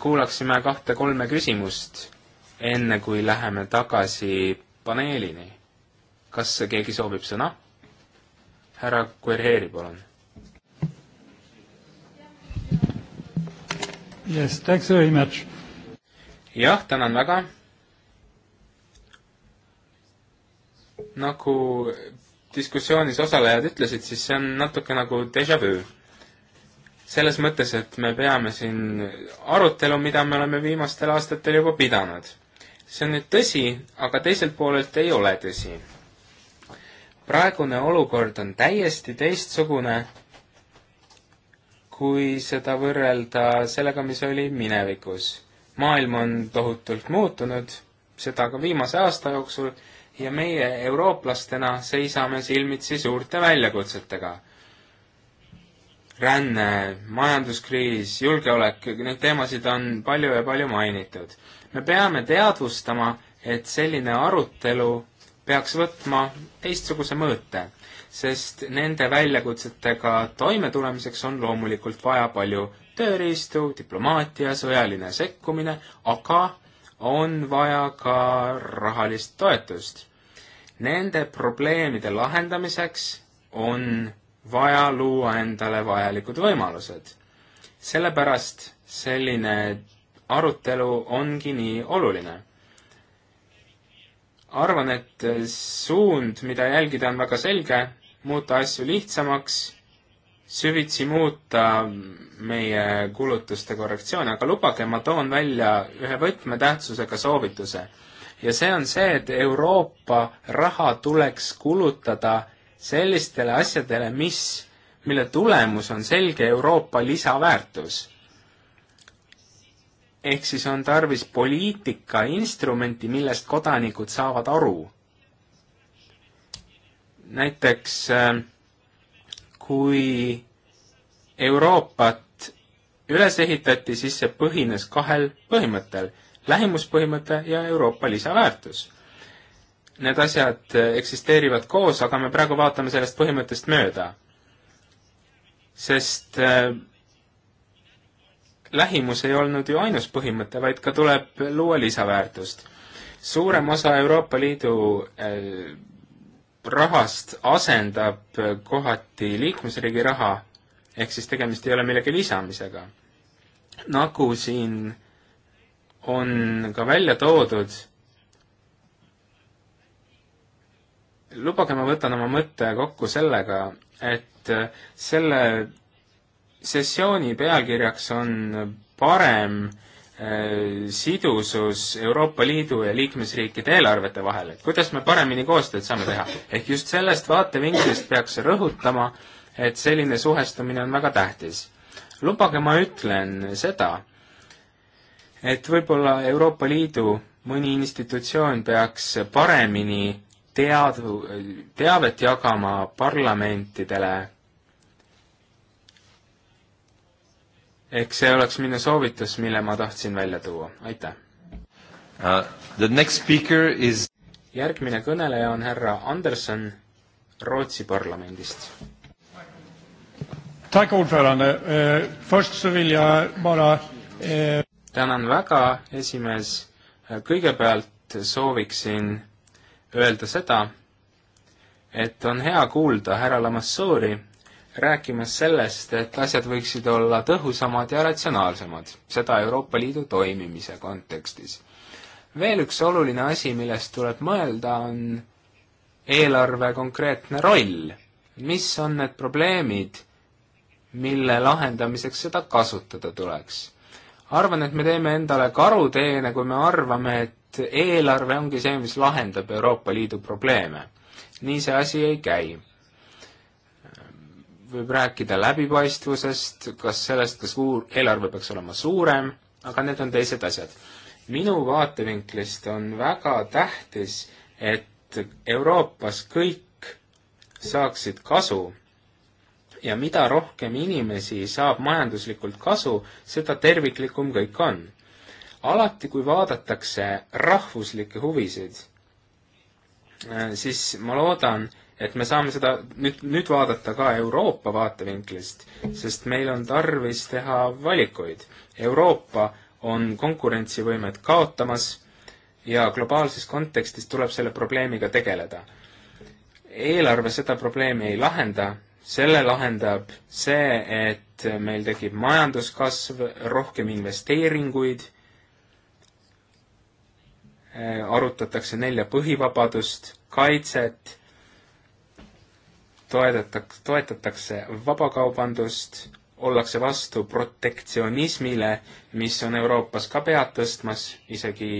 kuulaksime kahte-kolme küsimust, enne kui läheme tagasi paneelini. kas keegi soovib sõna? härra Guerreri, palun. Yes, thanks very much. jah, tänan väga nagu diskussioonis osalejad ütlesid, siis see on natuke nagu déjà vu. selles mõttes, et me peame siin arutelu, mida me oleme viimastel aastatel juba pidanud. see on nüüd tõsi, aga teiselt poolelt ei ole tõsi. praegune olukord on täiesti teistsugune, kui seda võrrelda sellega, mis oli minevikus. maailm on tohutult muutunud, seda ka viimase aasta jooksul ja meie eurooplastena seisame silmitsi suurte väljakutsetega. ränne, majanduskriis, julgeolek, neid teemasid on palju ja palju mainitud. me peame teadvustama, et selline arutelu peaks võtma teistsuguse mõõte, sest nende väljakutsetega toimetulemiseks on loomulikult vaja palju tööriistu, diplomaatia, sõjaline sekkumine, aga on vaja ka rahalist toetust. Nende probleemide lahendamiseks on vaja luua endale vajalikud võimalused. sellepärast selline arutelu ongi nii oluline. arvan, et suund, mida jälgida, on väga selge, muuta asju lihtsamaks süvitsi muuta meie kulutuste korrektsioone, aga lubage, ma toon välja ühe võtmetähtsusega soovituse. ja see on see, et Euroopa raha tuleks kulutada sellistele asjadele, mis, mille tulemus on selge Euroopa lisaväärtus. ehk siis on tarvis poliitika instrumenti, millest kodanikud saavad aru. näiteks äh, kui Euroopat üles ehitati, siis see põhines kahel põhimõttel, lähimuspõhimõte ja Euroopa lisaväärtus. Need asjad eksisteerivad koos, aga me praegu vaatame sellest põhimõttest mööda. sest äh, lähimus ei olnud ju ainus põhimõte, vaid ka tuleb luua lisaväärtust. suurem osa Euroopa Liidu äh, rahast asendab kohati liikmesriigi raha, ehk siis tegemist ei ole millegi lisamisega. nagu siin on ka välja toodud, lubage, ma võtan oma mõtte kokku sellega, et selle sessiooni pealkirjaks on parem äh, Äh, sidusus Euroopa Liidu ja liikmesriikide eelarvete vahel, et kuidas me paremini koostööd saame teha. ehk just sellest vaatevinklist peaks rõhutama, et selline suhestumine on väga tähtis. lubage, ma ütlen seda, et võib-olla Euroopa Liidu mõni institutsioon peaks paremini tead-, teavet jagama parlamentidele eks see oleks minu soovitus, mille ma tahtsin välja tuua, aitäh uh,. The next speaker is järgmine kõneleja on härra Anderson Rootsi parlamendist. Eh, eh, tänan väga, esimees. Eh, kõigepealt sooviksin öelda seda, et on hea kuulda härra Lamassoori rääkimas sellest, et asjad võiksid olla tõhusamad ja ratsionaalsemad, seda Euroopa Liidu toimimise kontekstis. veel üks oluline asi, millest tuleb mõelda, on eelarve konkreetne roll. mis on need probleemid, mille lahendamiseks seda kasutada tuleks? arvan, et me teeme endale karuteene, kui me arvame, et eelarve ongi see, mis lahendab Euroopa Liidu probleeme. nii see asi ei käi võib rääkida läbipaistvusest, kas sellest, kas uur-, eelarve peaks olema suurem, aga need on teised asjad. minu vaatevinklist on väga tähtis, et Euroopas kõik saaksid kasu ja mida rohkem inimesi saab majanduslikult kasu, seda terviklikum kõik on. alati, kui vaadatakse rahvuslikke huvisid, äh, siis ma loodan, et me saame seda nüüd, nüüd vaadata ka Euroopa vaatevinklist, sest meil on tarvis teha valikuid. Euroopa on konkurentsivõimet kaotamas ja globaalses kontekstis tuleb selle probleemiga tegeleda. eelarve seda probleemi ei lahenda, selle lahendab see, et meil tekib majanduskasv, rohkem investeeringuid, äh, arutatakse nelja põhivabadust, kaitset toetatakse, toetatakse vabakaubandust, ollakse vastu protektsionismile, mis on Euroopas ka pead tõstmas, isegi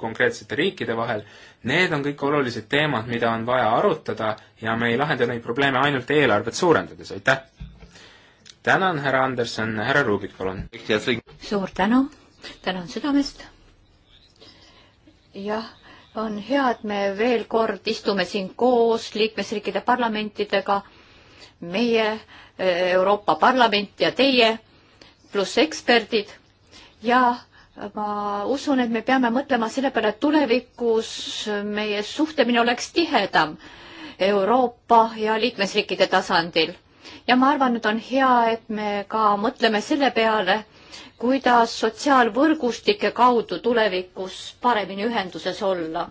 konkreetsete riikide vahel, need on kõik olulised teemad, mida on vaja arutada ja me ei lahenda neid probleeme ainult eelarvet suurendades, aitäh! tänan, härra Anderson, härra Rubik, palun! suur tänu, tänan südamest! jah, on hea, et me veel kord istume siin koos liikmesriikide parlamentidega, meie e, Euroopa Parlament ja teie, pluss eksperdid ja ma usun, et me peame mõtlema selle peale, et tulevikus meie suhtlemine oleks tihedam Euroopa ja liikmesriikide tasandil. ja ma arvan, et on hea, et me ka mõtleme selle peale, kuidas sotsiaalvõrgustike kaudu tulevikus paremini ühenduses olla.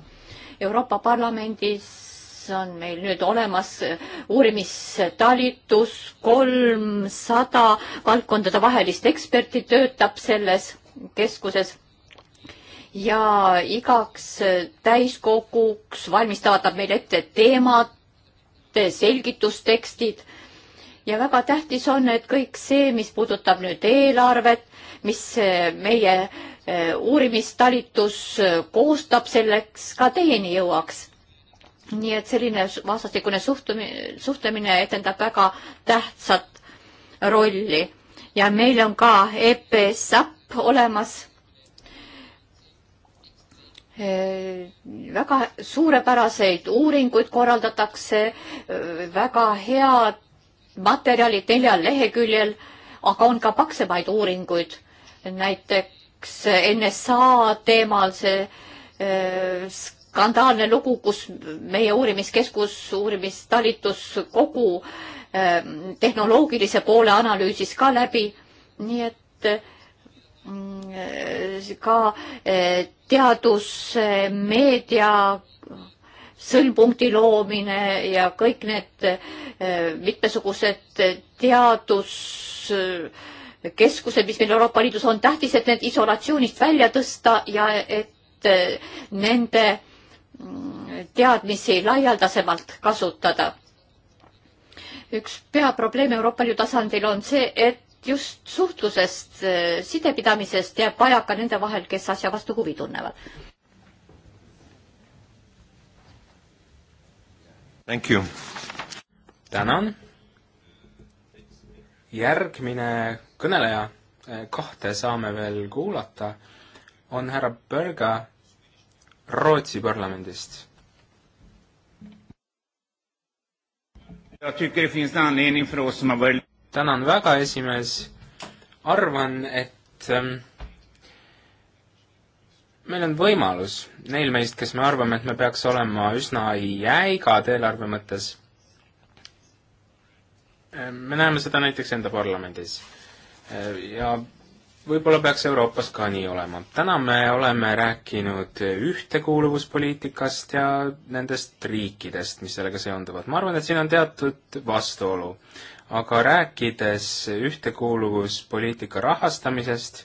Euroopa Parlamendis on meil nüüd olemas uurimistalitus, kolmsada valdkondade vahelist eksperti töötab selles keskuses ja igaks täiskoguks valmistavad nad meile ette teemad, selgitustekstid ja väga tähtis on, et kõik see, mis puudutab nüüd eelarvet, mis eh, meie eh, uurimistalitus eh, koostab selleks, ka teieni jõuaks. nii et selline vastastikune suhtumine, suhtlemine etendab väga tähtsat rolli ja meil on ka EPSAP olemas väga suurepäraseid uuringuid korraldatakse, väga head materjalid neljal leheküljel, aga on ka paksemaid uuringuid, näiteks NSA teemal see öö, eh, skandaalne lugu, kus meie uurimiskeskus, uurimistalitus kogu öö, eh, tehnoloogilise poole analüüsis ka läbi, nii et öö, mm, eh, ka teadus, meedia sõlmpunkti loomine ja kõik need eh, mitmesugused teaduskeskused, mis meil Euroopa Liidus on, tähtis, et need isolatsioonist välja tõsta ja et eh, nende mm, teadmisi laialdasemalt kasutada. üks peaprobleem Euroopa Liidu tasandil on see, et just suhtlusest, eh, sidepidamisest jääb vajaka nende vahel, kes asja vastu huvi tunnevad Thank you! tänan! järgmine kõneleja, eh, kahte saame veel kuulata, on härra Berga Rootsi parlamendist. tänan väga, esimees. arvan, et ähm, meil on võimalus, neil meist, kes me arvame, et me peaks olema üsna jäigad eelarve mõttes, ehm, me näeme seda näiteks enda parlamendis. Ehm, ja võib-olla peaks Euroopas ka nii olema. täna me oleme rääkinud ühtekuuluvuspoliitikast ja nendest riikidest, mis sellega seonduvad. ma arvan, et siin on teatud vastuolu. aga rääkides ühtekuuluvuspoliitika rahastamisest,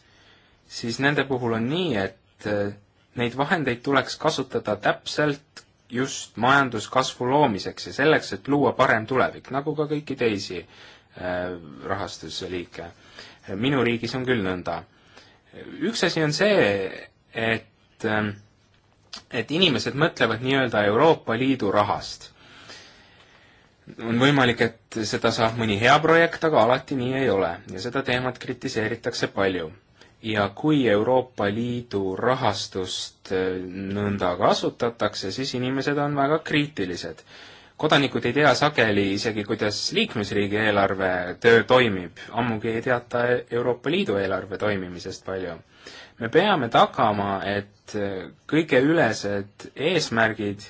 siis nende puhul on nii, et et äh, neid vahendeid tuleks kasutada täpselt just majanduskasvu loomiseks ja selleks, et luua parem tulevik, nagu ka kõiki teisi äh, rahastusliike. minu riigis on küll nõnda. üks asi on see, et, äh, et inimesed mõtlevad nii-öelda Euroopa Liidu rahast. on võimalik, et seda saab mõni hea projekt, aga alati nii ei ole ja seda teemat kritiseeritakse palju ja kui Euroopa Liidu rahastust äh, nõnda kasutatakse, siis inimesed on väga kriitilised. kodanikud ei tea sageli isegi, kuidas liikmesriigi eelarve töö toimib, ammugi ei teata Euroopa Liidu eelarve toimimisest palju. me peame tagama, et äh, kõigeülesed eesmärgid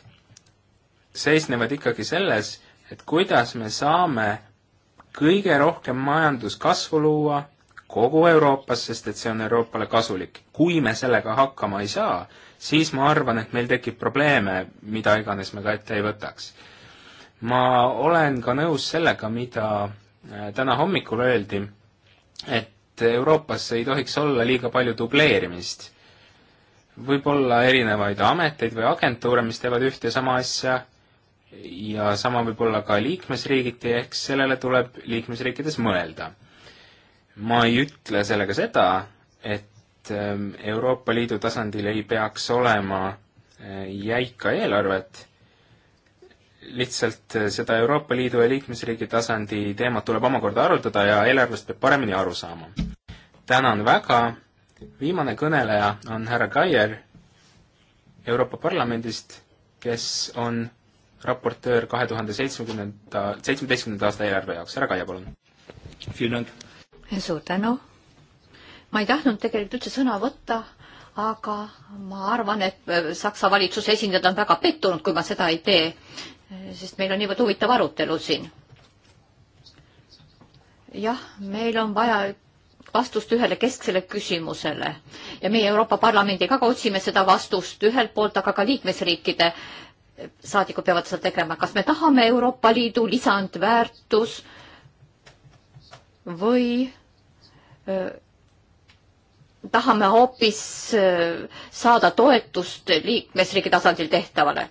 seisnevad ikkagi selles, et kuidas me saame kõige rohkem majanduskasvu luua kogu Euroopas, sest et see on Euroopale kasulik. kui me sellega hakkama ei saa, siis ma arvan, et meil tekib probleeme, mida iganes me ka ette ei võtaks. ma olen ka nõus sellega, mida äh, täna hommikul öeldi, et Euroopas ei tohiks olla liiga palju dubleerimist. võib olla erinevaid ameteid või agentuure, mis teevad ühte ja sama asja, ja sama võib olla ka liikmesriigiti, ehk sellele tuleb liikmesriikides mõelda ma ei ütle sellega seda, et ähm, Euroopa Liidu tasandil ei peaks olema äh, jäika eelarvet, lihtsalt äh, seda Euroopa Liidu ja liikmesriigi tasandi teemat tuleb omakorda arutada ja eelarvest peab paremini aru saama. tänan väga, viimane kõneleja on härra Kaier Euroopa Parlamendist, kes on raportöör kahe tuhande seitsmekümnenda, seitsmeteistkümnenda aasta eelarve jaoks, härra Kaia, palun! suur tänu. ma ei tahtnud tegelikult üldse sõna võtta, aga ma arvan, et äh, Saksa valitsuse esindajad on väga pettunud, kui ma seda ei tee, äh, sest meil on niivõrd huvitav arutelu siin. jah, meil on vaja vastust ühele kesksele küsimusele ja meie Euroopa Parlamendiga ka otsime seda vastust ühelt poolt, aga ka liikmesriikide saadikud peavad seda tegema, kas me tahame Euroopa Liidu lisandväärtus äh, või tahame hoopis saada toetust liikmesriigi tasandil tehtavale?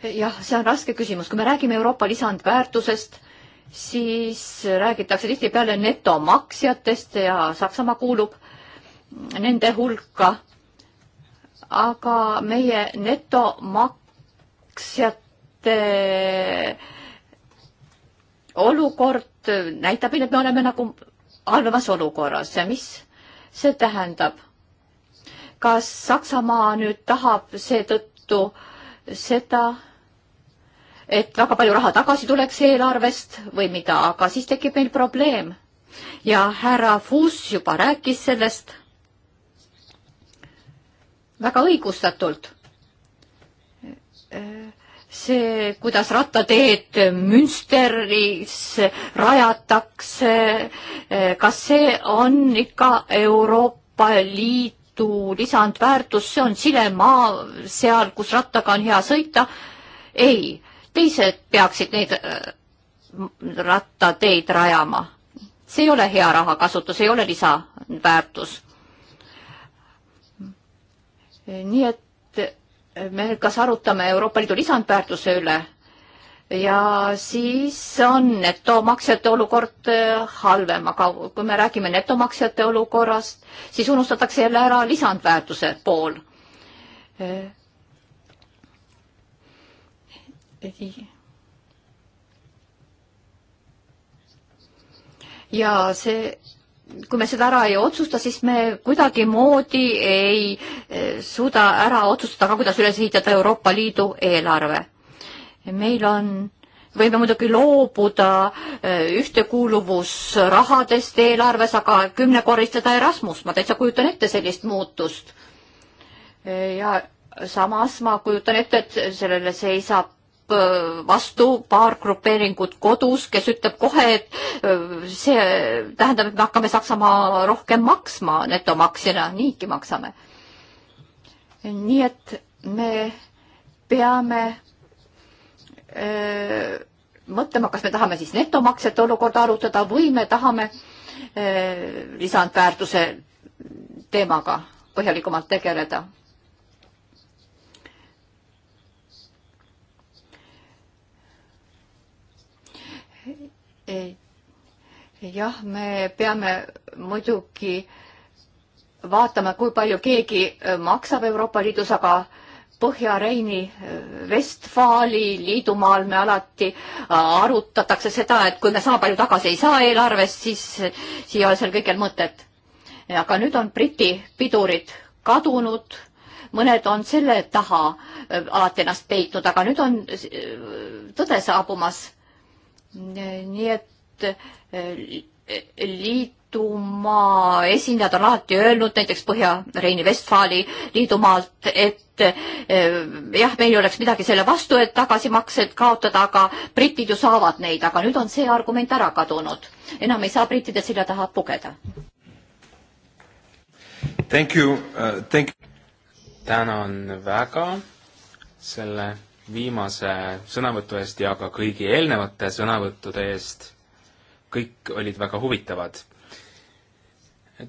jah, see on raske küsimus, kui me räägime Euroopa lisandväärtusest, siis räägitakse tihtipeale netomaksjatest ja Saksamaa kuulub nende hulka. aga meie netomaksjate olukord näitab, et me oleme nagu halvemas olukorras ja mis see tähendab? kas Saksamaa nüüd tahab seetõttu seda, et väga palju raha tagasi tuleks eelarvest või mida, aga siis tekib meil probleem. ja härra Fuss juba rääkis sellest väga õigustatult see, kuidas rattateed Münsteris rajatakse, kas see on ikka Euroopa Liidu lisandväärtus, see on silemaa seal, kus rattaga on hea sõita? ei, teised peaksid neid äh, rattateid rajama. see ei ole hea rahakasutus, ei ole lisaväärtus. nii et me nüüd kas arutame Euroopa Liidu lisandväärtuse üle ja siis on netomaksjate olukord äh, halvem, aga kui me räägime netomaksjate olukorrast, siis unustatakse jälle ära lisandväärtuse pool. Äh, ja see kui me seda ära ei otsusta, siis me kuidagimoodi ei eh, suuda ära otsustada ka, kuidas üles ehitada Euroopa Liidu eelarve. meil on, võime muidugi loobuda eh, ühtekuuluvusrahadest eelarves, aga kümnekoristada Erasmus, ma täitsa kujutan ette sellist muutust. Eh, ja samas ma kujutan ette, et sellele seisab Äh, vastu paar grupeeringut kodus, kes ütleb kohe, et äh, see tähendab, et me hakkame Saksamaa rohkem maksma netomaksjana, niigi maksame. nii et me peame öö, äh, mõtlema, kas me tahame siis netomaksjate olukorda arutada või me tahame lisandväärtuse teemaga põhjalikumalt tegeleda jah, me peame muidugi vaatama, kui palju keegi äh, maksab Euroopa Liidus, aga Põhja-Reini äh, Vestfaali liidumaal me alati äh, arutatakse seda, et kui me sama palju tagasi ei saa eelarvest, siis siia ei ole seal kõigil mõtet. aga nüüd on Briti pidurid kadunud, mõned on selle taha alati ennast peitnud, aga nüüd on tõde saabumas nii et eh, liidumaa esindajad on alati öelnud, näiteks Põhja-Reini-Vestfaali liidumaalt, et eh, jah, meil ei oleks midagi selle vastu, et tagasimaksed kaotada, aga britid ju saavad neid, aga nüüd on see argument ära kadunud. enam ei saa brittide selja taha pugeda. Thank you uh,, thank you. tänan väga selle viimase sõnavõtu eest ja ka kõigi eelnevate sõnavõttude eest. kõik olid väga huvitavad.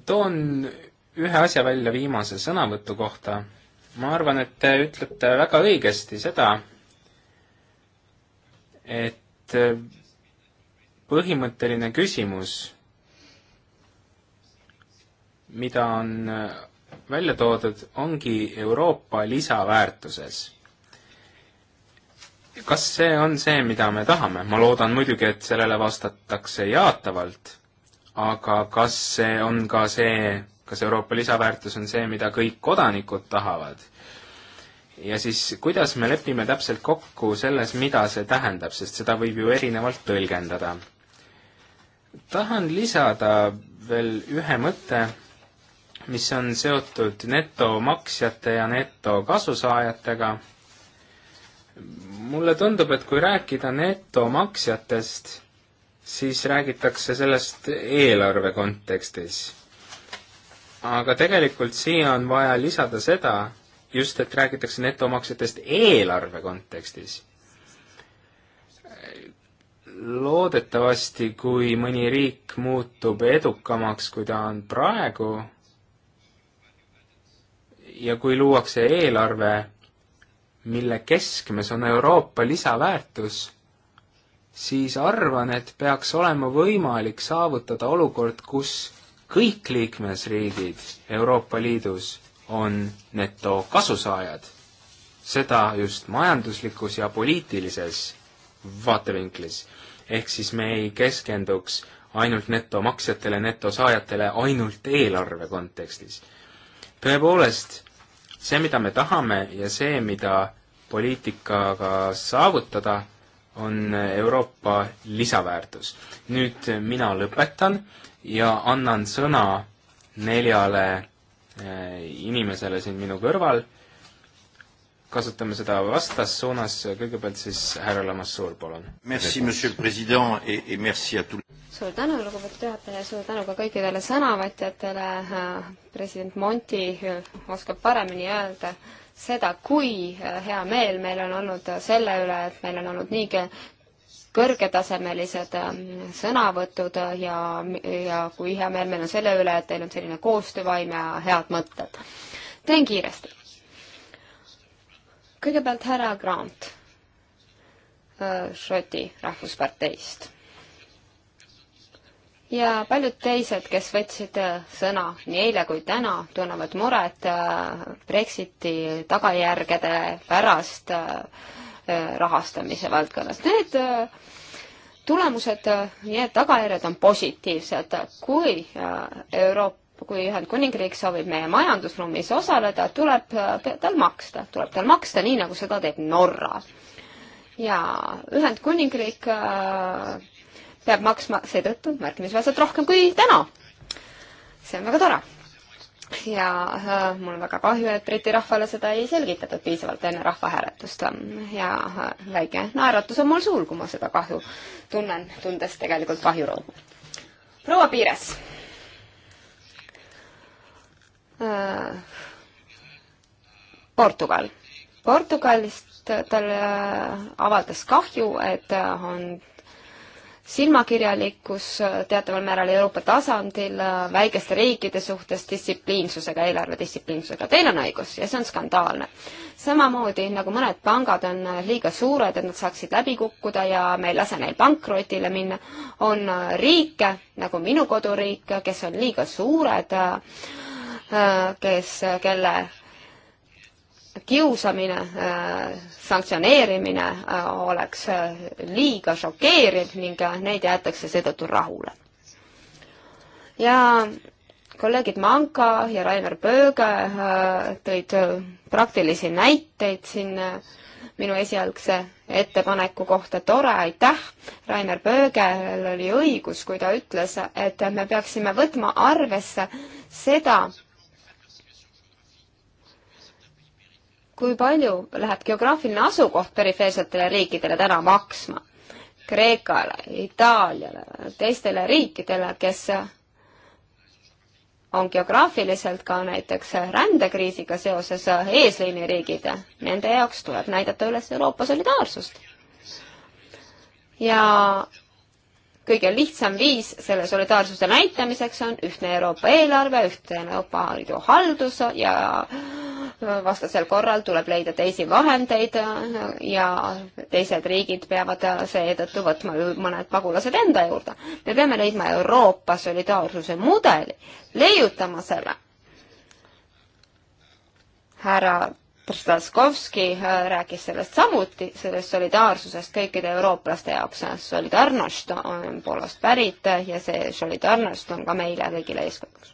toon ühe asja välja viimase sõnavõtu kohta. ma arvan, et te ütlete väga õigesti seda, et põhimõtteline küsimus, mida on välja toodud, ongi Euroopa lisaväärtuses kas see on see, mida me tahame? ma loodan muidugi, et sellele vastatakse jaatavalt, aga kas see on ka see, kas Euroopa lisaväärtus on see, mida kõik kodanikud tahavad? ja siis, kuidas me lepime täpselt kokku selles, mida see tähendab, sest seda võib ju erinevalt tõlgendada. tahan lisada veel ühe mõtte, mis on seotud netomaksjate ja netokasusaajatega mulle tundub, et kui rääkida netomaksjatest, siis räägitakse sellest eelarve kontekstis. aga tegelikult siia on vaja lisada seda, just et räägitakse netomaksjatest eelarve kontekstis loodetavasti, kui mõni riik muutub edukamaks, kui ta on praegu, ja kui luuakse eelarve, mille keskmes on Euroopa lisaväärtus, siis arvan, et peaks olema võimalik saavutada olukord, kus kõik liikmesriigid Euroopa Liidus on netokasusaajad. seda just majanduslikus ja poliitilises vaatevinklis. ehk siis me ei keskenduks ainult netomaksjatele, netosaajatele ainult eelarve kontekstis. tõepoolest, see, mida me tahame ja see, mida poliitikaga saavutada, on Euroopa lisaväärtus. nüüd mina lõpetan ja annan sõna neljale eh, inimesele siin minu kõrval kasutame seda vastassuunas, kõigepealt siis härra Lamassoor, palun. suur tänu, lugupeetud juhataja, suur tänu ka kõikidele sõnavõtjatele, president Monti oskab paremini öelda seda, kui hea meel meil on olnud selle üle, et meil on olnud nii kõrgetasemelised sõnavõtud ja, ja kui hea meel meil on selle üle, et teil on selline koostöövaim ja head mõtted. teen kiiresti kõigepealt härra Grant äh, Šoti rahvusparteist ja paljud teised, kes võtsid äh, sõna nii eile kui täna, tunnevad muret äh, Brexiti tagajärgede pärast rahastamise valdkonnas. Need tulemused, need tagajärjed on positiivsed, kui Euroopa kui Ühendkuningriik soovib meie majandusruumis osaleda, tuleb äh, tal maksta, tuleb tal maksta nii, nagu seda teeb Norra. ja Ühendkuningriik äh, peab maksma seetõttu märkimisväärselt rohkem kui täna. see on väga tore. ja äh, mul on väga kahju, et Briti rahvale seda ei selgitatud piisavalt enne rahvahääletust ja väike naeratus on mul suul, kui ma seda kahju tunnen, tundes tegelikult kahjurõõmu. proua Piires Äh, Portugal. Portugalist talle äh, avaldas kahju, et äh, on silmakirjalikkus teataval määral Euroopa tasandil väikeste riikide suhtes distsipliinsusega, eelarvedistsipliinsusega. Teil on õigus ja see on skandaalne. samamoodi nagu mõned pangad on liiga suured, et nad saaksid läbi kukkuda ja me ei lase neil pankrotile minna, on riike, nagu minu koduriik, kes on liiga suured äh, Äh, kes, kelle kiusamine, äh, sanktsioneerimine äh, oleks liiga šokeeriv ning neid jäetakse seetõttu rahule. ja kolleegid Manka ja Rainer Pööge tõid praktilisi näiteid siin minu esialgse ettepaneku kohta, tore, aitäh. Rainer Pöögel oli õigus, kui ta ütles, et me peaksime võtma arvesse seda, kui palju läheb geograafiline asukoht perifeersetele riikidele täna maksma? Kreekale, Itaaliale, teistele riikidele, kes on geograafiliselt ka näiteks rändekriisiga seoses eesliiniriigid, nende jaoks tuleb näidata üles Euroopa solidaarsust. ja kõige lihtsam viis selle solidaarsuse näitamiseks on ühtne Euroopa eelarve, ühtne Euroopa Liidu haldus ja vastasel korral tuleb leida teisi vahendeid ja teised riigid peavad seetõttu võtma mõned pagulased enda juurde. me peame leidma Euroopa solidaarsuse mudeli, leiutama selle. härra Staskovski äh, rääkis sellest samuti, sellest solidaarsusest kõikide eurooplaste jaoks. Solidarnost on Poolast pärit ja see Solidarnost on ka meile kõigile eeskujuks.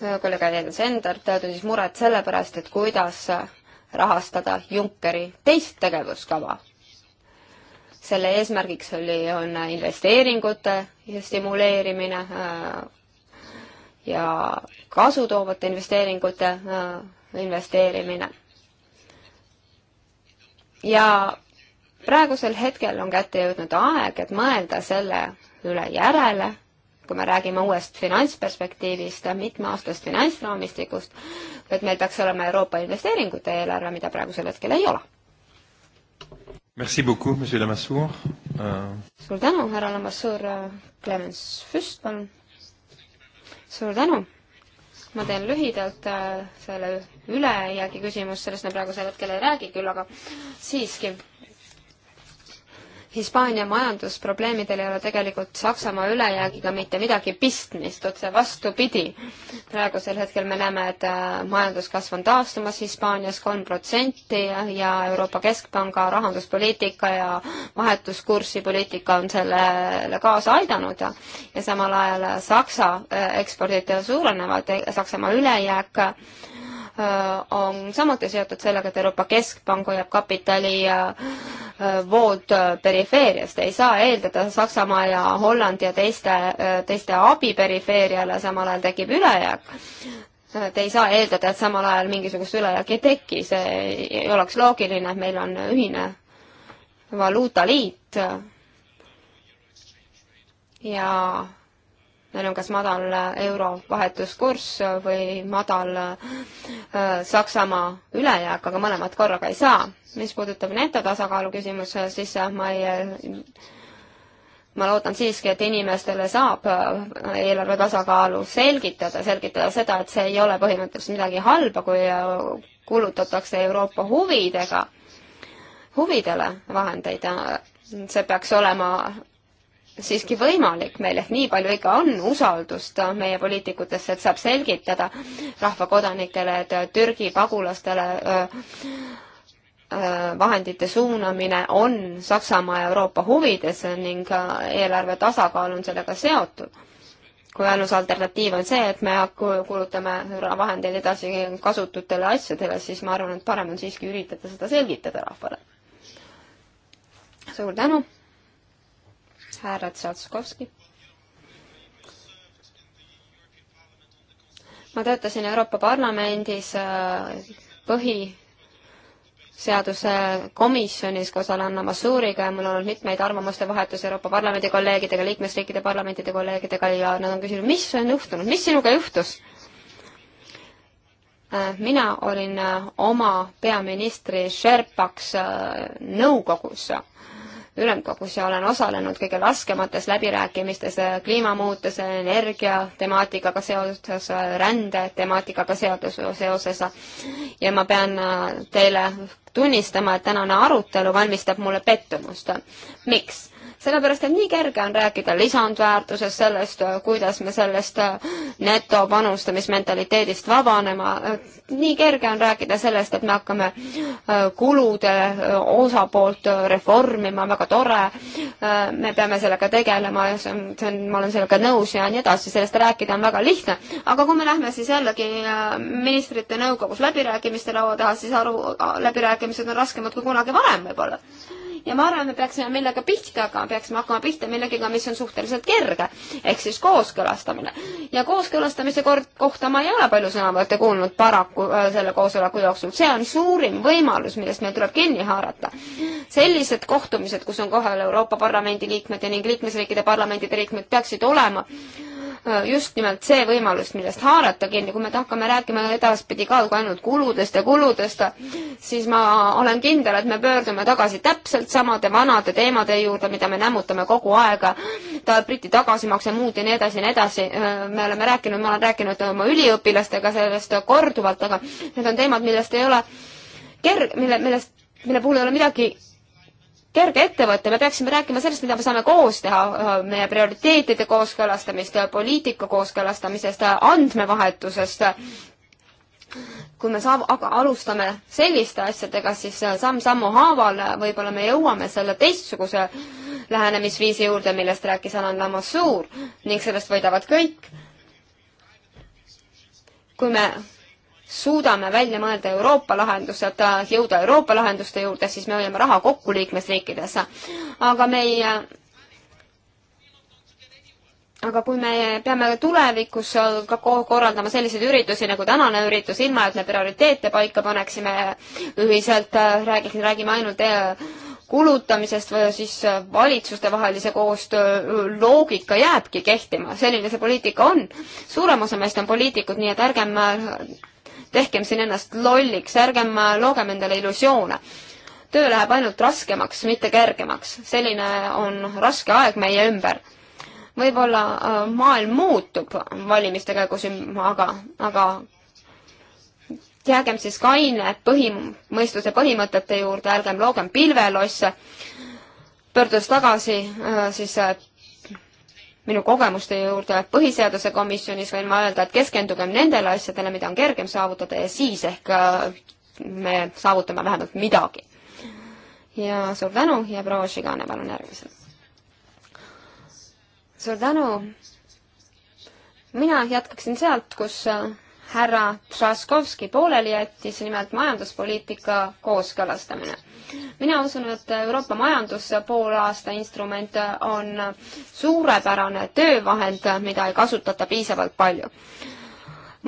Äh, kolleeg Alina Sender tundis muret selle pärast, et kuidas rahastada Junckeri teist tegevuskava. selle eesmärgiks oli, on investeeringute stimuleerimine äh, ja kasu toovate investeeringute äh, investeerimine. ja praegusel hetkel on kätte jõudnud aeg, et mõelda selle üle järele, kui me räägime uuest finantsperspektiivist, mitmeaastast finantsraamistikust, et meil peaks olema Euroopa investeeringute eelarve, mida praegusel hetkel ei ole. Merci beaucoup, monsieur Lamassoure uh.... suur tänu, härra Lamassoure, Clemens Füst, palun suur tänu! ma teen lühidalt äh, selle ülejäägi küsimus, sellest me praegusel hetkel ei räägi küll, aga siiski Hispaania majandusprobleemidel ei ole tegelikult Saksamaa ülejäägiga mitte midagi pistmist, otse vastupidi. praegusel hetkel me näeme, et äh, majanduskasv on taastumas Hispaanias kolm protsenti ja Euroopa Keskpanga rahanduspoliitika ja vahetuskursi poliitika on sellele kaasa aidanud ja ja samal ajal Saksa äh, ekspordid suurenevad, Saksamaa ülejääk Äh, on samuti seotud sellega, et Euroopa Keskpank hoiab kapitali äh, vood äh, perifeeriast, ei saa eeldada Saksamaa ja Hollandi ja teiste, teiste abi perifeeriale, samal ajal tekib ülejääk. Te ei saa eeldada, et samal ajal mingisugust ülejääki ei teki, see ei oleks loogiline, meil on ühine valuutaliit ja meil on kas madal äh, euro vahetuskurss või madal äh, Saksamaa ülejääk, aga mõlemat korraga ei saa. mis puudutab netotasakaalu küsimus, siis äh, ma ei ma loodan siiski, et inimestele saab eelarve tasakaalu selgitada, selgitada seda, et see ei ole põhimõtteliselt midagi halba, kui kulutatakse Euroopa huvidega, huvidele vahendeid. see peaks olema siiski võimalik meil, et nii palju ikka on usaldust meie poliitikutesse, et saab selgitada rahvakodanikele, et Türgi pagulastele vahendite suunamine on Saksamaa ja Euroopa huvides ning eelarve tasakaal on sellega seotud kui ainus alternatiiv on see, et me kulutame vahendeid edasi kasututele asjadele, siis ma arvan, et parem on siiski üritada seda selgitada rahvale. suur tänu! härra Tšatskovski. ma töötasin Euroopa Parlamendis äh, põhiseaduse komisjonis koos Alanna Masuriga ja mul on olnud mitmeid arvamuste vahetusi Euroopa Parlamendi kolleegidega, liikmesriikide parlamentide kolleegidega ja nad on küsinud, mis on juhtunud, mis sinuga juhtus? Äh, mina olin äh, oma peaministri Sherpaks nõukogus ülemkogus ja olen osalenud kõige raskemates läbirääkimistes äh, kliimamuutuse, energia temaatikaga seoses, äh, rände temaatikaga seoses, seoses. ja ma pean äh, teile tunnistama, et tänane arutelu valmistab mulle pettumust. miks? sellepärast, et nii kerge on rääkida lisandväärtusest, sellest, kuidas me sellest äh, netopanustamismentaliteedist vabanema, nii kerge on rääkida sellest, et me hakkame äh, kulude äh, osapoolt reformima, väga tore, me peame sellega tegelema ja see on, see on, ma olen sellega nõus ja nii edasi, sellest rääkida on väga lihtne. aga kui me lähme siis jällegi ministrite nõukogus läbirääkimiste laua taha, siis aru, läbirääkimised on raskemad kui kunagi varem võib-olla ja ma arvan, me peaksime millega pihta hakkama, peaksime hakkama pihta millegagi, mis on suhteliselt kerge, ehk siis kooskõlastamine. ja kooskõlastamise kord, kohta ma ei ole palju sõnavõtte kuulnud paraku äh, selle koosoleku jooksul, see on suurim võimalus, millest meil tuleb kinni haarata. sellised kohtumised, kus on kohal Euroopa Parlamendi liikmed ja ning liikmesriikide parlamendide liikmed peaksid olema äh, Äh, just nimelt see võimalus, millest haarata kinni, kui me hakkame rääkima edaspidi ka ainult kuludest ja kuludest, siis ma olen kindel, et me pöördume tagasi täpselt samade vanade teemade juurde, mida me nämmutame kogu aeg, ta Briti tagasimakse, muud ja nii edasi ja nii edasi, äh, me oleme rääkinud, ma olen rääkinud oma üliõpilastega sellest korduvalt, aga need on teemad, millest ei ole kerg-, mille, millest, mille puhul ei ole midagi kerge ettevõte, me peaksime rääkima sellest, mida me saame koos teha, äh, meie prioriteetide kooskõlastamist, poliitika kooskõlastamisest, andmevahetusest. kui me saav-, aga alustame selliste asjadega, siis äh, samm-sammu haaval äh, võib-olla me jõuame selle teistsuguse lähenemisviisi juurde, millest rääkis Alan Lamassoor ning sellest võidavad kõik. kui me suudame välja mõelda Euroopa lahendused, jõuda Euroopa lahenduste juurde, siis me hoiame raha kokku liikmesriikides. aga me ei aga kui me peame tulevikus ka korraldama selliseid üritusi nagu tänane üritus, ilma et me prioriteete paika paneksime ühiselt, räägiks, räägime ainult eh, kulutamisest või siis valitsustevahelise koostöö loogika jääbki kehtima, selline see poliitika on. suurem osa meist on poliitikud, nii et ärgem tehkem siin ennast lolliks, ärgem loogem endale illusioone. töö läheb ainult raskemaks, mitte kergemaks. selline on raske aeg meie ümber. võib-olla äh, maailm muutub valimiste käigus, aga, aga jäägem siis kaine põhim-, mõistuse põhimõtete juurde, ärgem loogem pilvelosse, pöördudes tagasi äh, siis äh, minu kogemuste juurde Põhiseaduse komisjonis võin ma öelda, et keskendugem nendele asjadele, mida on kergem saavutada ja siis ehk äh, me saavutame vähemalt midagi. ja suur tänu ja proua Žigane, palun järgmisena. suur tänu. mina jätkaksin sealt, kus äh, härra Traskovski pooleli jättis, nimelt majanduspoliitika kooskõlastamine mina usun, et Euroopa majandus poolaasta instrument on suurepärane töövahend, mida ei kasutata piisavalt palju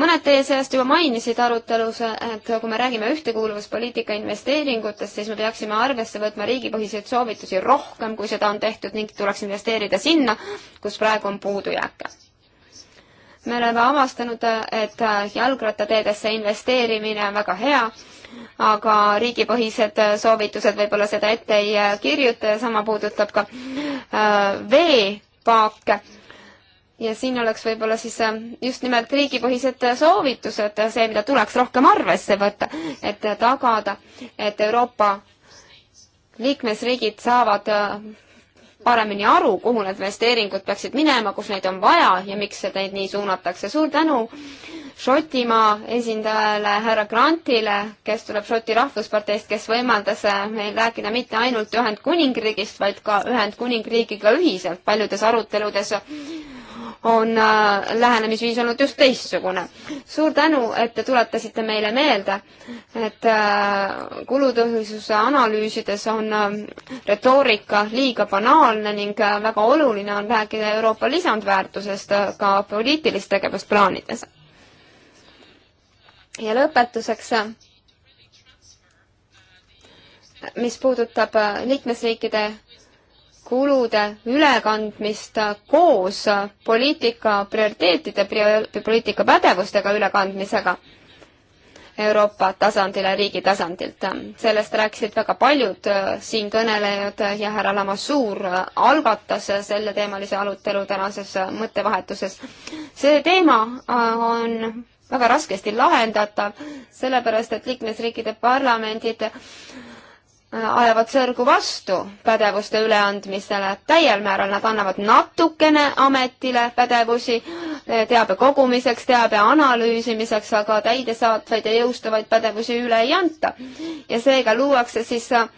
mõned teie seast juba mainisid arutelus, et kui me räägime ühtekuuluvuspoliitika investeeringutest, siis me peaksime arvesse võtma riigipõhiseid soovitusi rohkem, kui seda on tehtud ning tuleks investeerida sinna, kus praegu on puudujääke. me oleme avastanud, et jalgrattateedesse investeerimine on väga hea aga riigipõhised soovitused võib-olla seda ette ei äh, kirjuta ja sama puudutab ka äh, veepaake ja siin oleks võib-olla siis äh, just nimelt riigipõhised soovitused, see, mida tuleks rohkem arvesse võtta, et tagada, et Euroopa liikmesriigid saavad paremini aru, kuhu need investeeringud peaksid minema, kus neid on vaja ja miks neid nii suunatakse. suur tänu Šotimaa esindajale härra Grantile, kes tuleb Šoti Rahvusparteist, kes võimaldas äh, meil rääkida mitte ainult Ühendkuningriigist, vaid ka Ühendkuningriigiga ühiselt. paljudes aruteludes on äh, lähenemisviis olnud just teistsugune. suur tänu, et te tuletasite meile meelde, et äh, kulutõhususe analüüsides on retoorika liiga banaalne ning väga oluline on rääkida Euroopa lisandväärtusest ka poliitilist tegevust plaanides ja lõpetuseks, mis puudutab äh, liikmesriikide kulude ülekandmist äh, koos äh, poliitika prioriteetide, poliitika pädevustega ülekandmisega Euroopa tasandile, riigi tasandilt. sellest rääkisid väga paljud siinkõnelejad ja härra Lamassuur algatas selleteemalise arutelu tänases mõttevahetuses. see teema on väga raskesti lahendatav, sellepärast et liikmesriikide parlamendid ajavad sõrgu vastu pädevuste üleandmisele, täiel määral nad annavad natukene ametile pädevusi eh, teabe kogumiseks, teabe analüüsimiseks, aga täidesaatvaid ja jõustavaid pädevusi üle ei anta. ja seega luuakse siis äh,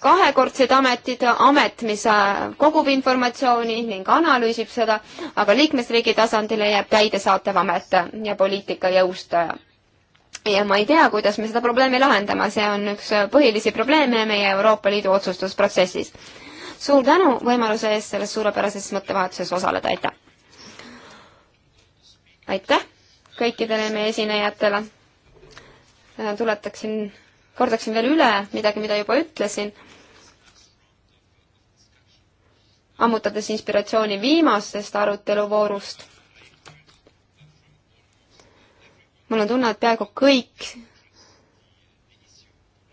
kahekordsed ametid, amet, mis äh, kogub informatsiooni ning analüüsib seda, aga liikmesriigi tasandile jääb täidesaatev amet ja poliitika jõustaja ja ma ei tea, kuidas me seda probleemi lahendame, see on üks põhilisi probleeme meie Euroopa Liidu otsustusprotsessis. suur tänu võimaluse eest selles suurepärases mõttevahetuses osaleda, aitäh! aitäh kõikidele meie esinejatele! Äh, tuletaksin, kordaksin veel üle midagi, mida juba ütlesin, ammutades inspiratsiooni viimasest aruteluvoorust mul on tunne, et peaaegu kõik,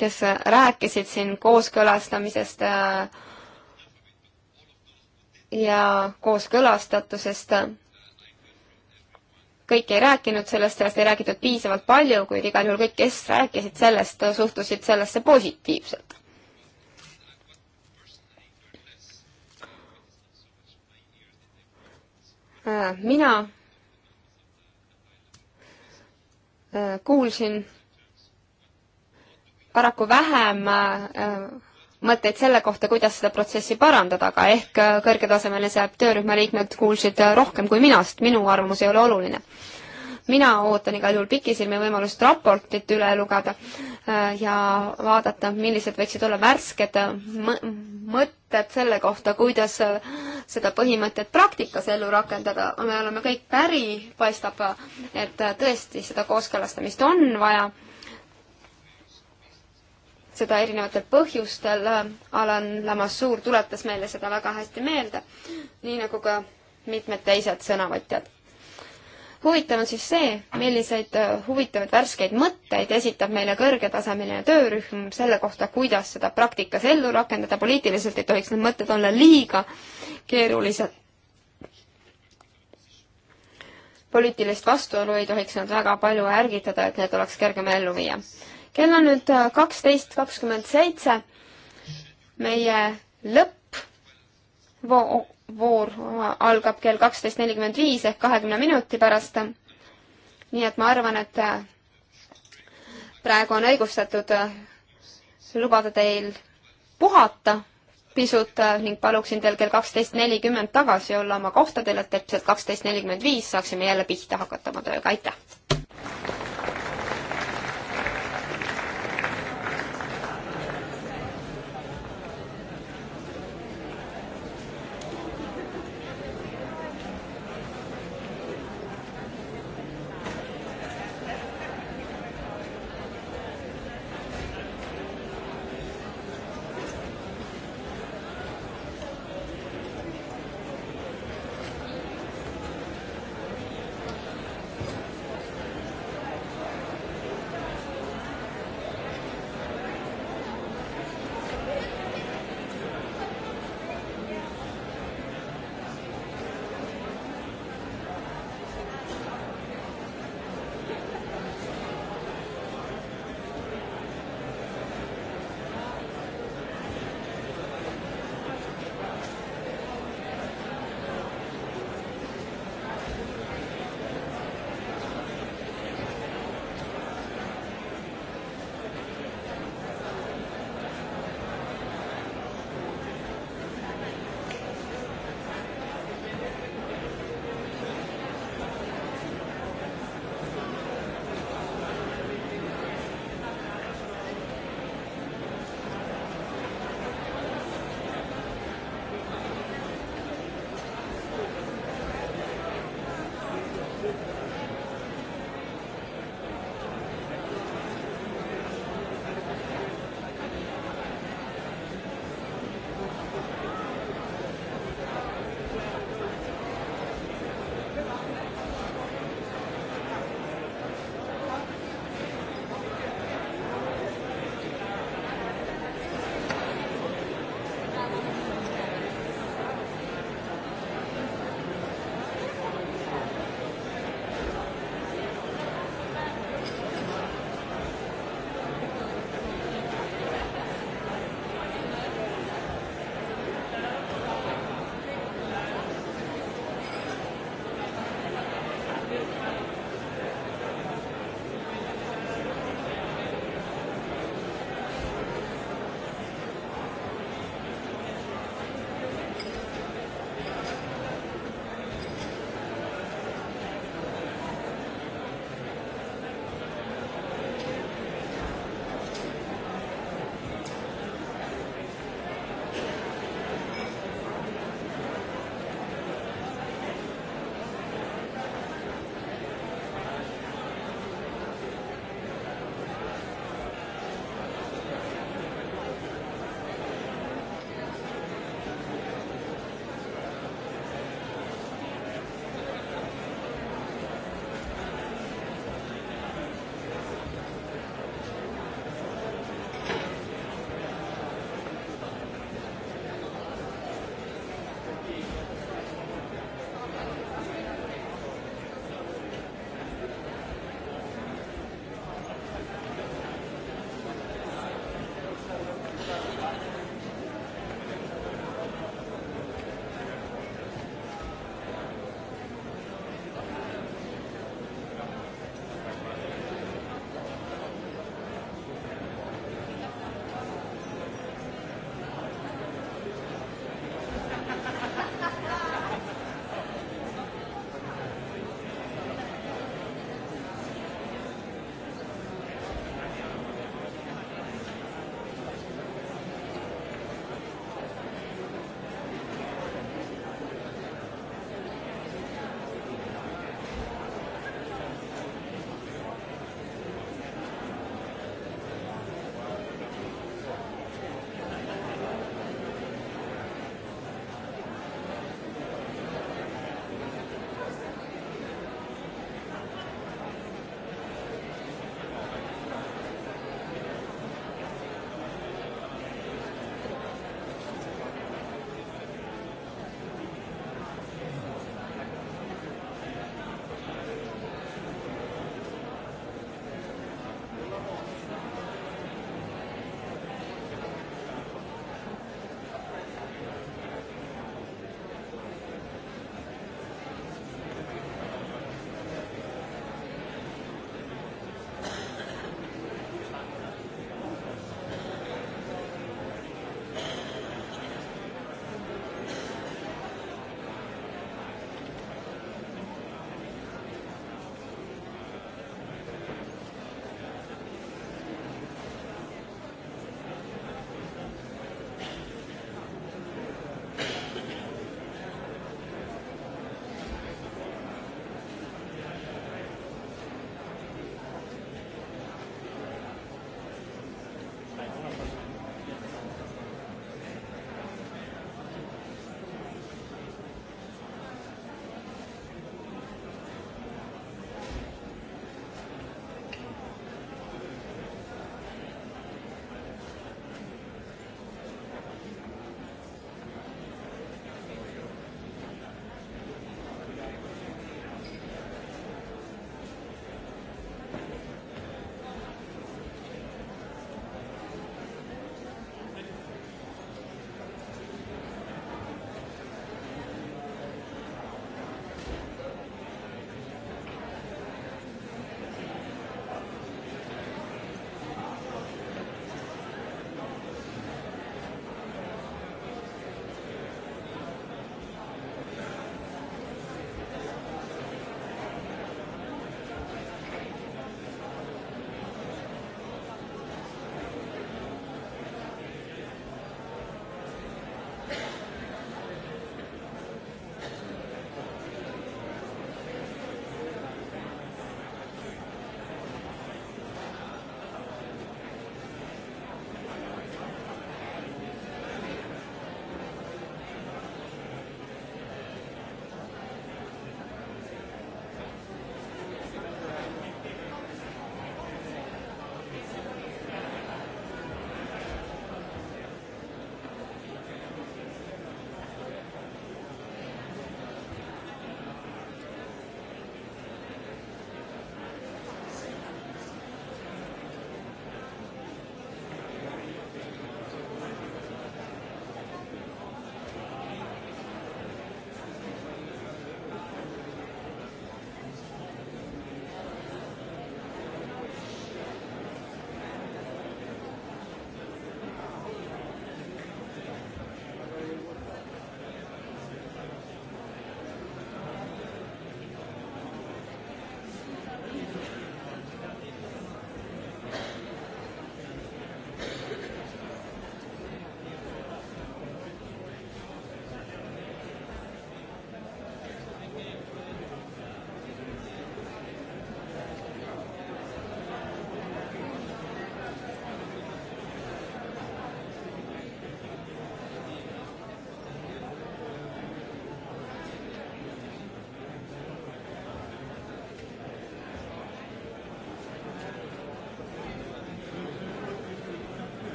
kes rääkisid siin kooskõlastamisest äh, ja kooskõlastatusest, kõik ei rääkinud sellest, sellest ei räägitud piisavalt palju, kuid igal juhul kõik, kes rääkisid sellest, suhtusid sellesse positiivselt. Äh, mina Äh, kuulsin paraku vähem äh, mõtteid selle kohta, kuidas seda protsessi parandada, aga ehk äh, kõrgetasemelise töörühma liikmed kuulsid rohkem kui minast, minu arvamus ei ole oluline. mina ootan igal juhul pikisilmi võimalust raportit üle lugeda Äh, ja vaadata, millised võiksid olla värsked äh, mõtted selle kohta, kuidas äh, seda põhimõtet praktikas ellu rakendada. me oleme kõik päri, paistab, et tõesti seda kooskõlastamist on vaja. seda erinevatel põhjustel. Alan Lamassoor tuletas meile seda väga hästi meelde, nii nagu ka mitmed teised sõnavõtjad huvitav on siis see, milliseid äh, huvitavaid värskeid mõtteid esitab meile kõrgetasemeline töörühm selle kohta, kuidas seda praktikas ellu rakendada, poliitiliselt ei tohiks need mõtted olla liiga keerulised. poliitilist vastuolu ei tohiks nad väga palju ärgitada, et need oleks kergem ellu viia. kell on nüüd äh, kaksteist kakskümmend seitse, meie lõpp voor algab kell kaksteist nelikümmend viis ehk kahekümne minuti pärast. nii et ma arvan, et äh, praegu on õigustatud äh, lubada teil puhata pisut äh, ning paluksin teil kell kaksteist nelikümmend tagasi olla oma kohtadel, et täpselt kaksteist nelikümmend viis saaksime jälle pihta hakata oma tööga, aitäh!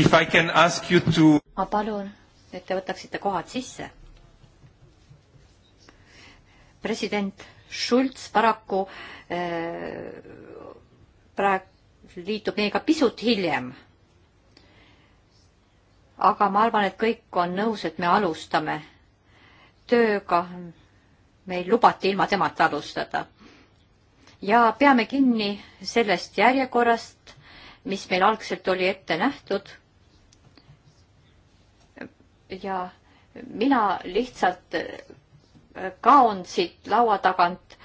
If I can ask you to ma palun, et te võtaksite kohad sisse. president Schulz paraku äh, praegu liitub meiega pisut hiljem. aga ma arvan, et kõik on nõus, et me alustame tööga. meil lubati ilma temata alustada. ja peame kinni sellest järjekorrast, mis meil algselt oli ette nähtud ja mina lihtsalt äh, kaon siit laua tagant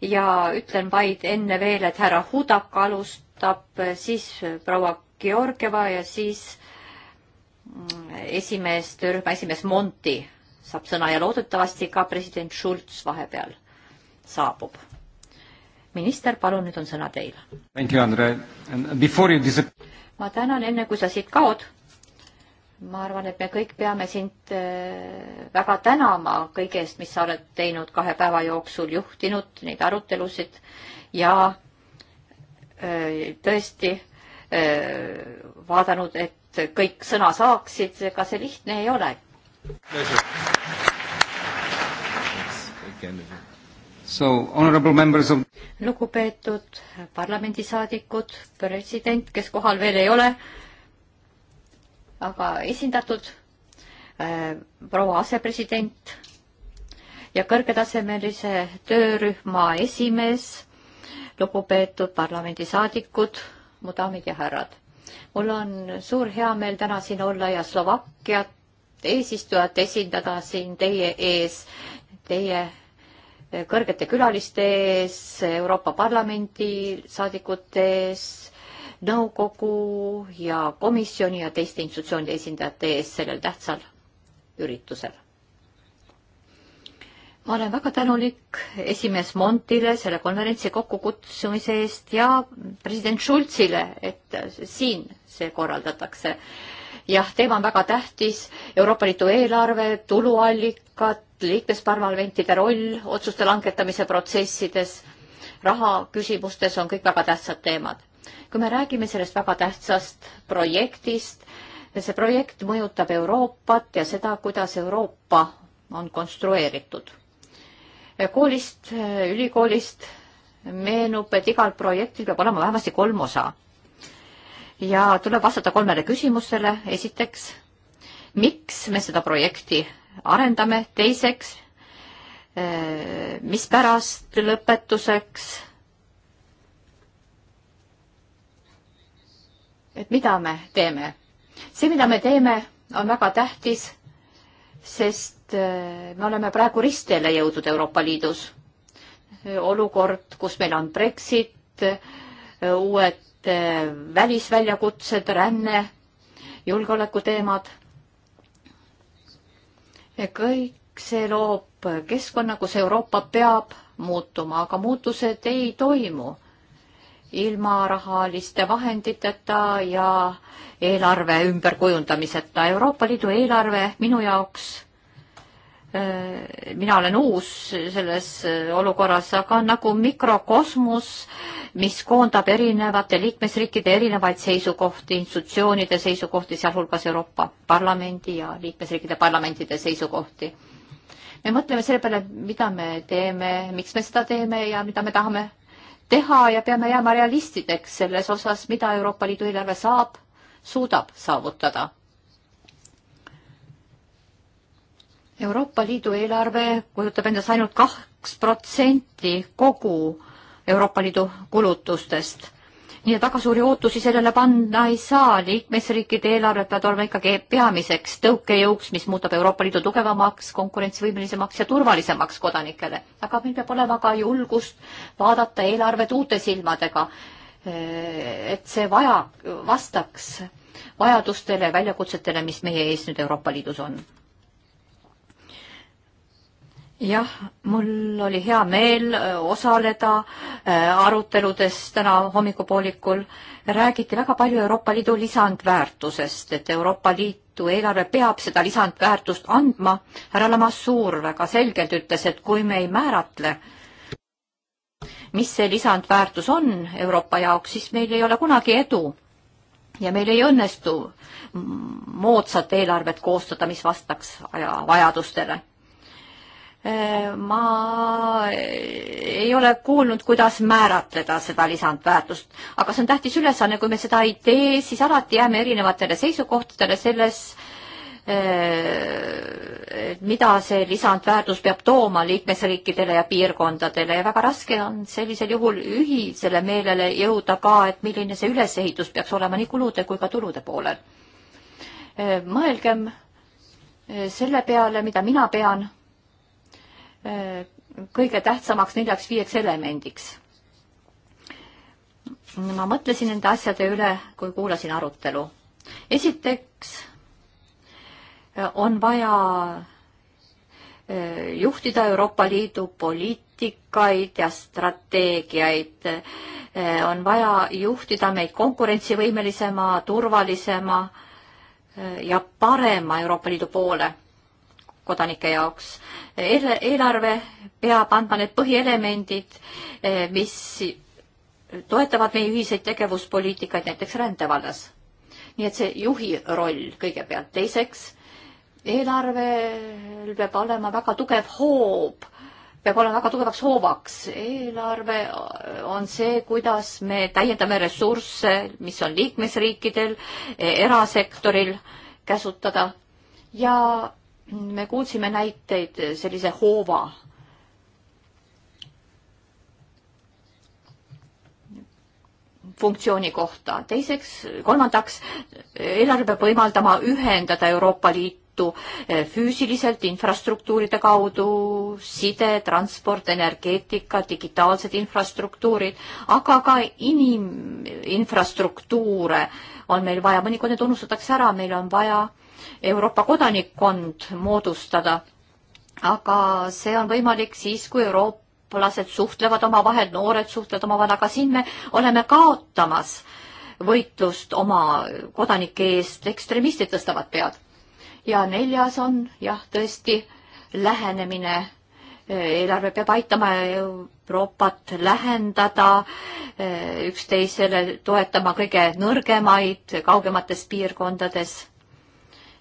ja ütlen vaid enne veel, et härra Hudak alustab, äh, siis proua Georgieva ja siis mm, esimees, töörühma esimees Monti saab sõna ja loodetavasti ka president Schulz vahepeal saabub. minister, palun, nüüd on sõna teil. ma tänan, enne kui sa siit kaod ma arvan, et me kõik peame sind äh, väga tänama kõige eest, mis sa oled teinud kahe päeva jooksul, juhtinud neid arutelusid ja äh, tõesti äh, vaadanud, et kõik sõna saaksid, ega see lihtne ei ole. Of... lugupeetud parlamendisaadikud, president, kes kohal veel ei ole aga esindatud äh, proua asepresident ja kõrgetasemelise töörühma esimees, lugupeetud parlamendisaadikud, mu daamid ja härrad. mul on suur heameel täna siin olla ja Slovakkiat, eesistujat esindada siin teie ees, teie äh, kõrgete külaliste ees, Euroopa Parlamendi saadikute ees nõukogu ja komisjoni ja teiste institutsioonide esindajate ees sellel tähtsal üritusel. ma olen väga tänulik esimees Montile selle konverentsi kokkukutsumise eest ja president Schulzile, et siin see korraldatakse. jah, teema on väga tähtis, Euroopa Liidu eelarve, tuluallikad, liikmesparlamentide roll otsuste langetamise protsessides, raha küsimustes on kõik väga tähtsad teemad kui me räägime sellest väga tähtsast projektist, see projekt mõjutab Euroopat ja seda, kuidas Euroopa on konstrueeritud. koolist, ülikoolist meenub, et igal projektil peab olema vähemasti kolm osa. ja tuleb vastata kolmele küsimusele. esiteks, miks me seda projekti arendame, teiseks, eh, mispärast lõpetuseks et mida me teeme. see, mida me teeme, on väga tähtis, sest äh, me oleme praegu ristele jõudnud Euroopa Liidus. olukord, kus meil on Brexit, äh, uued äh, välisväljakutsed, ränne, julgeolekuteemad. kõik see loob keskkonna, kus Euroopa peab muutuma, aga muutused ei toimu ilma rahaliste vahenditeta ja eelarve ümberkujundamiseta. Euroopa Liidu eelarve minu jaoks, äh, mina olen uus selles äh, olukorras, aga nagu mikrokosmos, mis koondab erinevate liikmesriikide erinevaid seisukohti, institutsioonide seisukohti, sealhulgas Euroopa Parlamendi ja liikmesriikide parlamentide seisukohti. me mõtleme selle peale, mida me teeme, miks me seda teeme ja mida me tahame teha ja peame jääma realistideks selles osas, mida Euroopa Liidu eelarve saab, suudab saavutada. Euroopa Liidu eelarve kujutab endast ainult kaks protsenti kogu Euroopa Liidu kulutustest ja väga suuri ootusi sellele panna ei saa, liikmesriikide eelarved peavad olema ikkagi peamiseks tõukejõuks, mis muudab Euroopa Liidu tugevamaks, konkurentsivõimelisemaks ja turvalisemaks kodanikele. aga meil peab olema ka julgust vaadata eelarvet uute silmadega, et see vaja, vastaks vajadustele ja väljakutsetele, mis meie ees nüüd Euroopa Liidus on jah, mul oli hea meel äh, osaleda äh, aruteludes täna hommikupoolikul. räägiti väga palju Euroopa Liidu lisandväärtusest, et Euroopa Liidu eelarve peab seda lisandväärtust andma. härra Lamassuur väga selgelt ütles, et kui me ei määratle, mis see lisandväärtus on Euroopa jaoks, siis meil ei ole kunagi edu. ja meil ei õnnestu moodsat eelarvet koostada, mis vastaks aja vajadustele ma ei ole kuulnud, kuidas määratleda seda lisandväärtust, aga see on tähtis ülesanne, kui me seda ei tee, siis alati jääme erinevatele seisukohtadele selles, eh, mida see lisandväärtus peab tooma liikmesriikidele ja piirkondadele ja väga raske on sellisel juhul ühisele meelele jõuda ka, et milline see ülesehitus peaks olema nii kulude kui ka tulude poolel. Eh, mõelgem eh, selle peale, mida mina pean Äh, kõige tähtsamaks neljaks-viieks elemendiks. ma mõtlesin nende asjade üle, kui kuulasin arutelu. esiteks äh, on vaja äh, juhtida Euroopa Liidu poliitikaid ja strateegiaid. on vaja juhtida meid konkurentsivõimelisema, turvalisema ja parema Euroopa Liidu poole kodanike jaoks. eelarve peab andma need põhielemendid, eh, mis toetavad meie ühiseid tegevuspoliitikaid näiteks rändevallas. nii et see juhi roll kõigepealt. teiseks, eelarvel peab olema väga tugev hoob, peab olema väga tugevaks hoovaks. eelarve on see, kuidas me täiendame ressursse, mis on liikmesriikidel, erasektoril käsutada ja me kuulsime näiteid sellise hoova funktsiooni kohta. teiseks, kolmandaks, eelarve peab võimaldama ühendada Euroopa Liitu eh, füüsiliselt infrastruktuuride kaudu, side, transport, energeetika, digitaalsed infrastruktuurid, aga ka iniminfrastruktuure on meil vaja, mõnikord need unustatakse ära, meil on vaja äh, Euroopa kodanikkond moodustada. aga see on võimalik siis, kui eurooplased suhtlevad omavahel, noored suhtlevad omavahel, aga siin me oleme kaotamas võitlust oma kodanike eest, ekstremistid tõstavad pead. ja neljas on jah, tõesti lähenemine. eelarve peab aitama Euroopat lähendada üksteisele, toetama kõige nõrgemaid kaugemates piirkondades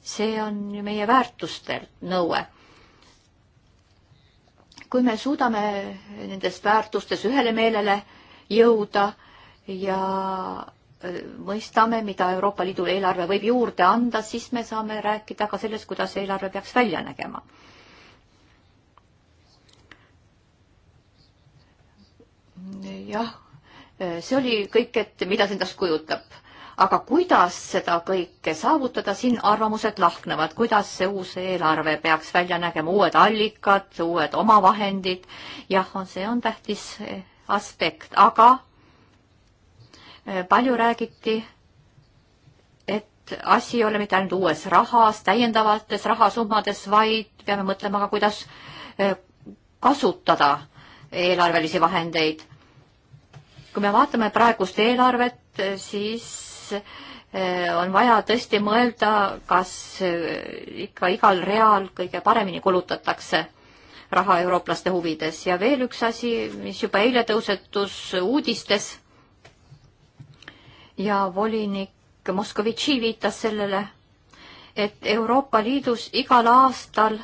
see on ju meie väärtuste nõue. kui me suudame nendes väärtustes ühele meelele jõuda ja äh, mõistame, mida Euroopa Liidu eelarve võib juurde anda, siis me saame rääkida ka sellest, kuidas eelarve peaks välja nägema. jah, äh, see oli kõik, et mida see endast kujutab aga kuidas seda kõike saavutada, siin arvamused lahknevad, kuidas see uus eelarve peaks välja nägema, uued allikad, uued omavahendid, jah, on, see on tähtis eh, aspekt, aga eh, palju räägiti, et asi ei ole mitte ainult uues rahas, täiendavates rahasummades, vaid peame mõtlema ka, kuidas eh, kasutada eelarvelisi vahendeid. kui me vaatame praegust eelarvet, siis Äh, on vaja tõesti mõelda, kas äh, ikka igal real kõige paremini kulutatakse raha eurooplaste huvides ja veel üks asi, mis juba eile tõusetus uudistes ja volinik Moskovitši viitas sellele, et Euroopa Liidus igal aastal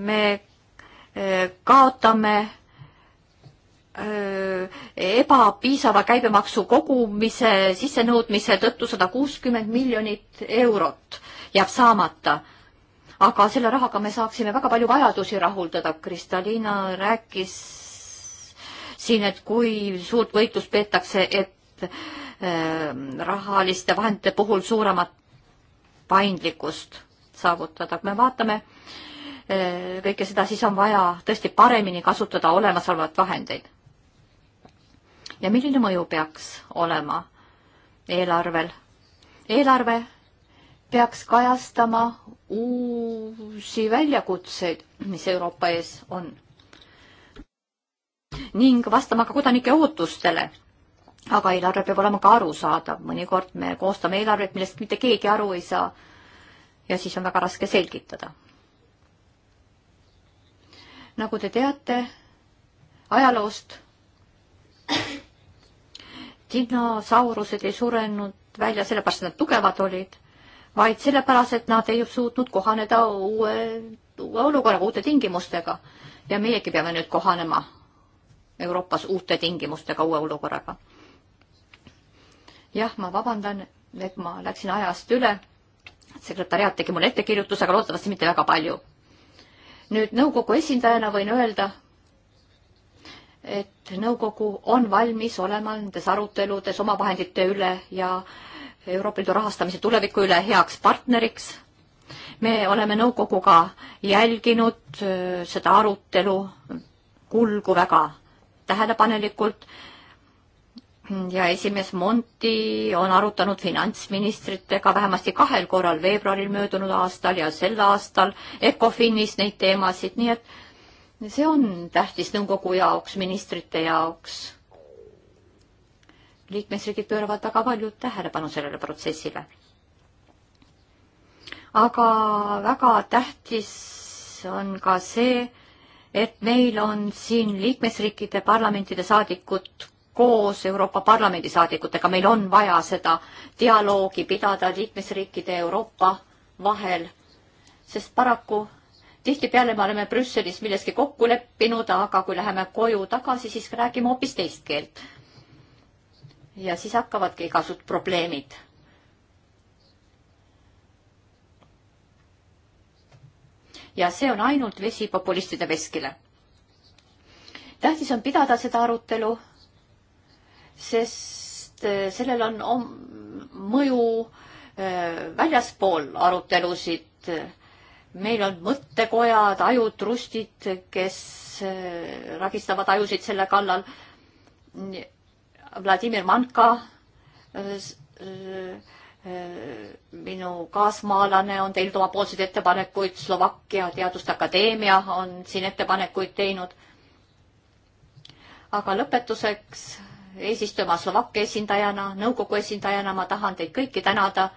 me äh, kaotame Äh, ebapiisava käibemaksu kogumise sissenõudmise tõttu sada kuuskümmend miljonit eurot jääb saamata. aga selle rahaga me saaksime väga palju vajadusi rahuldada. Kristalina rääkis siin, et kui suurt võitlust peetakse, et äh, rahaliste vahendite puhul suuremat paindlikkust saavutada. kui me vaatame äh, kõike seda, siis on vaja tõesti paremini kasutada olemasolevat vahendeid ja milline mõju peaks olema eelarvel? eelarve peaks kajastama uusi väljakutseid, mis Euroopa ees on ning vastama ka kodanike ootustele. aga eelarve peab olema ka arusaadav, mõnikord me koostame eelarvet, millest mitte keegi aru ei saa. ja siis on väga raske selgitada. nagu te teate ajaloost dinosaurused ei surenud välja sellepärast, et nad tugevad olid, vaid sellepärast, et nad ei suutnud kohaneda uue, uue olukorraga, uute tingimustega. ja meiegi peame nüüd kohanema Euroopas uute tingimustega, uue olukorraga. jah, ma vabandan, et ma läksin ajast üle. sekretäriaat tegi mulle ettekirjutuse, aga loodetavasti mitte väga palju. nüüd nõukogu esindajana võin öelda, et nõukogu on valmis olema nendes aruteludes omavahendite üle ja Euroopa Liidu rahastamise tuleviku üle heaks partneriks. me oleme nõukoguga jälginud äh, seda arutelu kulgu väga tähelepanelikult ja esimees Monti on arutanud finantsministritega vähemasti kahel korral, veebruaril möödunud aastal ja sel aastal ECOFINis neid teemasid, nii et see on tähtis nõukogu jaoks, ministrite jaoks. liikmesriigid pööravad väga palju tähelepanu sellele protsessile. aga väga tähtis on ka see, et meil on siin liikmesriikide parlamentide saadikud koos Euroopa Parlamendi saadikutega, meil on vaja seda dialoogi pidada liikmesriikide Euroopa vahel, sest paraku tihtipeale me oleme Brüsselis milleski kokku leppinud, aga kui läheme koju tagasi, siis räägime hoopis teist keelt. ja siis hakkavadki igasugused probleemid. ja see on ainult vesi populistide veskile. tähtis on pidada seda arutelu, sest äh, sellel on, on mõju äh, väljaspool arutelusid äh, meil on mõttekojad, ajutrustid, kes äh, ragistavad ajusid selle kallal. Vladimir Manka, äh, äh, minu kaasmaalane on teinud omapoolseid ettepanekuid, Slovakkia Teaduste Akadeemia on siin ettepanekuid teinud. aga lõpetuseks eesistuma Slovakkia esindajana, nõukogu esindajana ma tahan teid kõiki tänada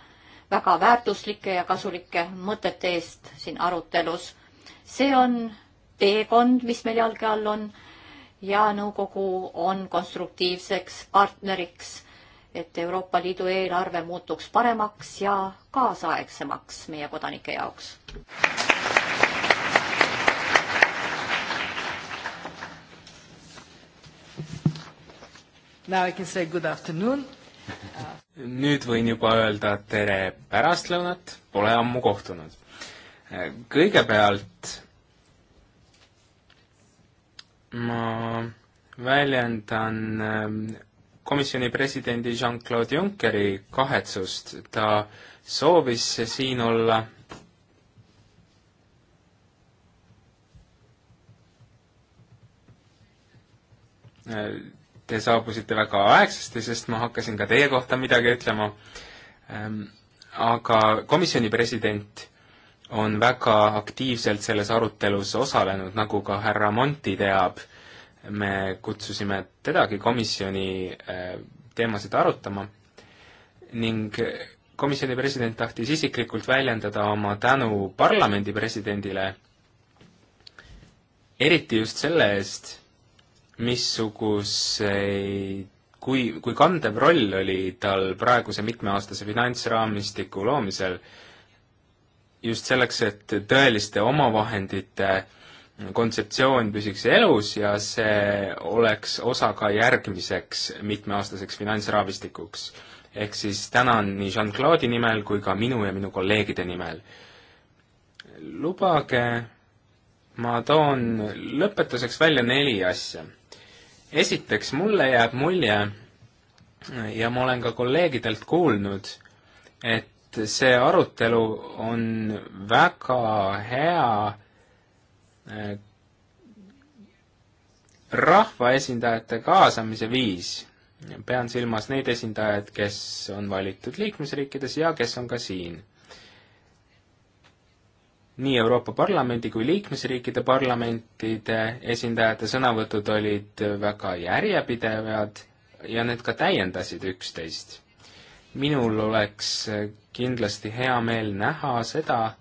väga väärtuslike ja kasulike mõtete eest siin arutelus. see on teekond, mis meil jalge all on ja nõukogu on konstruktiivseks partneriks, et Euroopa Liidu eelarve muutuks paremaks ja kaasaegsemaks meie kodanike jaoks. Now I can say good afternoon nüüd võin juba öelda tere pärastlõunat, pole ammu kohtunud. kõigepealt ma väljendan ähm, komisjoni presidendi Jean-Claude Junckeri kahetsust, ta soovis siin olla äh, Te saabusite väga aegsasti, sest ma hakkasin ka teie kohta midagi ütlema. Ehm, aga komisjoni president on väga aktiivselt selles arutelus osalenud, nagu ka härra Monti teab. me kutsusime tedagi komisjoni ehm, teemasid arutama ning komisjoni president tahtis isiklikult väljendada oma tänu parlamendi presidendile, eriti just selle eest missuguseid kui, kui kandev roll oli tal praeguse mitmeaastase finantsraamistiku loomisel just selleks, et tõeliste omavahendite kontseptsioon püsiks elus ja see oleks osa ka järgmiseks mitmeaastaseks finantsraamistikuks. ehk siis tänan nii Jean-Claude'i nimel kui ka minu ja minu kolleegide nimel. lubage, ma toon lõpetuseks välja neli asja esiteks, mulle jääb mulje ja ma olen ka kolleegidelt kuulnud, et see arutelu on väga hea eh, rahvaesindajate kaasamise viis. pean silmas neid esindajaid, kes on valitud liikmesriikides ja kes on ka siin nii Euroopa Parlamendi kui liikmesriikide parlamentide esindajate sõnavõtud olid väga järjepidevad ja need ka täiendasid üksteist. minul oleks kindlasti hea meel näha seda,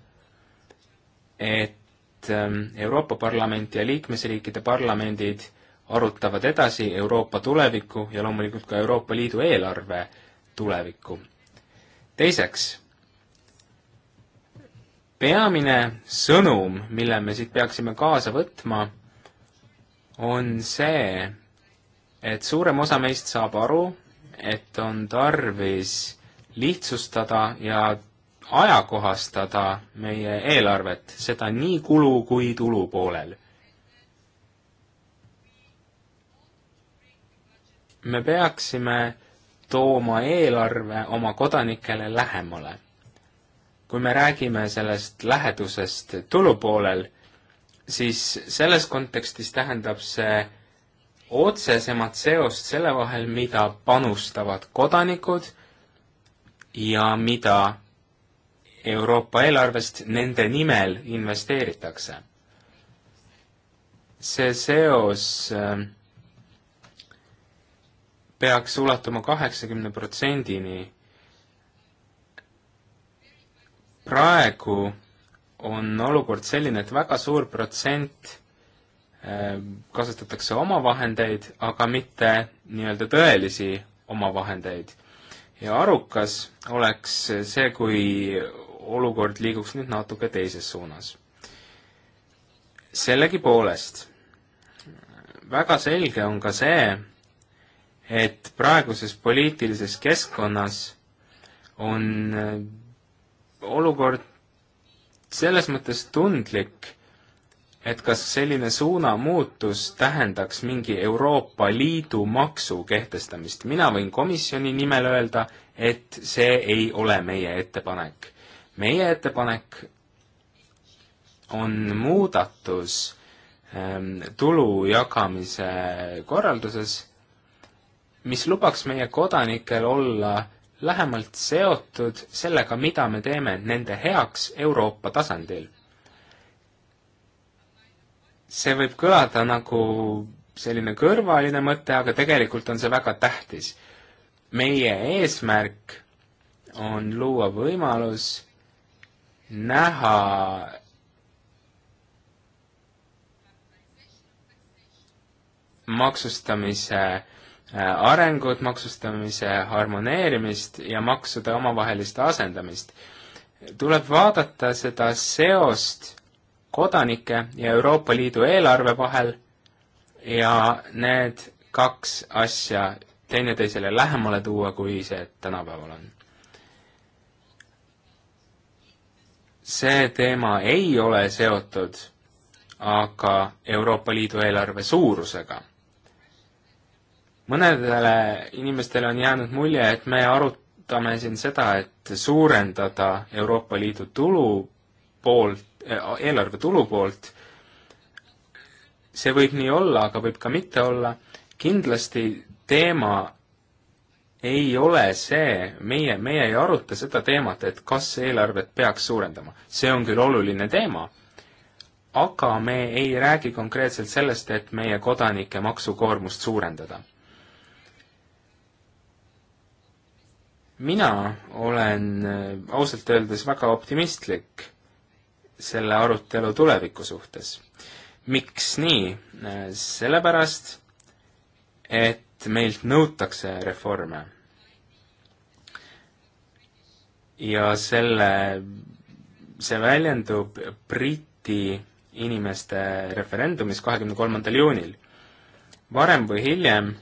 et ähm, Euroopa Parlament ja liikmesriikide parlamendid arutavad edasi Euroopa tulevikku ja loomulikult ka Euroopa Liidu eelarve tulevikku. teiseks peamine sõnum, mille me siit peaksime kaasa võtma, on see, et suurem osa meist saab aru, et on tarvis lihtsustada ja ajakohastada meie eelarvet, seda nii kulu kui tulu poolel. me peaksime tooma eelarve oma kodanikele lähemale kui me räägime sellest lähedusest tulupoolel, siis selles kontekstis tähendab see otsesemat seost selle vahel, mida panustavad kodanikud ja mida Euroopa eelarvest nende nimel investeeritakse. see seos äh, peaks ulatuma kaheksakümne protsendini praegu on olukord selline, et väga suur protsent äh, kasutatakse omavahendeid, aga mitte nii-öelda tõelisi omavahendeid. ja arukas oleks see, kui olukord liiguks nüüd natuke teises suunas. sellegipoolest, väga selge on ka see, et praeguses poliitilises keskkonnas on olukord selles mõttes tundlik, et kas selline suunamuutus tähendaks mingi Euroopa Liidu maksu kehtestamist. mina võin komisjoni nimel öelda, et see ei ole meie ettepanek. meie ettepanek on muudatus ähm, tulu jagamise korralduses, mis lubaks meie kodanikel olla lähemalt seotud sellega, mida me teeme nende heaks Euroopa tasandil. see võib kõlada nagu selline kõrvaline mõte, aga tegelikult on see väga tähtis. meie eesmärk on luua võimalus näha maksustamise Äh, arengut, maksustamise harmoneerimist ja maksude omavahelist asendamist. tuleb vaadata seda seost kodanike ja Euroopa Liidu eelarve vahel ja need kaks asja teineteisele lähemale tuua, kui see tänapäeval on. see teema ei ole seotud aga Euroopa Liidu eelarve suurusega mõnedele inimestele on jäänud mulje, et me arutame siin seda, et suurendada Euroopa Liidu tulu poolt, eh, eelarve tulu poolt, see võib nii olla, aga võib ka mitte olla, kindlasti teema ei ole see, meie, meie ei aruta seda teemat, et kas eelarvet peaks suurendama. see on küll oluline teema, aga me ei räägi konkreetselt sellest, et meie kodanike maksukoormust suurendada mina olen äh, ausalt öeldes väga optimistlik selle arutelu tuleviku suhtes. miks nii? Äh, sellepärast, et meilt nõutakse reforme. ja selle, see väljendub Briti inimeste referendumis kahekümne kolmandal juunil. varem või hiljem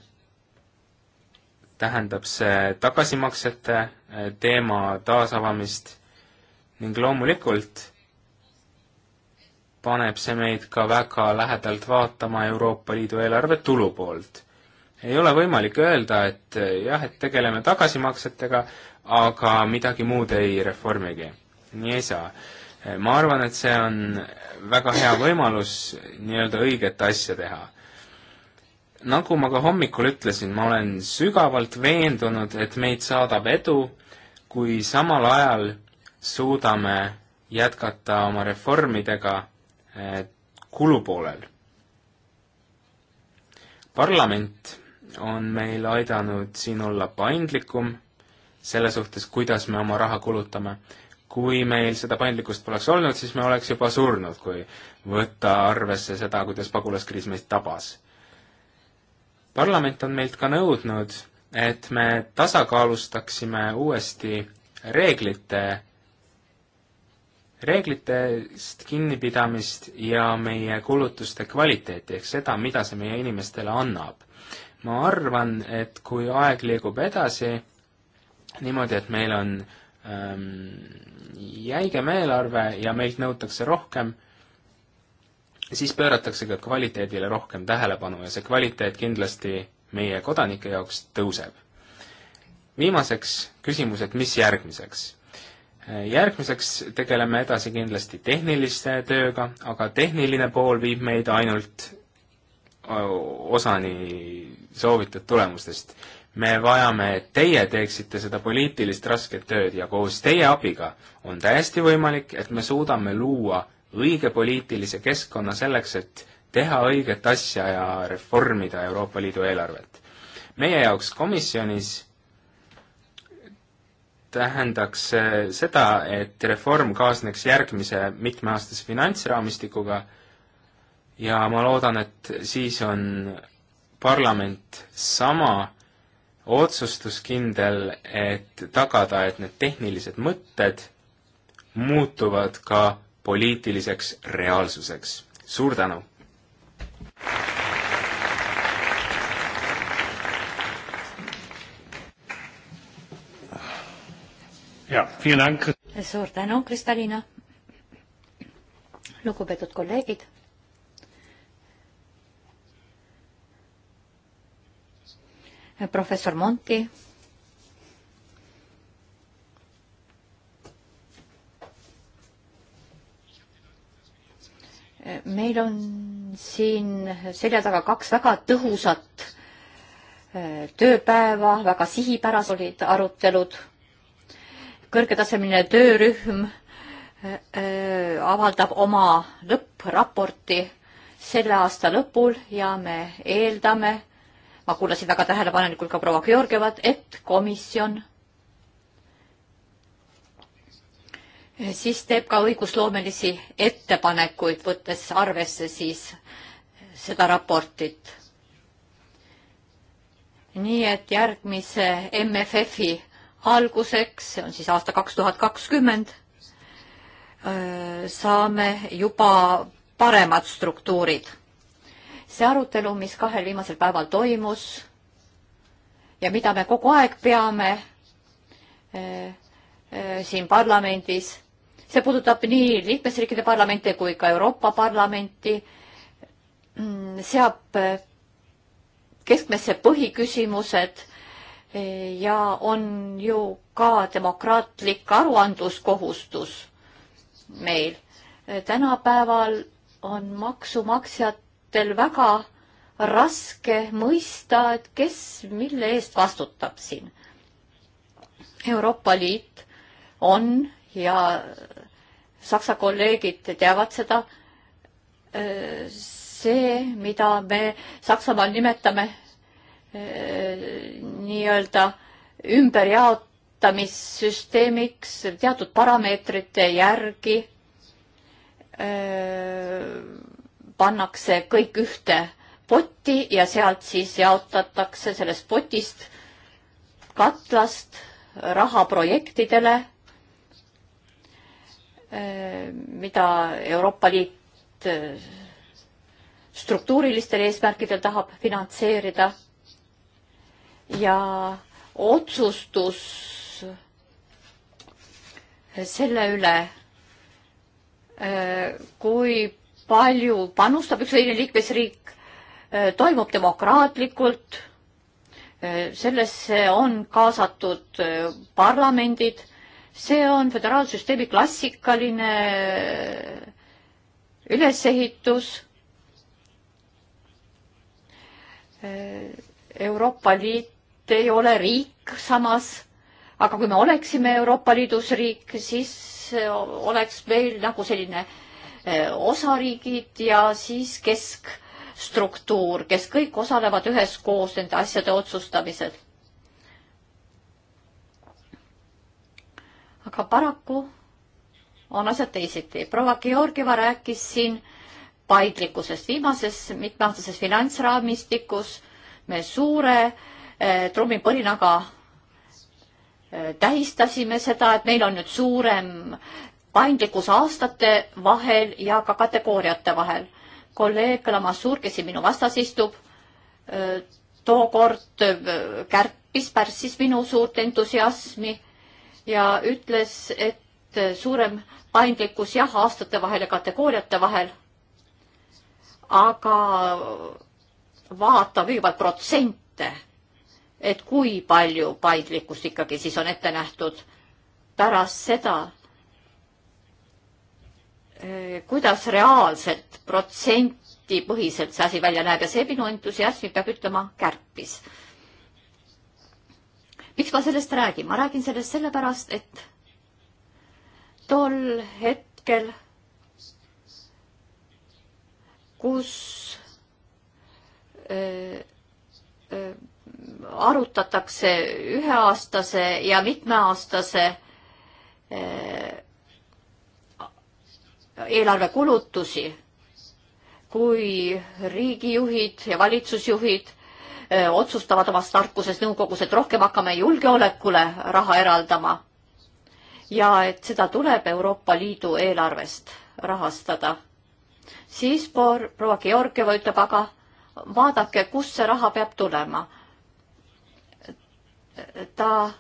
tähendab see tagasimaksete äh, teema taasavamist ning loomulikult paneb see meid ka väga lähedalt vaatama Euroopa Liidu eelarve tulupoolt. ei ole võimalik öelda, et äh, jah, et tegeleme tagasimaksetega, aga midagi muud ei reformigi. nii ei saa. Äh, ma arvan, et see on väga hea võimalus nii-öelda õiget asja teha nagu ma ka hommikul ütlesin, ma olen sügavalt veendunud, et meid saadab edu, kui samal ajal suudame jätkata oma reformidega eh, kulupoolel. parlament on meil aidanud siin olla paindlikum selle suhtes, kuidas me oma raha kulutame. kui meil seda paindlikkust poleks olnud, siis me oleks juba surnud, kui võtta arvesse seda, kuidas pagulaskriis meid tabas parlament on meilt ka nõudnud, et me tasakaalustaksime uuesti reeglite, reeglitest kinnipidamist ja meie kulutuste kvaliteeti, ehk seda, mida see meie inimestele annab. ma arvan, et kui aeg liigub edasi niimoodi, et meil on ähm, jäigem eelarve ja meilt nõutakse rohkem äh,, siis pööratakse ka kvaliteedile rohkem tähelepanu ja see kvaliteet kindlasti meie kodanike jaoks tõuseb. viimaseks küsimus, et mis järgmiseks? järgmiseks tegeleme edasi kindlasti tehnilise tööga, aga tehniline pool viib meid ainult osani soovitud tulemustest. me vajame, et teie teeksite seda poliitilist rasket tööd ja koos teie abiga on täiesti võimalik, et me suudame luua õige poliitilise keskkonna selleks, et teha õiget asja ja reformida Euroopa Liidu eelarvet. meie jaoks komisjonis tähendaks seda, et reform kaasneks järgmise mitmeaastase finantsraamistikuga ja ma loodan, et siis on parlament sama otsustuskindel, et tagada, et need tehnilised mõtted muutuvad ka poliitiliseks reaalsuseks. suur tänu! suur tänu, Kristalina! lugupeetud kolleegid! professor Monti meil on siin selja taga kaks väga tõhusat äh, tööpäeva, väga sihipärased olid arutelud. kõrgetasemeline töörühm äh, äh, avaldab oma lõppraporti selle aasta lõpul ja me eeldame, ma kuulasin väga tähelepanelikult ka proua Georgievat, et komisjon siis teeb ka õigusloomelisi ettepanekuid, võttes arvesse siis seda raportit. nii et järgmise MFF-i alguseks, see on siis aasta kaks tuhat kakskümmend, saame juba paremad struktuurid. see arutelu, mis kahel viimasel päeval toimus ja mida me kogu aeg peame eh, eh, siin parlamendis, see puudutab nii liikmesriikide parlamente kui ka Euroopa Parlamenti, mm, seab eh, keskmesse põhiküsimused eh, ja on ju ka demokraatlik aruandluskohustus meil. Eh, tänapäeval on maksumaksjatel väga raske mõista, et kes mille eest vastutab siin. Euroopa Liit on ja Saksa kolleegid teavad seda. see, mida me Saksamaal nimetame nii-öelda ümberjaotamissüsteemiks teatud parameetrite järgi pannakse kõik ühte potti ja sealt siis jaotatakse sellest potist katlast raha projektidele mida Euroopa Liit eh, struktuurilistel eesmärkidel tahab finantseerida ja otsustus selle üle, eh, kui palju panustab üks või teine liikmesriik, eh, toimub demokraatlikult, sellesse on kaasatud parlamendid see on föderaalsüsteemi klassikaline ülesehitus. Euroopa Liit ei ole riik samas, aga kui me oleksime Euroopa Liidus riik, siis oleks meil nagu selline eh, osariigid ja siis keskstruktuur, kes kõik osalevad üheskoos nende asjade otsustamisel aga paraku on asjad teisiti. proua Georgieva rääkis siin paindlikkusest. viimases mitmeaastases finantsraamistikus me suure eh, trummipõrinaga eh, tähistasime seda, et meil on nüüd suurem paindlikkus aastate vahel ja ka kategooriate vahel. kolleeg Lamassuur, kes siin minu vastas istub eh,, tookord eh, kärpis, pärssis minu suurt entusiasmi ja ütles, et suurem paindlikkus jah, aastate vahel ja kategooriate vahel, aga vaata kõigepealt protsente, et kui palju paindlikkust ikkagi siis on ette nähtud pärast seda, eh, kuidas reaalselt protsentipõhiselt see asi välja näeb ja see minu entusiasmi, peab ütlema, kärpis miks ma sellest räägin? ma räägin sellest sellepärast, et tol hetkel, kus öö, äh, öö, äh, arutatakse üheaastase ja mitmeaastase äh, eelarvekulutusi, kui riigijuhid ja valitsusjuhid otsustavad omast tarkusest nõukogus, et rohkem hakkame julgeolekule raha eraldama. ja et seda tuleb Euroopa Liidu eelarvest rahastada. siis proua Georgieva ütleb, aga vaadake, kust see raha peab tulema. ta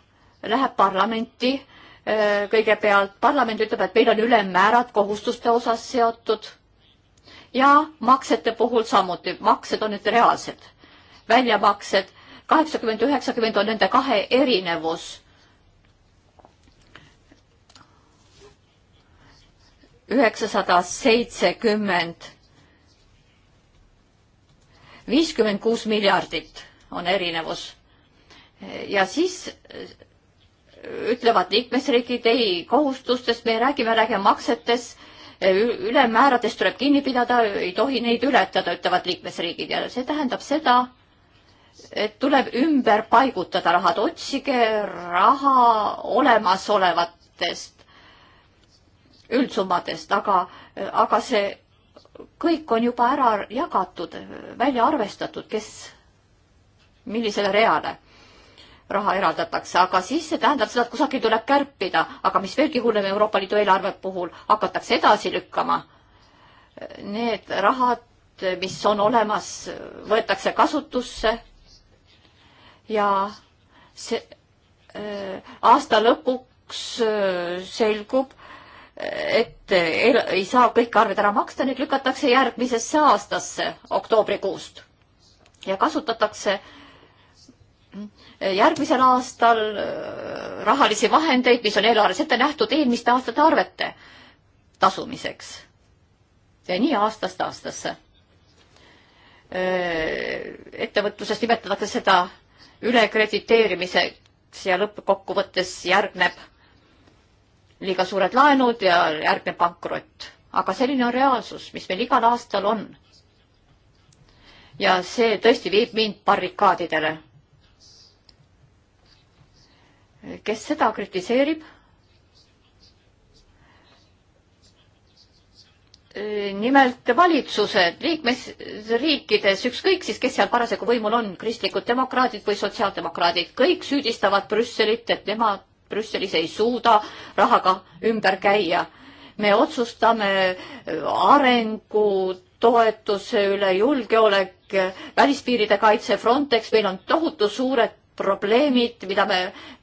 läheb parlamenti kõigepealt, parlament ütleb, et meil on ülemmäärad kohustuste osas seotud ja maksete puhul samuti, maksed on nüüd reaalsed väljamaksed. kaheksakümmend, üheksakümmend on nende kahe erinevus. üheksasada seitsekümmend, viiskümmend kuus miljardit on erinevus. ja siis äh, ütlevad liikmesriigid ei kohustustest, me räägime, räägime maksetes, ülemmääradest tuleb kinni pidada, ei tohi neid ületada, ütlevad liikmesriigid ja see tähendab seda, et tuleb ümber paigutada rahad, otsige raha olemasolevatest üldsummadest, aga, aga see kõik on juba ära jagatud, välja arvestatud, kes millisele reale raha eraldatakse, aga siis see tähendab seda, et kusagil tuleb kärpida, aga mis veelgi hullem Euroopa Liidu eelarve puhul hakatakse edasi lükkama. Need rahad, mis on olemas, võetakse kasutusse ja see äh, aasta lõpuks äh, selgub, äh, et ei, ei saa kõik arved ära maksta, need lükatakse järgmisesse aastasse oktoobrikuust ja kasutatakse äh, järgmisel aastal äh, rahalisi vahendeid, mis on eelarves ette nähtud eelmiste aastate arvete tasumiseks. ja nii aastast aastasse ettevõtluses nimetatakse seda ülekrediteerimiseks ja lõppkokkuvõttes järgneb liiga suured laenud ja järgneb pankrott. aga selline on reaalsus, mis meil igal aastal on. ja see tõesti viib mind barrikaadidele. kes seda kritiseerib? Äh, nimelt valitsused liikmesriikides, ükskõik siis, kes seal parasjagu võimul on, kristlikud demokraadid või sotsiaaldemokraadid, kõik süüdistavad Brüsselit, et nemad Brüsselis ei suuda rahaga ümber käia. me otsustame äh, arengutoetuse üle, julgeolek, välispiiride kaitse, Frontex, meil on tohutu suured probleemid, mida me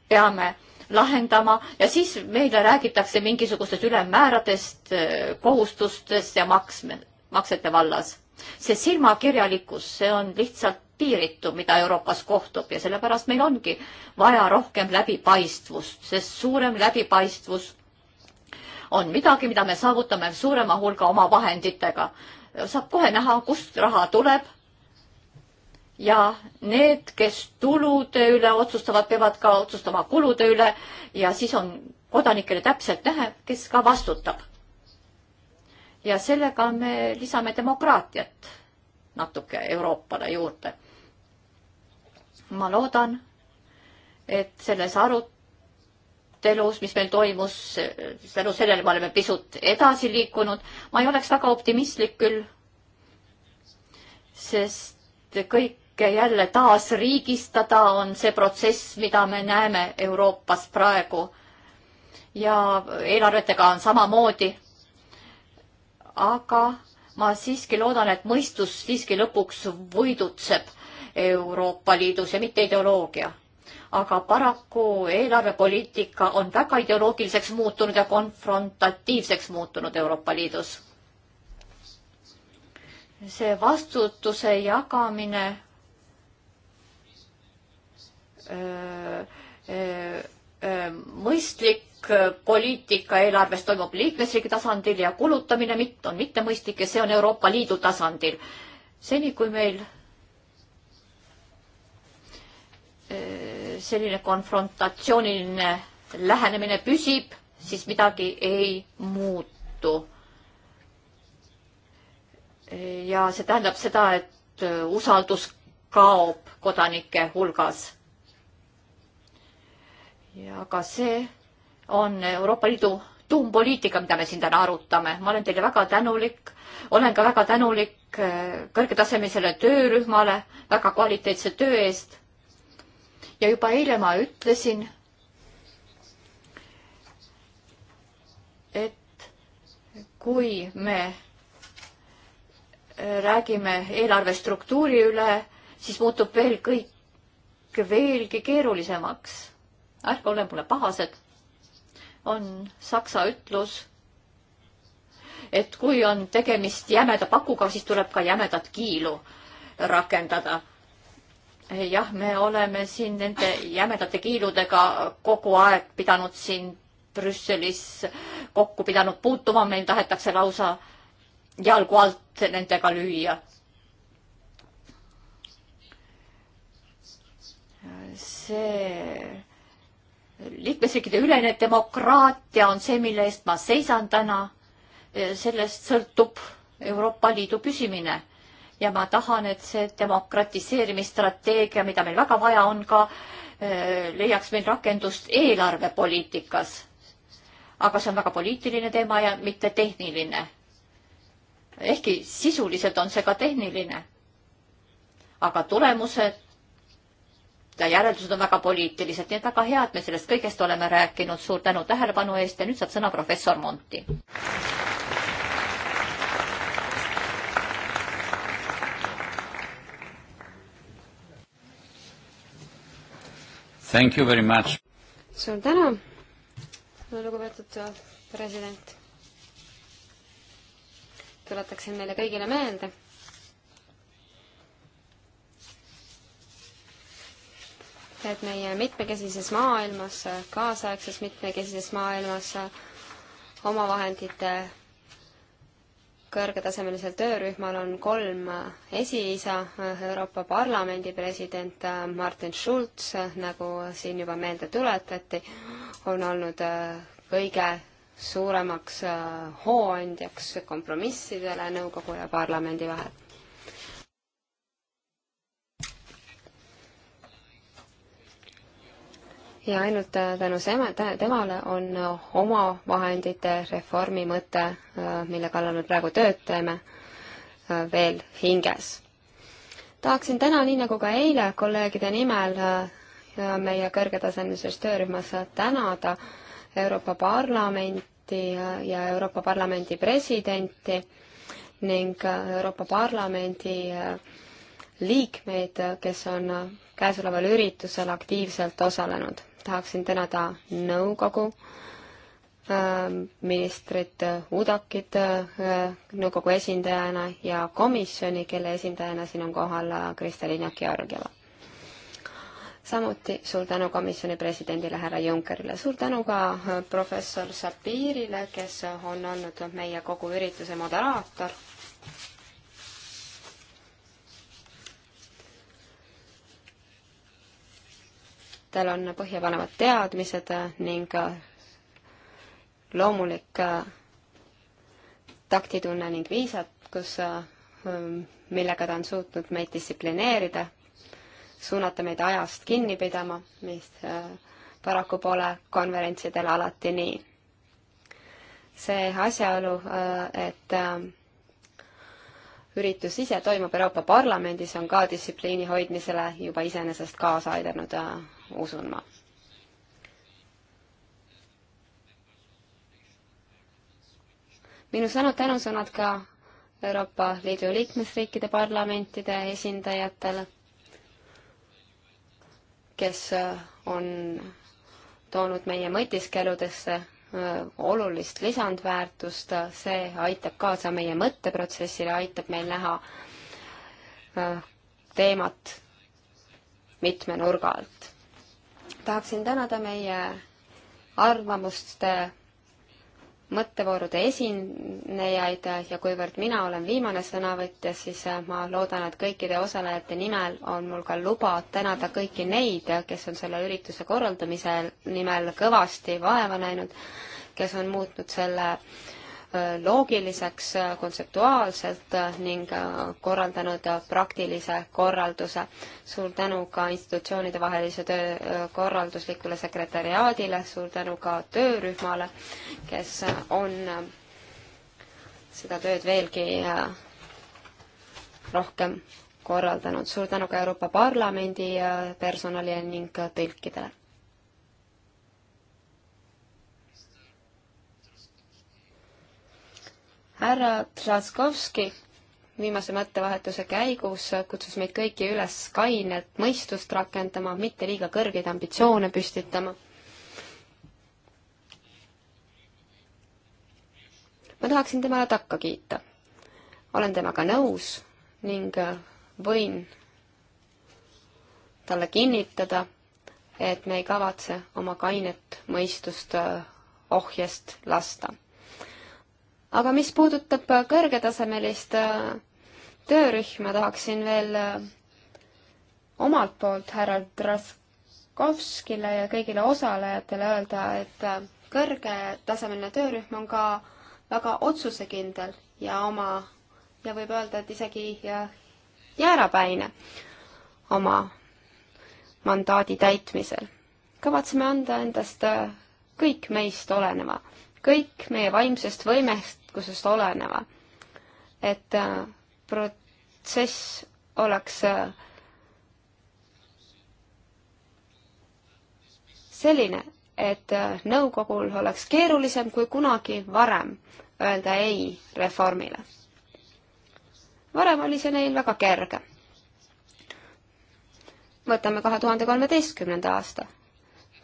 peame lahendama ja siis meile räägitakse mingisugustest ülemmääradest, eh, kohustustest ja maksme, maksete vallas. see silmakirjalikkus, see on lihtsalt piiritu, mida Euroopas kohtub ja sellepärast meil ongi vaja rohkem läbipaistvust, sest suurem läbipaistvus on midagi, mida me saavutame suurema hulga oma vahenditega. saab kohe näha, kust raha tuleb ja need, kes tulude üle otsustavad, peavad ka otsustama kulude üle ja siis on kodanikele täpselt näha, kes ka vastutab. ja sellega me lisame demokraatiat natuke Euroopale juurde. ma loodan, et selles arutelus, mis meil toimus, tänu sellele me oleme pisut edasi liikunud. ma ei oleks väga optimistlik küll, sest kõik kodanikke jälle taasriigistada, on see protsess, mida me näeme Euroopas praegu. ja eelarvetega on samamoodi. aga ma siiski loodan, et mõistus siiski lõpuks võidutseb Euroopa Liidus ja mitte ideoloogia. aga paraku eelarvepoliitika on väga ideoloogiliseks muutunud ja konfrontatiivseks muutunud Euroopa Liidus. see vastutuse jagamine Äh, äh, äh, mõistlik poliitika eelarves toimub liikmesriigi tasandil ja kulutamine mit-, on mittemõistlik ja see on Euroopa Liidu tasandil. seni, kui meil selline konfrontatsiooniline lähenemine püsib, siis midagi ei muutu. ja see tähendab seda, et usaldus kaob kodanike hulgas ja ka see on Euroopa Liidu tuumpoliitika, mida me siin täna arutame. ma olen teile väga tänulik, olen ka väga tänulik äh, kõrgetasemelisele töörühmale väga kvaliteetse töö eest. ja juba eile ma ütlesin, et kui me äh, räägime eelarve struktuuri üle, siis muutub veel kõik veelgi keerulisemaks ärge ole mulle pahased, on saksa ütlus, et kui on tegemist jämeda pakuga, siis tuleb ka jämedat kiilu rakendada. jah, me oleme siin nende jämedate kiiludega kogu aeg pidanud siin Brüsselis kokku pidanud puutuma, meil tahetakse lausa jalgu alt nendega lüüa see liikmesriikide ülene demokraatia on see, mille eest ma seisan täna. sellest sõltub Euroopa Liidu püsimine ja ma tahan, et see demokratiseerimisstrateegia, mida meil väga vaja on ka, eh, leiaks meil rakendust eelarvepoliitikas. aga see on väga poliitiline teema ja mitte tehniline. ehkki sisuliselt on see ka tehniline. aga tulemused järeldused on väga poliitilised, nii et väga hea, et me sellest kõigest oleme rääkinud. suur tänu tähelepanu eest ja nüüd saab sõna professor Monti. Thank you very much. suur tänu, lugupeetud president. tuletaksin meile kõigile meelde et meie mitmekesises maailmas, kaasaegses mitmekesises maailmas omavahendite kõrgetasemelisel töörühmal on kolm esiisa, Euroopa Parlamendi president Martin Schulz, nagu siin juba meelde tuletati, on olnud kõige suuremaks hooandjaks kompromissidele nõukogu ja parlamendi vahel ja ainult äh, tänu temale on äh, omavahendite reformi mõte, äh, mille kallal me praegu tööd teeme, veel hinges. tahaksin täna, nii nagu ka eile, kolleegide nimel meie kõrgetasemelises töörühmas tänada Euroopa Parlamenti ja Euroopa Parlamendi presidenti ning Euroopa Parlamendi liikmeid, kes on käesoleval üritusel aktiivselt osalenud tahaksin tänada nõukogu ähm, ministrit Udakit äh, nõukogu esindajana ja komisjoni, kelle esindajana siin on kohal äh, Kristalina Georgieva. samuti suur tänu komisjoni presidendile härra Junckerile, suur tänu ka äh, professor Sapirile, kes on olnud meie kogu ürituse moderaator tal on põhjapanevad teadmised ning loomulik äh, taktitunne ning viisakus, äh, millega ta on suutnud meid distsiplineerida, suunata meid ajast kinni pidama, mis äh, paraku pole konverentsidel alati nii. see asjaolu, et üritus ise toimub Euroopa Parlamendis, on ka distsipliini hoidmisele juba iseenesest kaasa aidanud, äh, usun ma. minu sõnad, tänusõnad ka Euroopa Liidu liikmesriikide parlamentide esindajatele, kes äh, on toonud meie mõtiskeludesse olulist lisandväärtust, see aitab kaasa meie mõtteprotsessile, aitab meil näha teemat mitme nurga alt. tahaksin tänada meie arvamuste mõttevoorude esinejaid ja kuivõrd mina olen viimane sõnavõtja, siis äh, ma loodan, et kõikide osalejate nimel on mul ka luba tänada kõiki neid, kes on selle ürituse korraldamise nimel kõvasti vaeva näinud, kes on muutnud selle äh, loogiliseks kontseptuaalselt ning korraldanud praktilise korralduse. suur tänu ka institutsioonide vahelise töö äh, korralduslikule sekretäriaadile, suur tänu ka töörühmale, kes on äh, seda tööd veelgi äh, rohkem korraldanud. suur tänu ka Euroopa Parlamendi personalile ning tõlkidele. härra Traskovski viimase mõttevahetuse käigus kutsus meid kõiki üles kainet mõistust rakendama, mitte liiga kõrgeid ambitsioone püstitama. ma tahaksin temale takka kiita. olen temaga nõus ning võin talle kinnitada, et me ei kavatse oma kainet mõistust ohjest lasta aga mis puudutab äh, kõrgetasemelist äh, töörühma, tahaksin veel äh, omalt poolt härra Traskovskile ja kõigile osalejatele öelda, et kõrgetasemeline töörühm on ka väga otsusekindel ja oma ja võib öelda, et isegi jäärapäine oma mandaadi täitmisel. kavatseme anda endast kõik meist oleneva kõik meie vaimsest võimest raskusest oleneva. et äh, protsess oleks äh, selline, et äh, nõukogul oleks keerulisem kui kunagi varem öelda ei reformile. varem oli see neil väga kerge. võtame kahe tuhande kolmeteistkümnenda aasta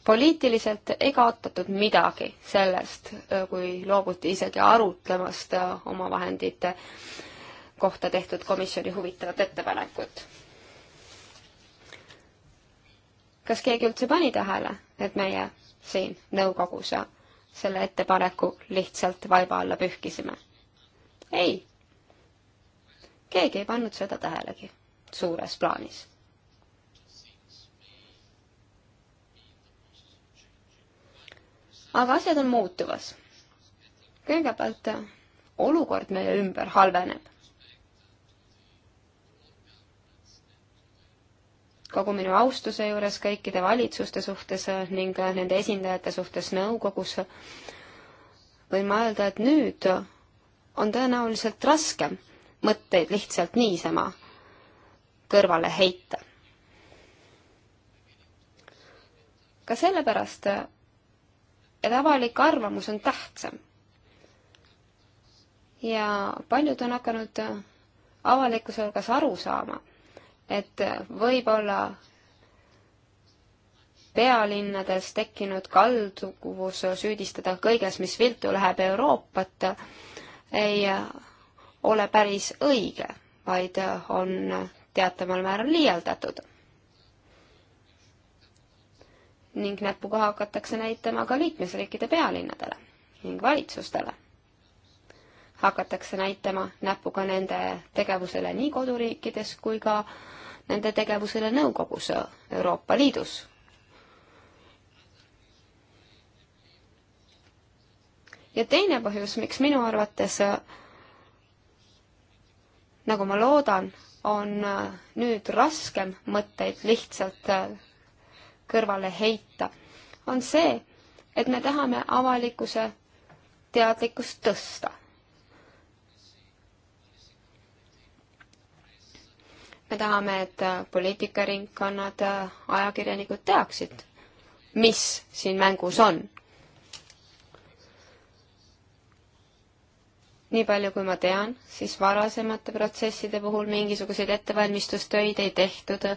poliitiliselt ei kaotatud midagi sellest, äh, kui loobuti isegi arutlemast äh, oma vahendite kohta tehtud komisjoni huvitavat ettepanekut. kas keegi üldse pani tähele, et meie siin nõukogus selle ettepaneku lihtsalt vaiba alla pühkisime? ei. keegi ei pannud seda tähelegi suures plaanis aga asjad on muutuvas. kõigepealt olukord meie ümber halveneb. kogu minu austuse juures kõikide valitsuste suhtes ning nende esindajate suhtes nõukogus võin ma öelda, et nüüd on tõenäoliselt raskem mõtteid lihtsalt niisama kõrvale heita. ka sellepärast et avalik arvamus on tähtsam. ja paljud on hakanud avalikkuse hulgas aru saama, et võib-olla pealinnades tekkinud kalduvus süüdistada kõiges, mis viltu läheb Euroopat, ei ole päris õige, vaid on teataval määral liialdatud ning näpuga hakatakse näitama ka liikmesriikide pealinnadele ning valitsustele. hakatakse näitama näpuga nende tegevusele nii koduriikides kui ka nende tegevusele nõukogus Euroopa Liidus. ja teine põhjus, miks minu arvates nagu ma loodan, on nüüd raskem mõtteid lihtsalt kõrvale heita, on see, et me tahame avalikkuse teadlikkust tõsta. me tahame, et poliitikaringkonnad, ajakirjanikud teaksid, mis siin mängus on nii palju kui ma tean, siis varasemate protsesside puhul mingisuguseid ettevalmistustöid ei tehtud,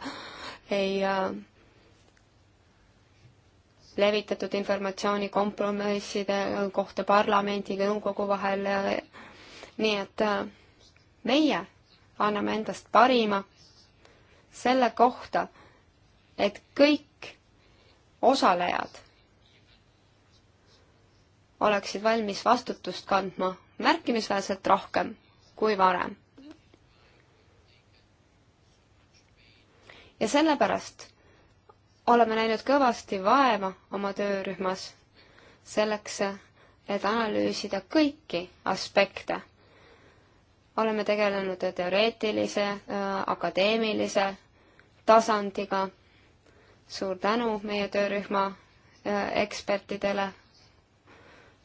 ei äh, levitatud informatsiooni kompromisside kohta parlamendi ja nõukogu vahel. nii et äh, meie anname endast parima selle kohta, et kõik osalejad oleksid valmis vastutust kandma märkimisväärselt rohkem kui varem. ja sellepärast oleme näinud kõvasti vaeva oma töörühmas selleks, et analüüsida kõiki aspekte. oleme tegelenud teoreetilise, äh, akadeemilise tasandiga. suur tänu meie töörühma äh, ekspertidele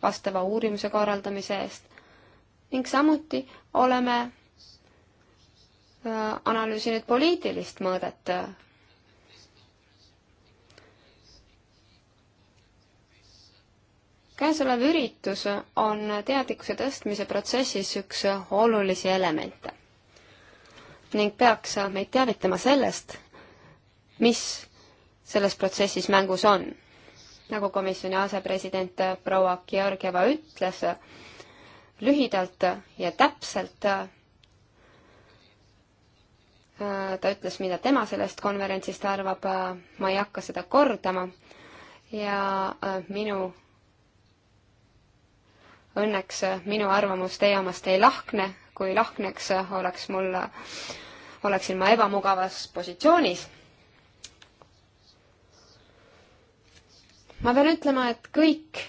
vastava uurimuse korraldamise eest ning samuti oleme äh, analüüsinud poliitilist mõõdet käesolev üritus on teadlikkuse tõstmise protsessis üks olulisi elemente ning peaks meid teavitama sellest, mis selles protsessis mängus on. nagu komisjoni asepresident proua Georgieva ütles, lühidalt ja täpselt ta ütles, mida tema sellest konverentsist arvab, ma ei hakka seda kordama ja minu Õnneks äh, minu arvamus teie omast ei lahkne, kui lahkneks, äh, oleks mul, äh, oleksin ma ebamugavas positsioonis. ma pean ütlema, et kõik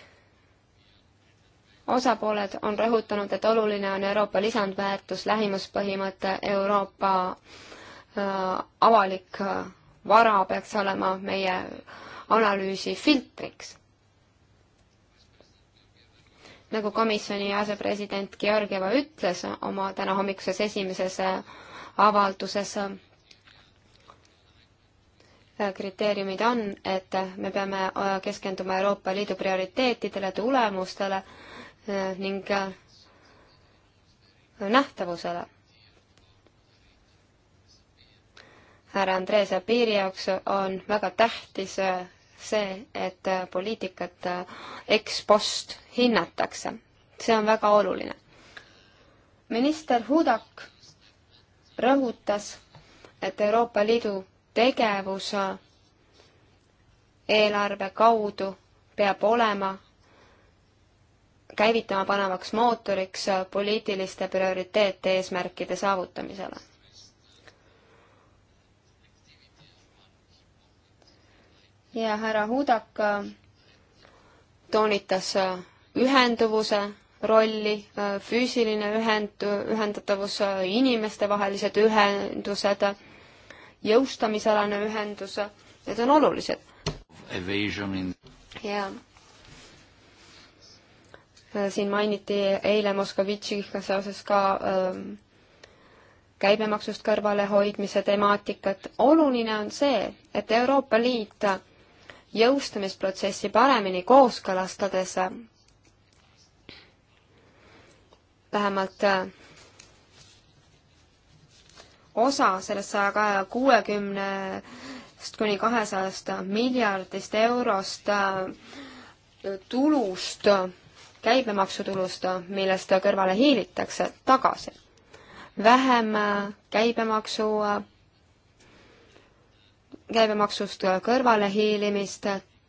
osapooled on rõhutanud, et oluline on Euroopa lisandväärtus, lähimuspõhimõte, Euroopa äh, avalik vara peaks olema meie analüüsi filtriks nagu komisjoni asepresident Georgieva ütles oma tänahommikuses esimeses äh, avalduses, äh, kriteeriumid on, et me peame äh, keskenduma Euroopa Liidu prioriteetidele, tulemustele ning nähtavusele. härra Andreese Piiri jaoks on väga tähtis see, et poliitikat ekspost hinnatakse. see on väga oluline. minister Hudak rõhutas, et Euroopa Liidu tegevus eelarve kaudu peab olema käivitama panevaks mootoriks poliitiliste prioriteete eesmärkide saavutamisele ja härra Hudak äh, toonitas äh, ühenduvuse rolli, äh, füüsiline ühend, ühendatavus, inimestevahelised ühendused, jõustamisalane ühendus, need on olulised. jaa. siin mainiti eile Moskovitšiga seoses ka öö, ähm, käibemaksust kõrvalehoidmise temaatikat. oluline on see, et Euroopa Liit jõustumisprotsessi paremini kooskõlastades vähemalt äh, osa sellest saja kahe kuuekümnest kuni kahesajast miljardist eurost äh, tulust, käibemaksutulust, millest kõrvale hiilitakse, tagasi. vähem äh, käibemaksu käibemaksust kõrvalehiilimist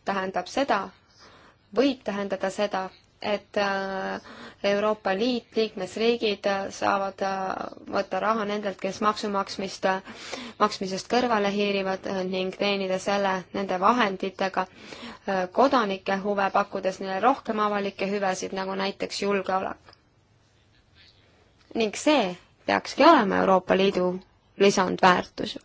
tähendab seda, võib tähendada seda, et äh, Euroopa Liit, liikmesriigid äh, saavad äh, võtta raha nendelt, kes maksumaksmist, maksmisest kõrvale hiirivad ning teenida selle nende vahenditega kodanike huve, pakkudes neile rohkem avalikke hüvesid, nagu näiteks julgeolek. ning see peakski olema Euroopa Liidu lisandväärtus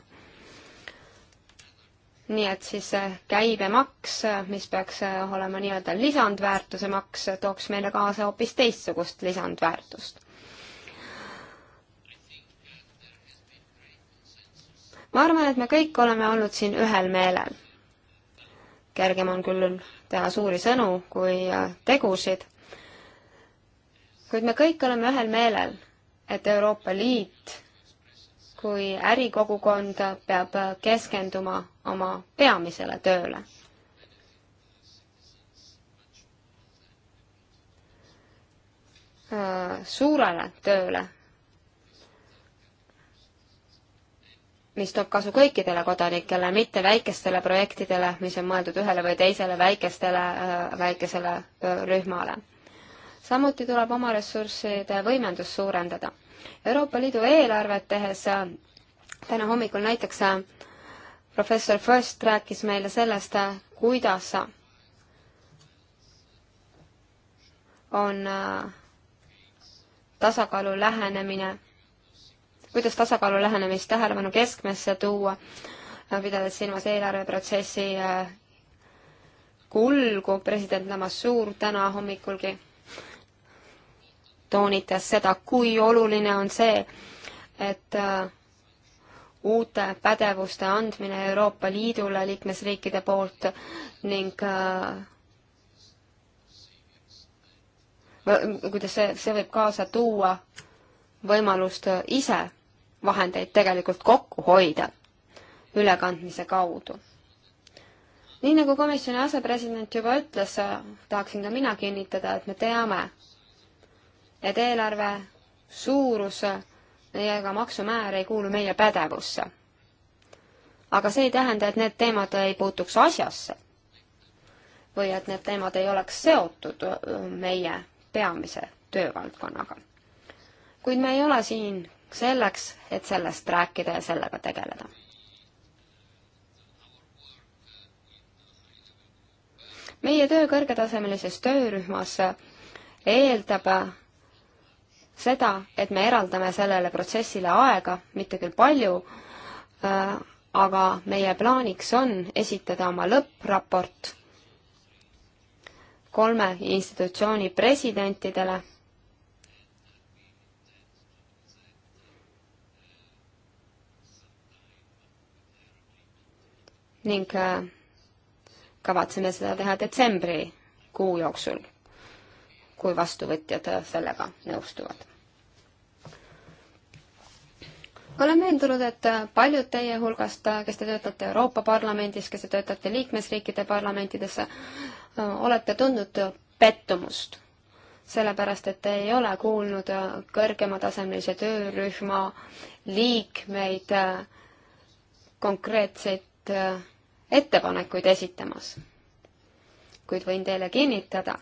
nii et siis äh, käibemaks, äh, mis peaks äh, olema nii-öelda lisandväärtuse maks, tooks meile kaasa hoopis teistsugust lisandväärtust. ma arvan, et me kõik oleme olnud siin ühel meelel. kergem on küll teha suuri sõnu kui tegusid, kuid me kõik oleme ühel meelel, et Euroopa Liit kui ärikogukond peab keskenduma oma peamisele tööle. suurele tööle, mis toob kasu kõikidele kodanikele, mitte väikestele projektidele, mis on mõeldud ühele või teisele väikestele, väikesele rühmale. samuti tuleb oma ressursside võimendust suurendada Euroopa Liidu eelarvet tehes äh, täna hommikul näiteks äh, professor First rääkis meile sellest, äh, kuidas on tasakaalu lähenemine, kuidas tasakaalu lähenemist tähelepanu keskmesse tuua, pidades silmas eelarveprotsessi kulgu, president Lamassoor täna hommikulgi toonitas seda, kui oluline on see, et äh, uute pädevuste andmine Euroopa Liidule liikmesriikide poolt ning äh, kuidas see, see võib kaasa tuua võimalust äh, ise vahendeid tegelikult kokku hoida ülekandmise kaudu. nii nagu komisjoni asepresident juba ütles, tahaksin ka mina kinnitada, et me teame, et eelarve suurus ega maksumäär ei kuulu meie pädevusse. aga see ei tähenda, et need teemad ei puutuks asjasse või et need teemad ei oleks seotud meie peamise töövaldkonnaga. kuid me ei ole siin selleks, et sellest rääkida ja sellega tegeleda. meie töö kõrgetasemelises töörühmas eeldab seda, et me eraldame sellele protsessile aega, mitte küll palju, äh, aga meie plaaniks on esitada oma lõppraport kolme institutsiooni presidentidele. ning äh, kavatseme seda teha detsembrikuu jooksul, kui vastuvõtjad sellega nõustuvad olen veendunud, et paljud teie hulgast, kes te töötate Euroopa Parlamendis, kes te töötate liikmesriikide parlamentides, olete tundnud pettumust. sellepärast, et te ei ole kuulnud kõrgematasemelise töörühma liikmeid konkreetseid ettepanekuid esitamas. kuid võin teile kinnitada,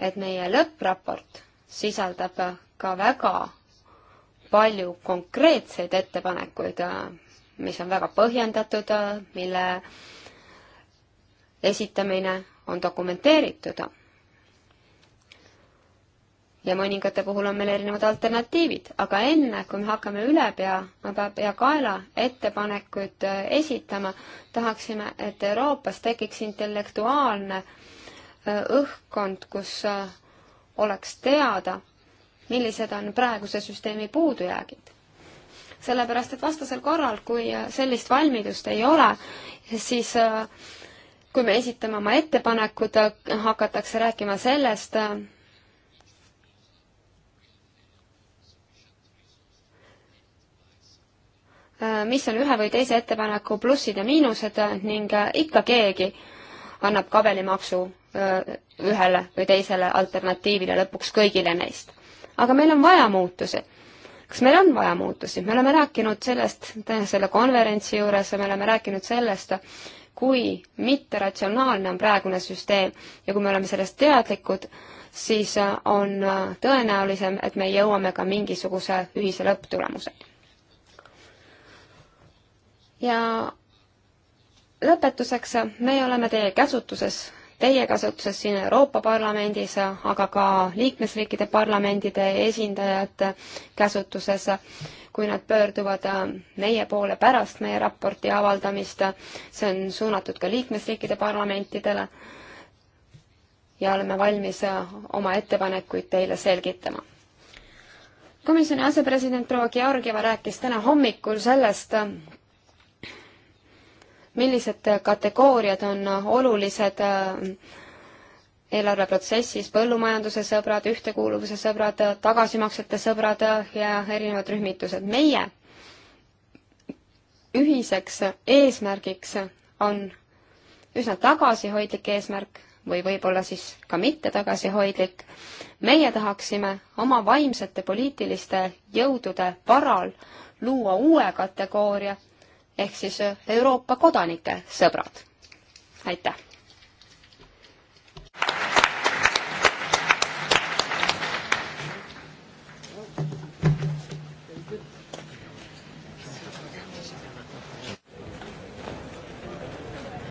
et meie lõppraport sisaldab ka väga palju konkreetseid ettepanekuid, mis on väga põhjendatud, mille esitamine on dokumenteeritud. ja mõningate puhul on meil erinevad alternatiivid, aga enne, kui me hakkame ülepea, peakaela ettepanekuid äh, esitama, tahaksime, et Euroopas tekiks intellektuaalne äh, õhkkond, kus äh, oleks teada, millised on praeguse süsteemi puudujäägid. sellepärast, et vastasel korral, kui sellist valmidust ei ole, siis äh, kui me esitame oma ettepanekud, äh, hakatakse rääkima sellest, äh, mis on ühe või teise ettepaneku plussid ja miinused ning ikka keegi annab kabelimaksu ühele või teisele alternatiivile lõpuks kõigile neist aga meil on vaja muutusi. kas meil on vaja muutusi? me oleme rääkinud sellest, selle konverentsi juures me oleme rääkinud sellest, kui mitteratsionaalne on praegune süsteem ja kui me oleme sellest teadlikud, siis on tõenäolisem, et me jõuame ka mingisuguse ühise lõpptulemuseni. ja lõpetuseks, meie oleme teie käsutuses teie kasutuses siin Euroopa Parlamendis, aga ka liikmesriikide parlamendide esindajate käsutuses, kui nad pöörduvad meie poole pärast meie raporti avaldamist, see on suunatud ka liikmesriikide parlamentidele ja oleme valmis oma ettepanekuid teile selgitama. komisjoni asepresident proua Georgieva rääkis täna hommikul sellest, millised kategooriad on olulised äh, eelarveprotsessis, põllumajanduse sõbrad, ühtekuuluvuse sõbrad, tagasimaksete sõbrad ja erinevad rühmitused. meie ühiseks eesmärgiks on üsna tagasihoidlik eesmärk või võib-olla siis ka mitte tagasihoidlik. meie tahaksime oma vaimsete poliitiliste jõudude varal luua uue kategooria ehk siis äh, Euroopa kodanike sõbrad. aitäh!